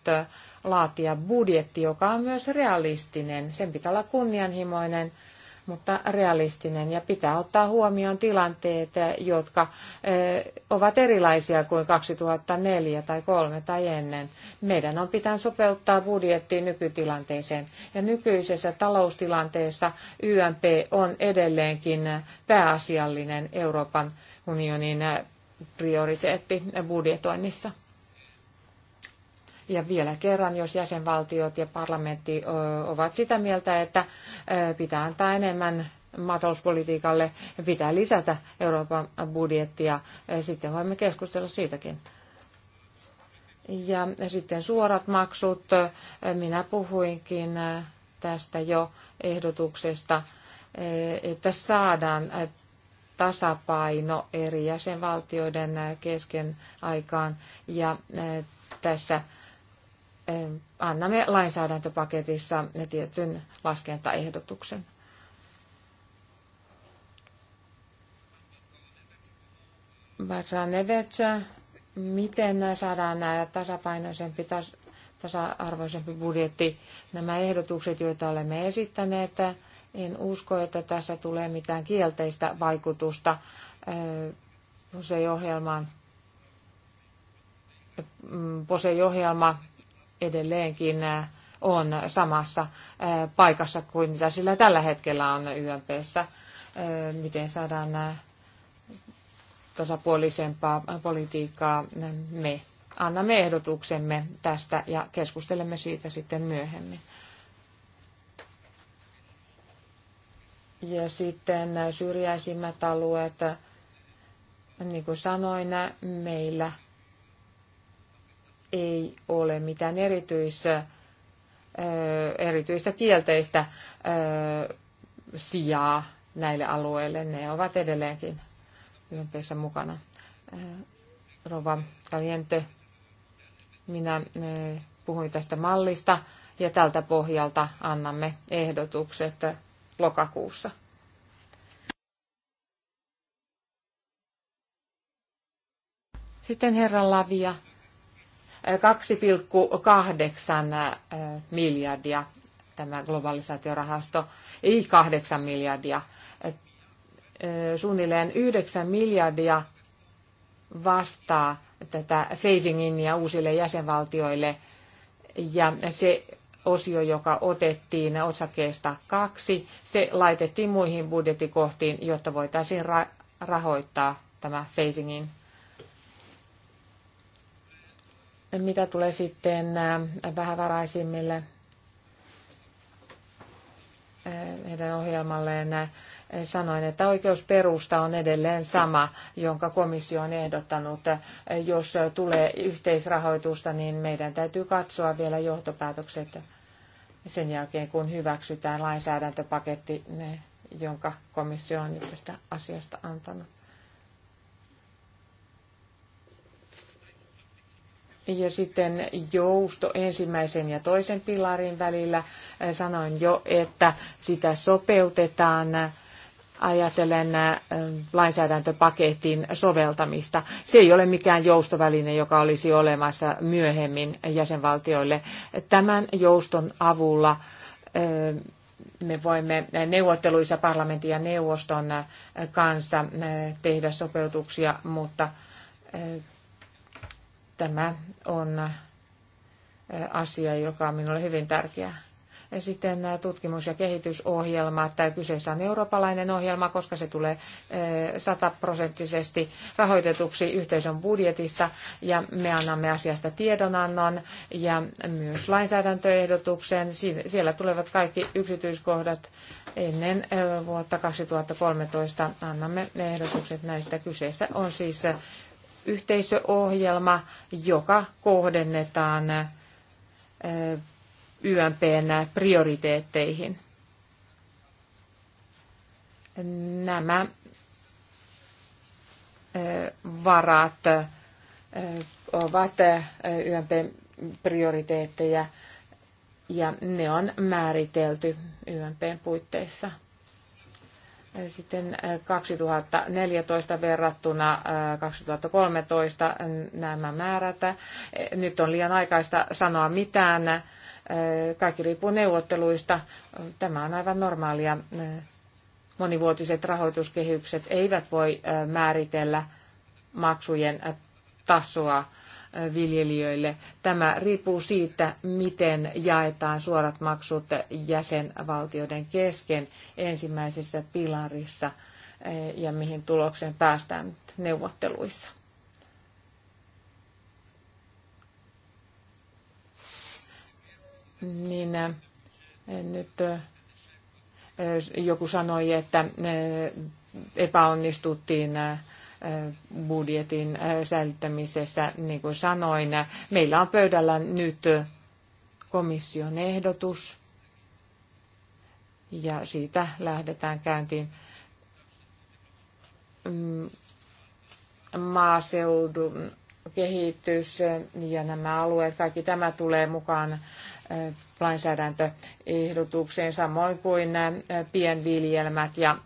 laatia budjetti, joka on myös realistinen. Sen pitää olla kunnianhimoinen mutta realistinen ja pitää ottaa huomioon tilanteet, eh, jotka eh, ovat erilaisia kuin 2004 tai 2003 tai ennen. Meidän on pitänyt sopeuttaa budjettiin nykytilanteeseen ja nykyisessä taloustilanteessa YMP on edelleenkin pääasiallinen Euroopan unionin eh, prioriteetti budjetoinnissa. Ja vielä kerran, jos jäsenvaltiot ja parlamentti ovat sitä mieltä, että pitää antaa enemmän maatalouspolitiikalle, pitää lisätä Euroopan budjettia, sitten voimme keskustella siitäkin. Ja sitten suorat maksut. Minä puhuinkin tästä jo ehdotuksesta, että saadaan tasapaino eri jäsenvaltioiden kesken aikaan. Ja tässä annamme lainsäädäntöpaketissa tietyn laskentaehdotuksen. Barranevetsä, miten saadaan nämä tasapainoisempi, tasa-arvoisempi budjetti, nämä ehdotukset, joita olemme esittäneet, en usko, että tässä tulee mitään kielteistä vaikutusta Posei-ohjelmaan. Posei-ohjelma edelleenkin äh, on samassa äh, paikassa kuin mitä sillä tällä hetkellä on YMPssä. Äh, miten saadaan tasapuolisempaa politiikkaa me annamme ehdotuksemme tästä ja keskustelemme siitä sitten myöhemmin. Ja sitten syrjäisimmät alueet, niin kuin sanoin, meillä ei ole mitään erityistä, erityistä kielteistä sijaa näille alueille. Ne ovat edelleenkin YMPssä mukana. Rova Caliente, minä puhuin tästä mallista ja tältä pohjalta annamme ehdotukset lokakuussa. Sitten herra Lavia 2,8 äh, miljardia tämä globalisaatiorahasto, ei 8 miljardia. Äh, suunnilleen 9 miljardia vastaa tätä phasingin ja uusille jäsenvaltioille. Ja se osio, joka otettiin osakeesta kaksi, se laitettiin muihin budjettikohtiin, jotta voitaisiin ra- rahoittaa tämä phasingin Mitä tulee sitten äh, vähävaraisimmille äh, heidän ohjelmalleen, äh, sanoin, että oikeusperusta on edelleen sama, jonka komissio on ehdottanut. Jos tulee yhteisrahoitusta, niin meidän täytyy katsoa vielä johtopäätökset sen jälkeen, kun hyväksytään lainsäädäntöpaketti, jonka komissio on tästä asiasta antanut. Ja sitten jousto ensimmäisen ja toisen pilarin välillä. Äh, sanoin jo, että sitä sopeutetaan ajatellen äh, lainsäädäntöpaketin soveltamista. Se ei ole mikään joustoväline, joka olisi olemassa myöhemmin jäsenvaltioille. Tämän jouston avulla äh, me voimme neuvotteluissa parlamentin ja neuvoston kanssa tehdä sopeutuksia, mutta Tämä on asia, joka on minulle hyvin tärkeä. Ja sitten tutkimus- ja kehitysohjelma. Tämä kyseessä on eurooppalainen ohjelma, koska se tulee sataprosenttisesti rahoitetuksi yhteisön budjetista. Ja me annamme asiasta tiedonannon ja myös lainsäädäntöehdotuksen. Siellä tulevat kaikki yksityiskohdat ennen vuotta 2013. Annamme ehdotukset näistä. Kyseessä on siis yhteisöohjelma, joka kohdennetaan YMPn prioriteetteihin. Nämä varat ovat YMPn prioriteetteja ja ne on määritelty YMPn puitteissa – sitten 2014 äh, verrattuna 2013 äh, nämä määrät. Äh, nyt on liian aikaista sanoa mitään. Kaikki riippuu neuvotteluista. Tämä on aivan normaalia. Monivuotiset rahoituskehykset eivät voi määritellä maksujen tasoa viljelijöille. Tämä riippuu siitä, miten jaetaan suorat maksut jäsenvaltioiden kesken ensimmäisessä pilarissa eh, ja mihin tulokseen päästään neuvotteluissa. Niin eh, nyt eh, joku sanoi, että epäonnistuttiin budjetin äh, säilyttämisessä, niin kuin sanoin. Meillä on pöydällä nyt komission ehdotus ja siitä lähdetään käyntiin mm, maaseudun kehitys ja nämä alueet, kaikki tämä tulee mukaan äh, lainsäädäntöehdotukseen, samoin kuin äh, pienviljelmät ja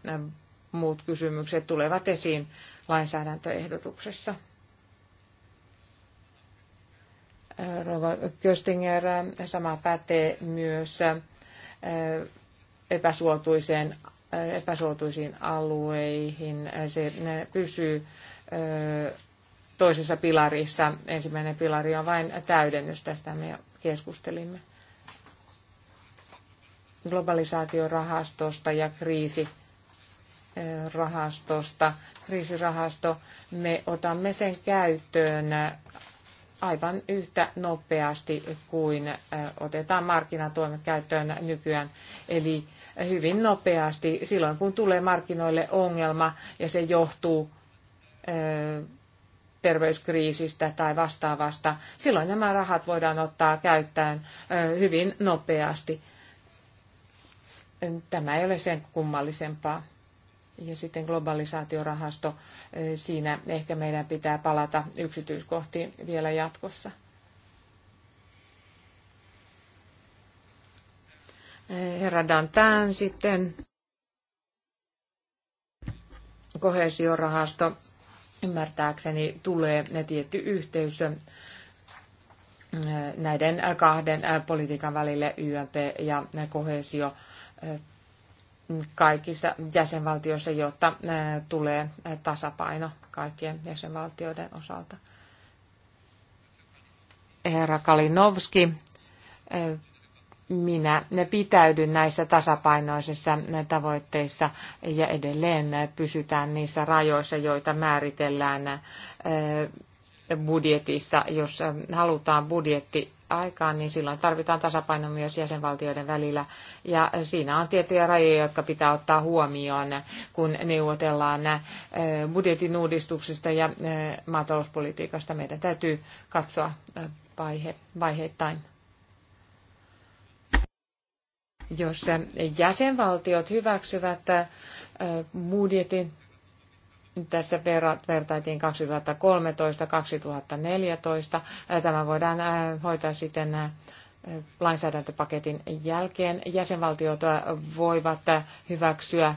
muut kysymykset tulevat esiin lainsäädäntöehdotuksessa. Rova Köstinger, sama pätee myös äh, epäsuotuiseen, äh, epäsuotuisiin alueihin. Se pysyy äh, toisessa pilarissa. Ensimmäinen pilari on vain täydennys, tästä me keskustelimme globalisaatiorahastosta ja kriisirahastosta kriisirahasto, me otamme sen käyttöön aivan yhtä nopeasti kuin otetaan markkinatoimet käyttöön nykyään. Eli hyvin nopeasti silloin, kun tulee markkinoille ongelma ja se johtuu terveyskriisistä tai vastaavasta, silloin nämä rahat voidaan ottaa käyttöön hyvin nopeasti. Tämä ei ole sen kummallisempaa. Ja sitten globalisaatiorahasto, eh, siinä ehkä meidän pitää palata yksityiskohtiin vielä jatkossa. Eh, herra Dantan sitten kohesiorahasto ymmärtääkseni tulee ne tietty yhteys eh, näiden kahden politiikan välille YMP ja kohesio kaikissa jäsenvaltioissa, jotta tulee tasapaino kaikkien jäsenvaltioiden osalta. Herra Kalinowski, minä pitäydyn näissä tasapainoisissa tavoitteissa ja edelleen pysytään niissä rajoissa, joita määritellään budjetissa, jos ähm, halutaan budjetti aikaan, niin silloin tarvitaan tasapaino myös jäsenvaltioiden välillä. Ja siinä on tiettyjä rajoja, jotka pitää ottaa huomioon, kun neuvotellaan äh, budjetin uudistuksesta ja äh, maatalouspolitiikasta. Meidän täytyy katsoa äh, vaihe, vaiheittain. Jos jäsenvaltiot hyväksyvät budjetin tässä vertaitiin 2013-2014. Tämä voidaan hoitaa sitten lainsäädäntöpaketin jälkeen. Jäsenvaltiot voivat hyväksyä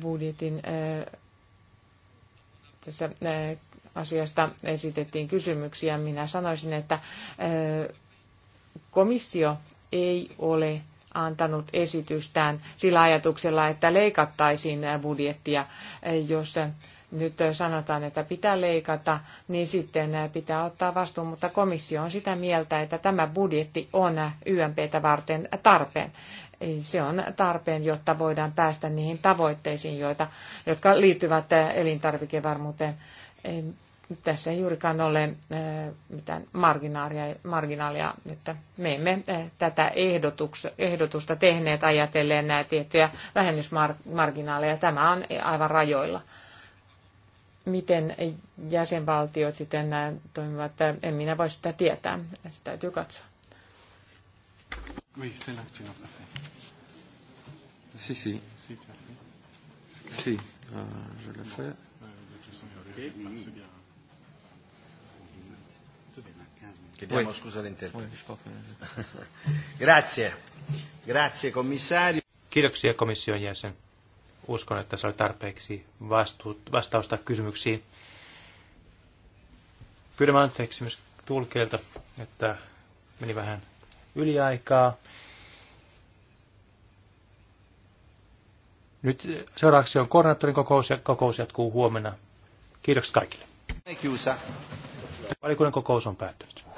budjetin tässä asiasta esitettiin kysymyksiä. Minä sanoisin, että komissio ei ole antanut esitystään sillä ajatuksella, että leikattaisiin budjettia, jos nyt sanotaan, että pitää leikata, niin sitten pitää ottaa vastuu, mutta komissio on sitä mieltä, että tämä budjetti on YMPtä varten tarpeen. Se on tarpeen, jotta voidaan päästä niihin tavoitteisiin, joita, jotka liittyvät elintarvikevarmuuteen tässä ei juurikaan ole äh, mitään marginaalia, että me emme äh, tätä ehdotusta tehneet ajatellen nämä tiettyjä vähennysmarginaaleja. Tämä on aivan rajoilla. Miten jäsenvaltiot sitten äh, toimivat, en minä voi sitä tietää. Sitä täytyy katsoa. Si, si. Ah, je Okay. mm Chiediamo Poi. scusa l'interprete. Grazie. Grazie commissario. Kiitoksia komission jäsen. Uskon, että se oli tarpeeksi vastuut, vastausta kysymyksiin. Pyydän anteeksi myös tulkeilta, että meni vähän yliaikaa. Nyt seuraavaksi on koordinaattorin kokous ja kokous jatkuu huomenna. Kiitokset kaikille. Valikunnan kokous on päättynyt.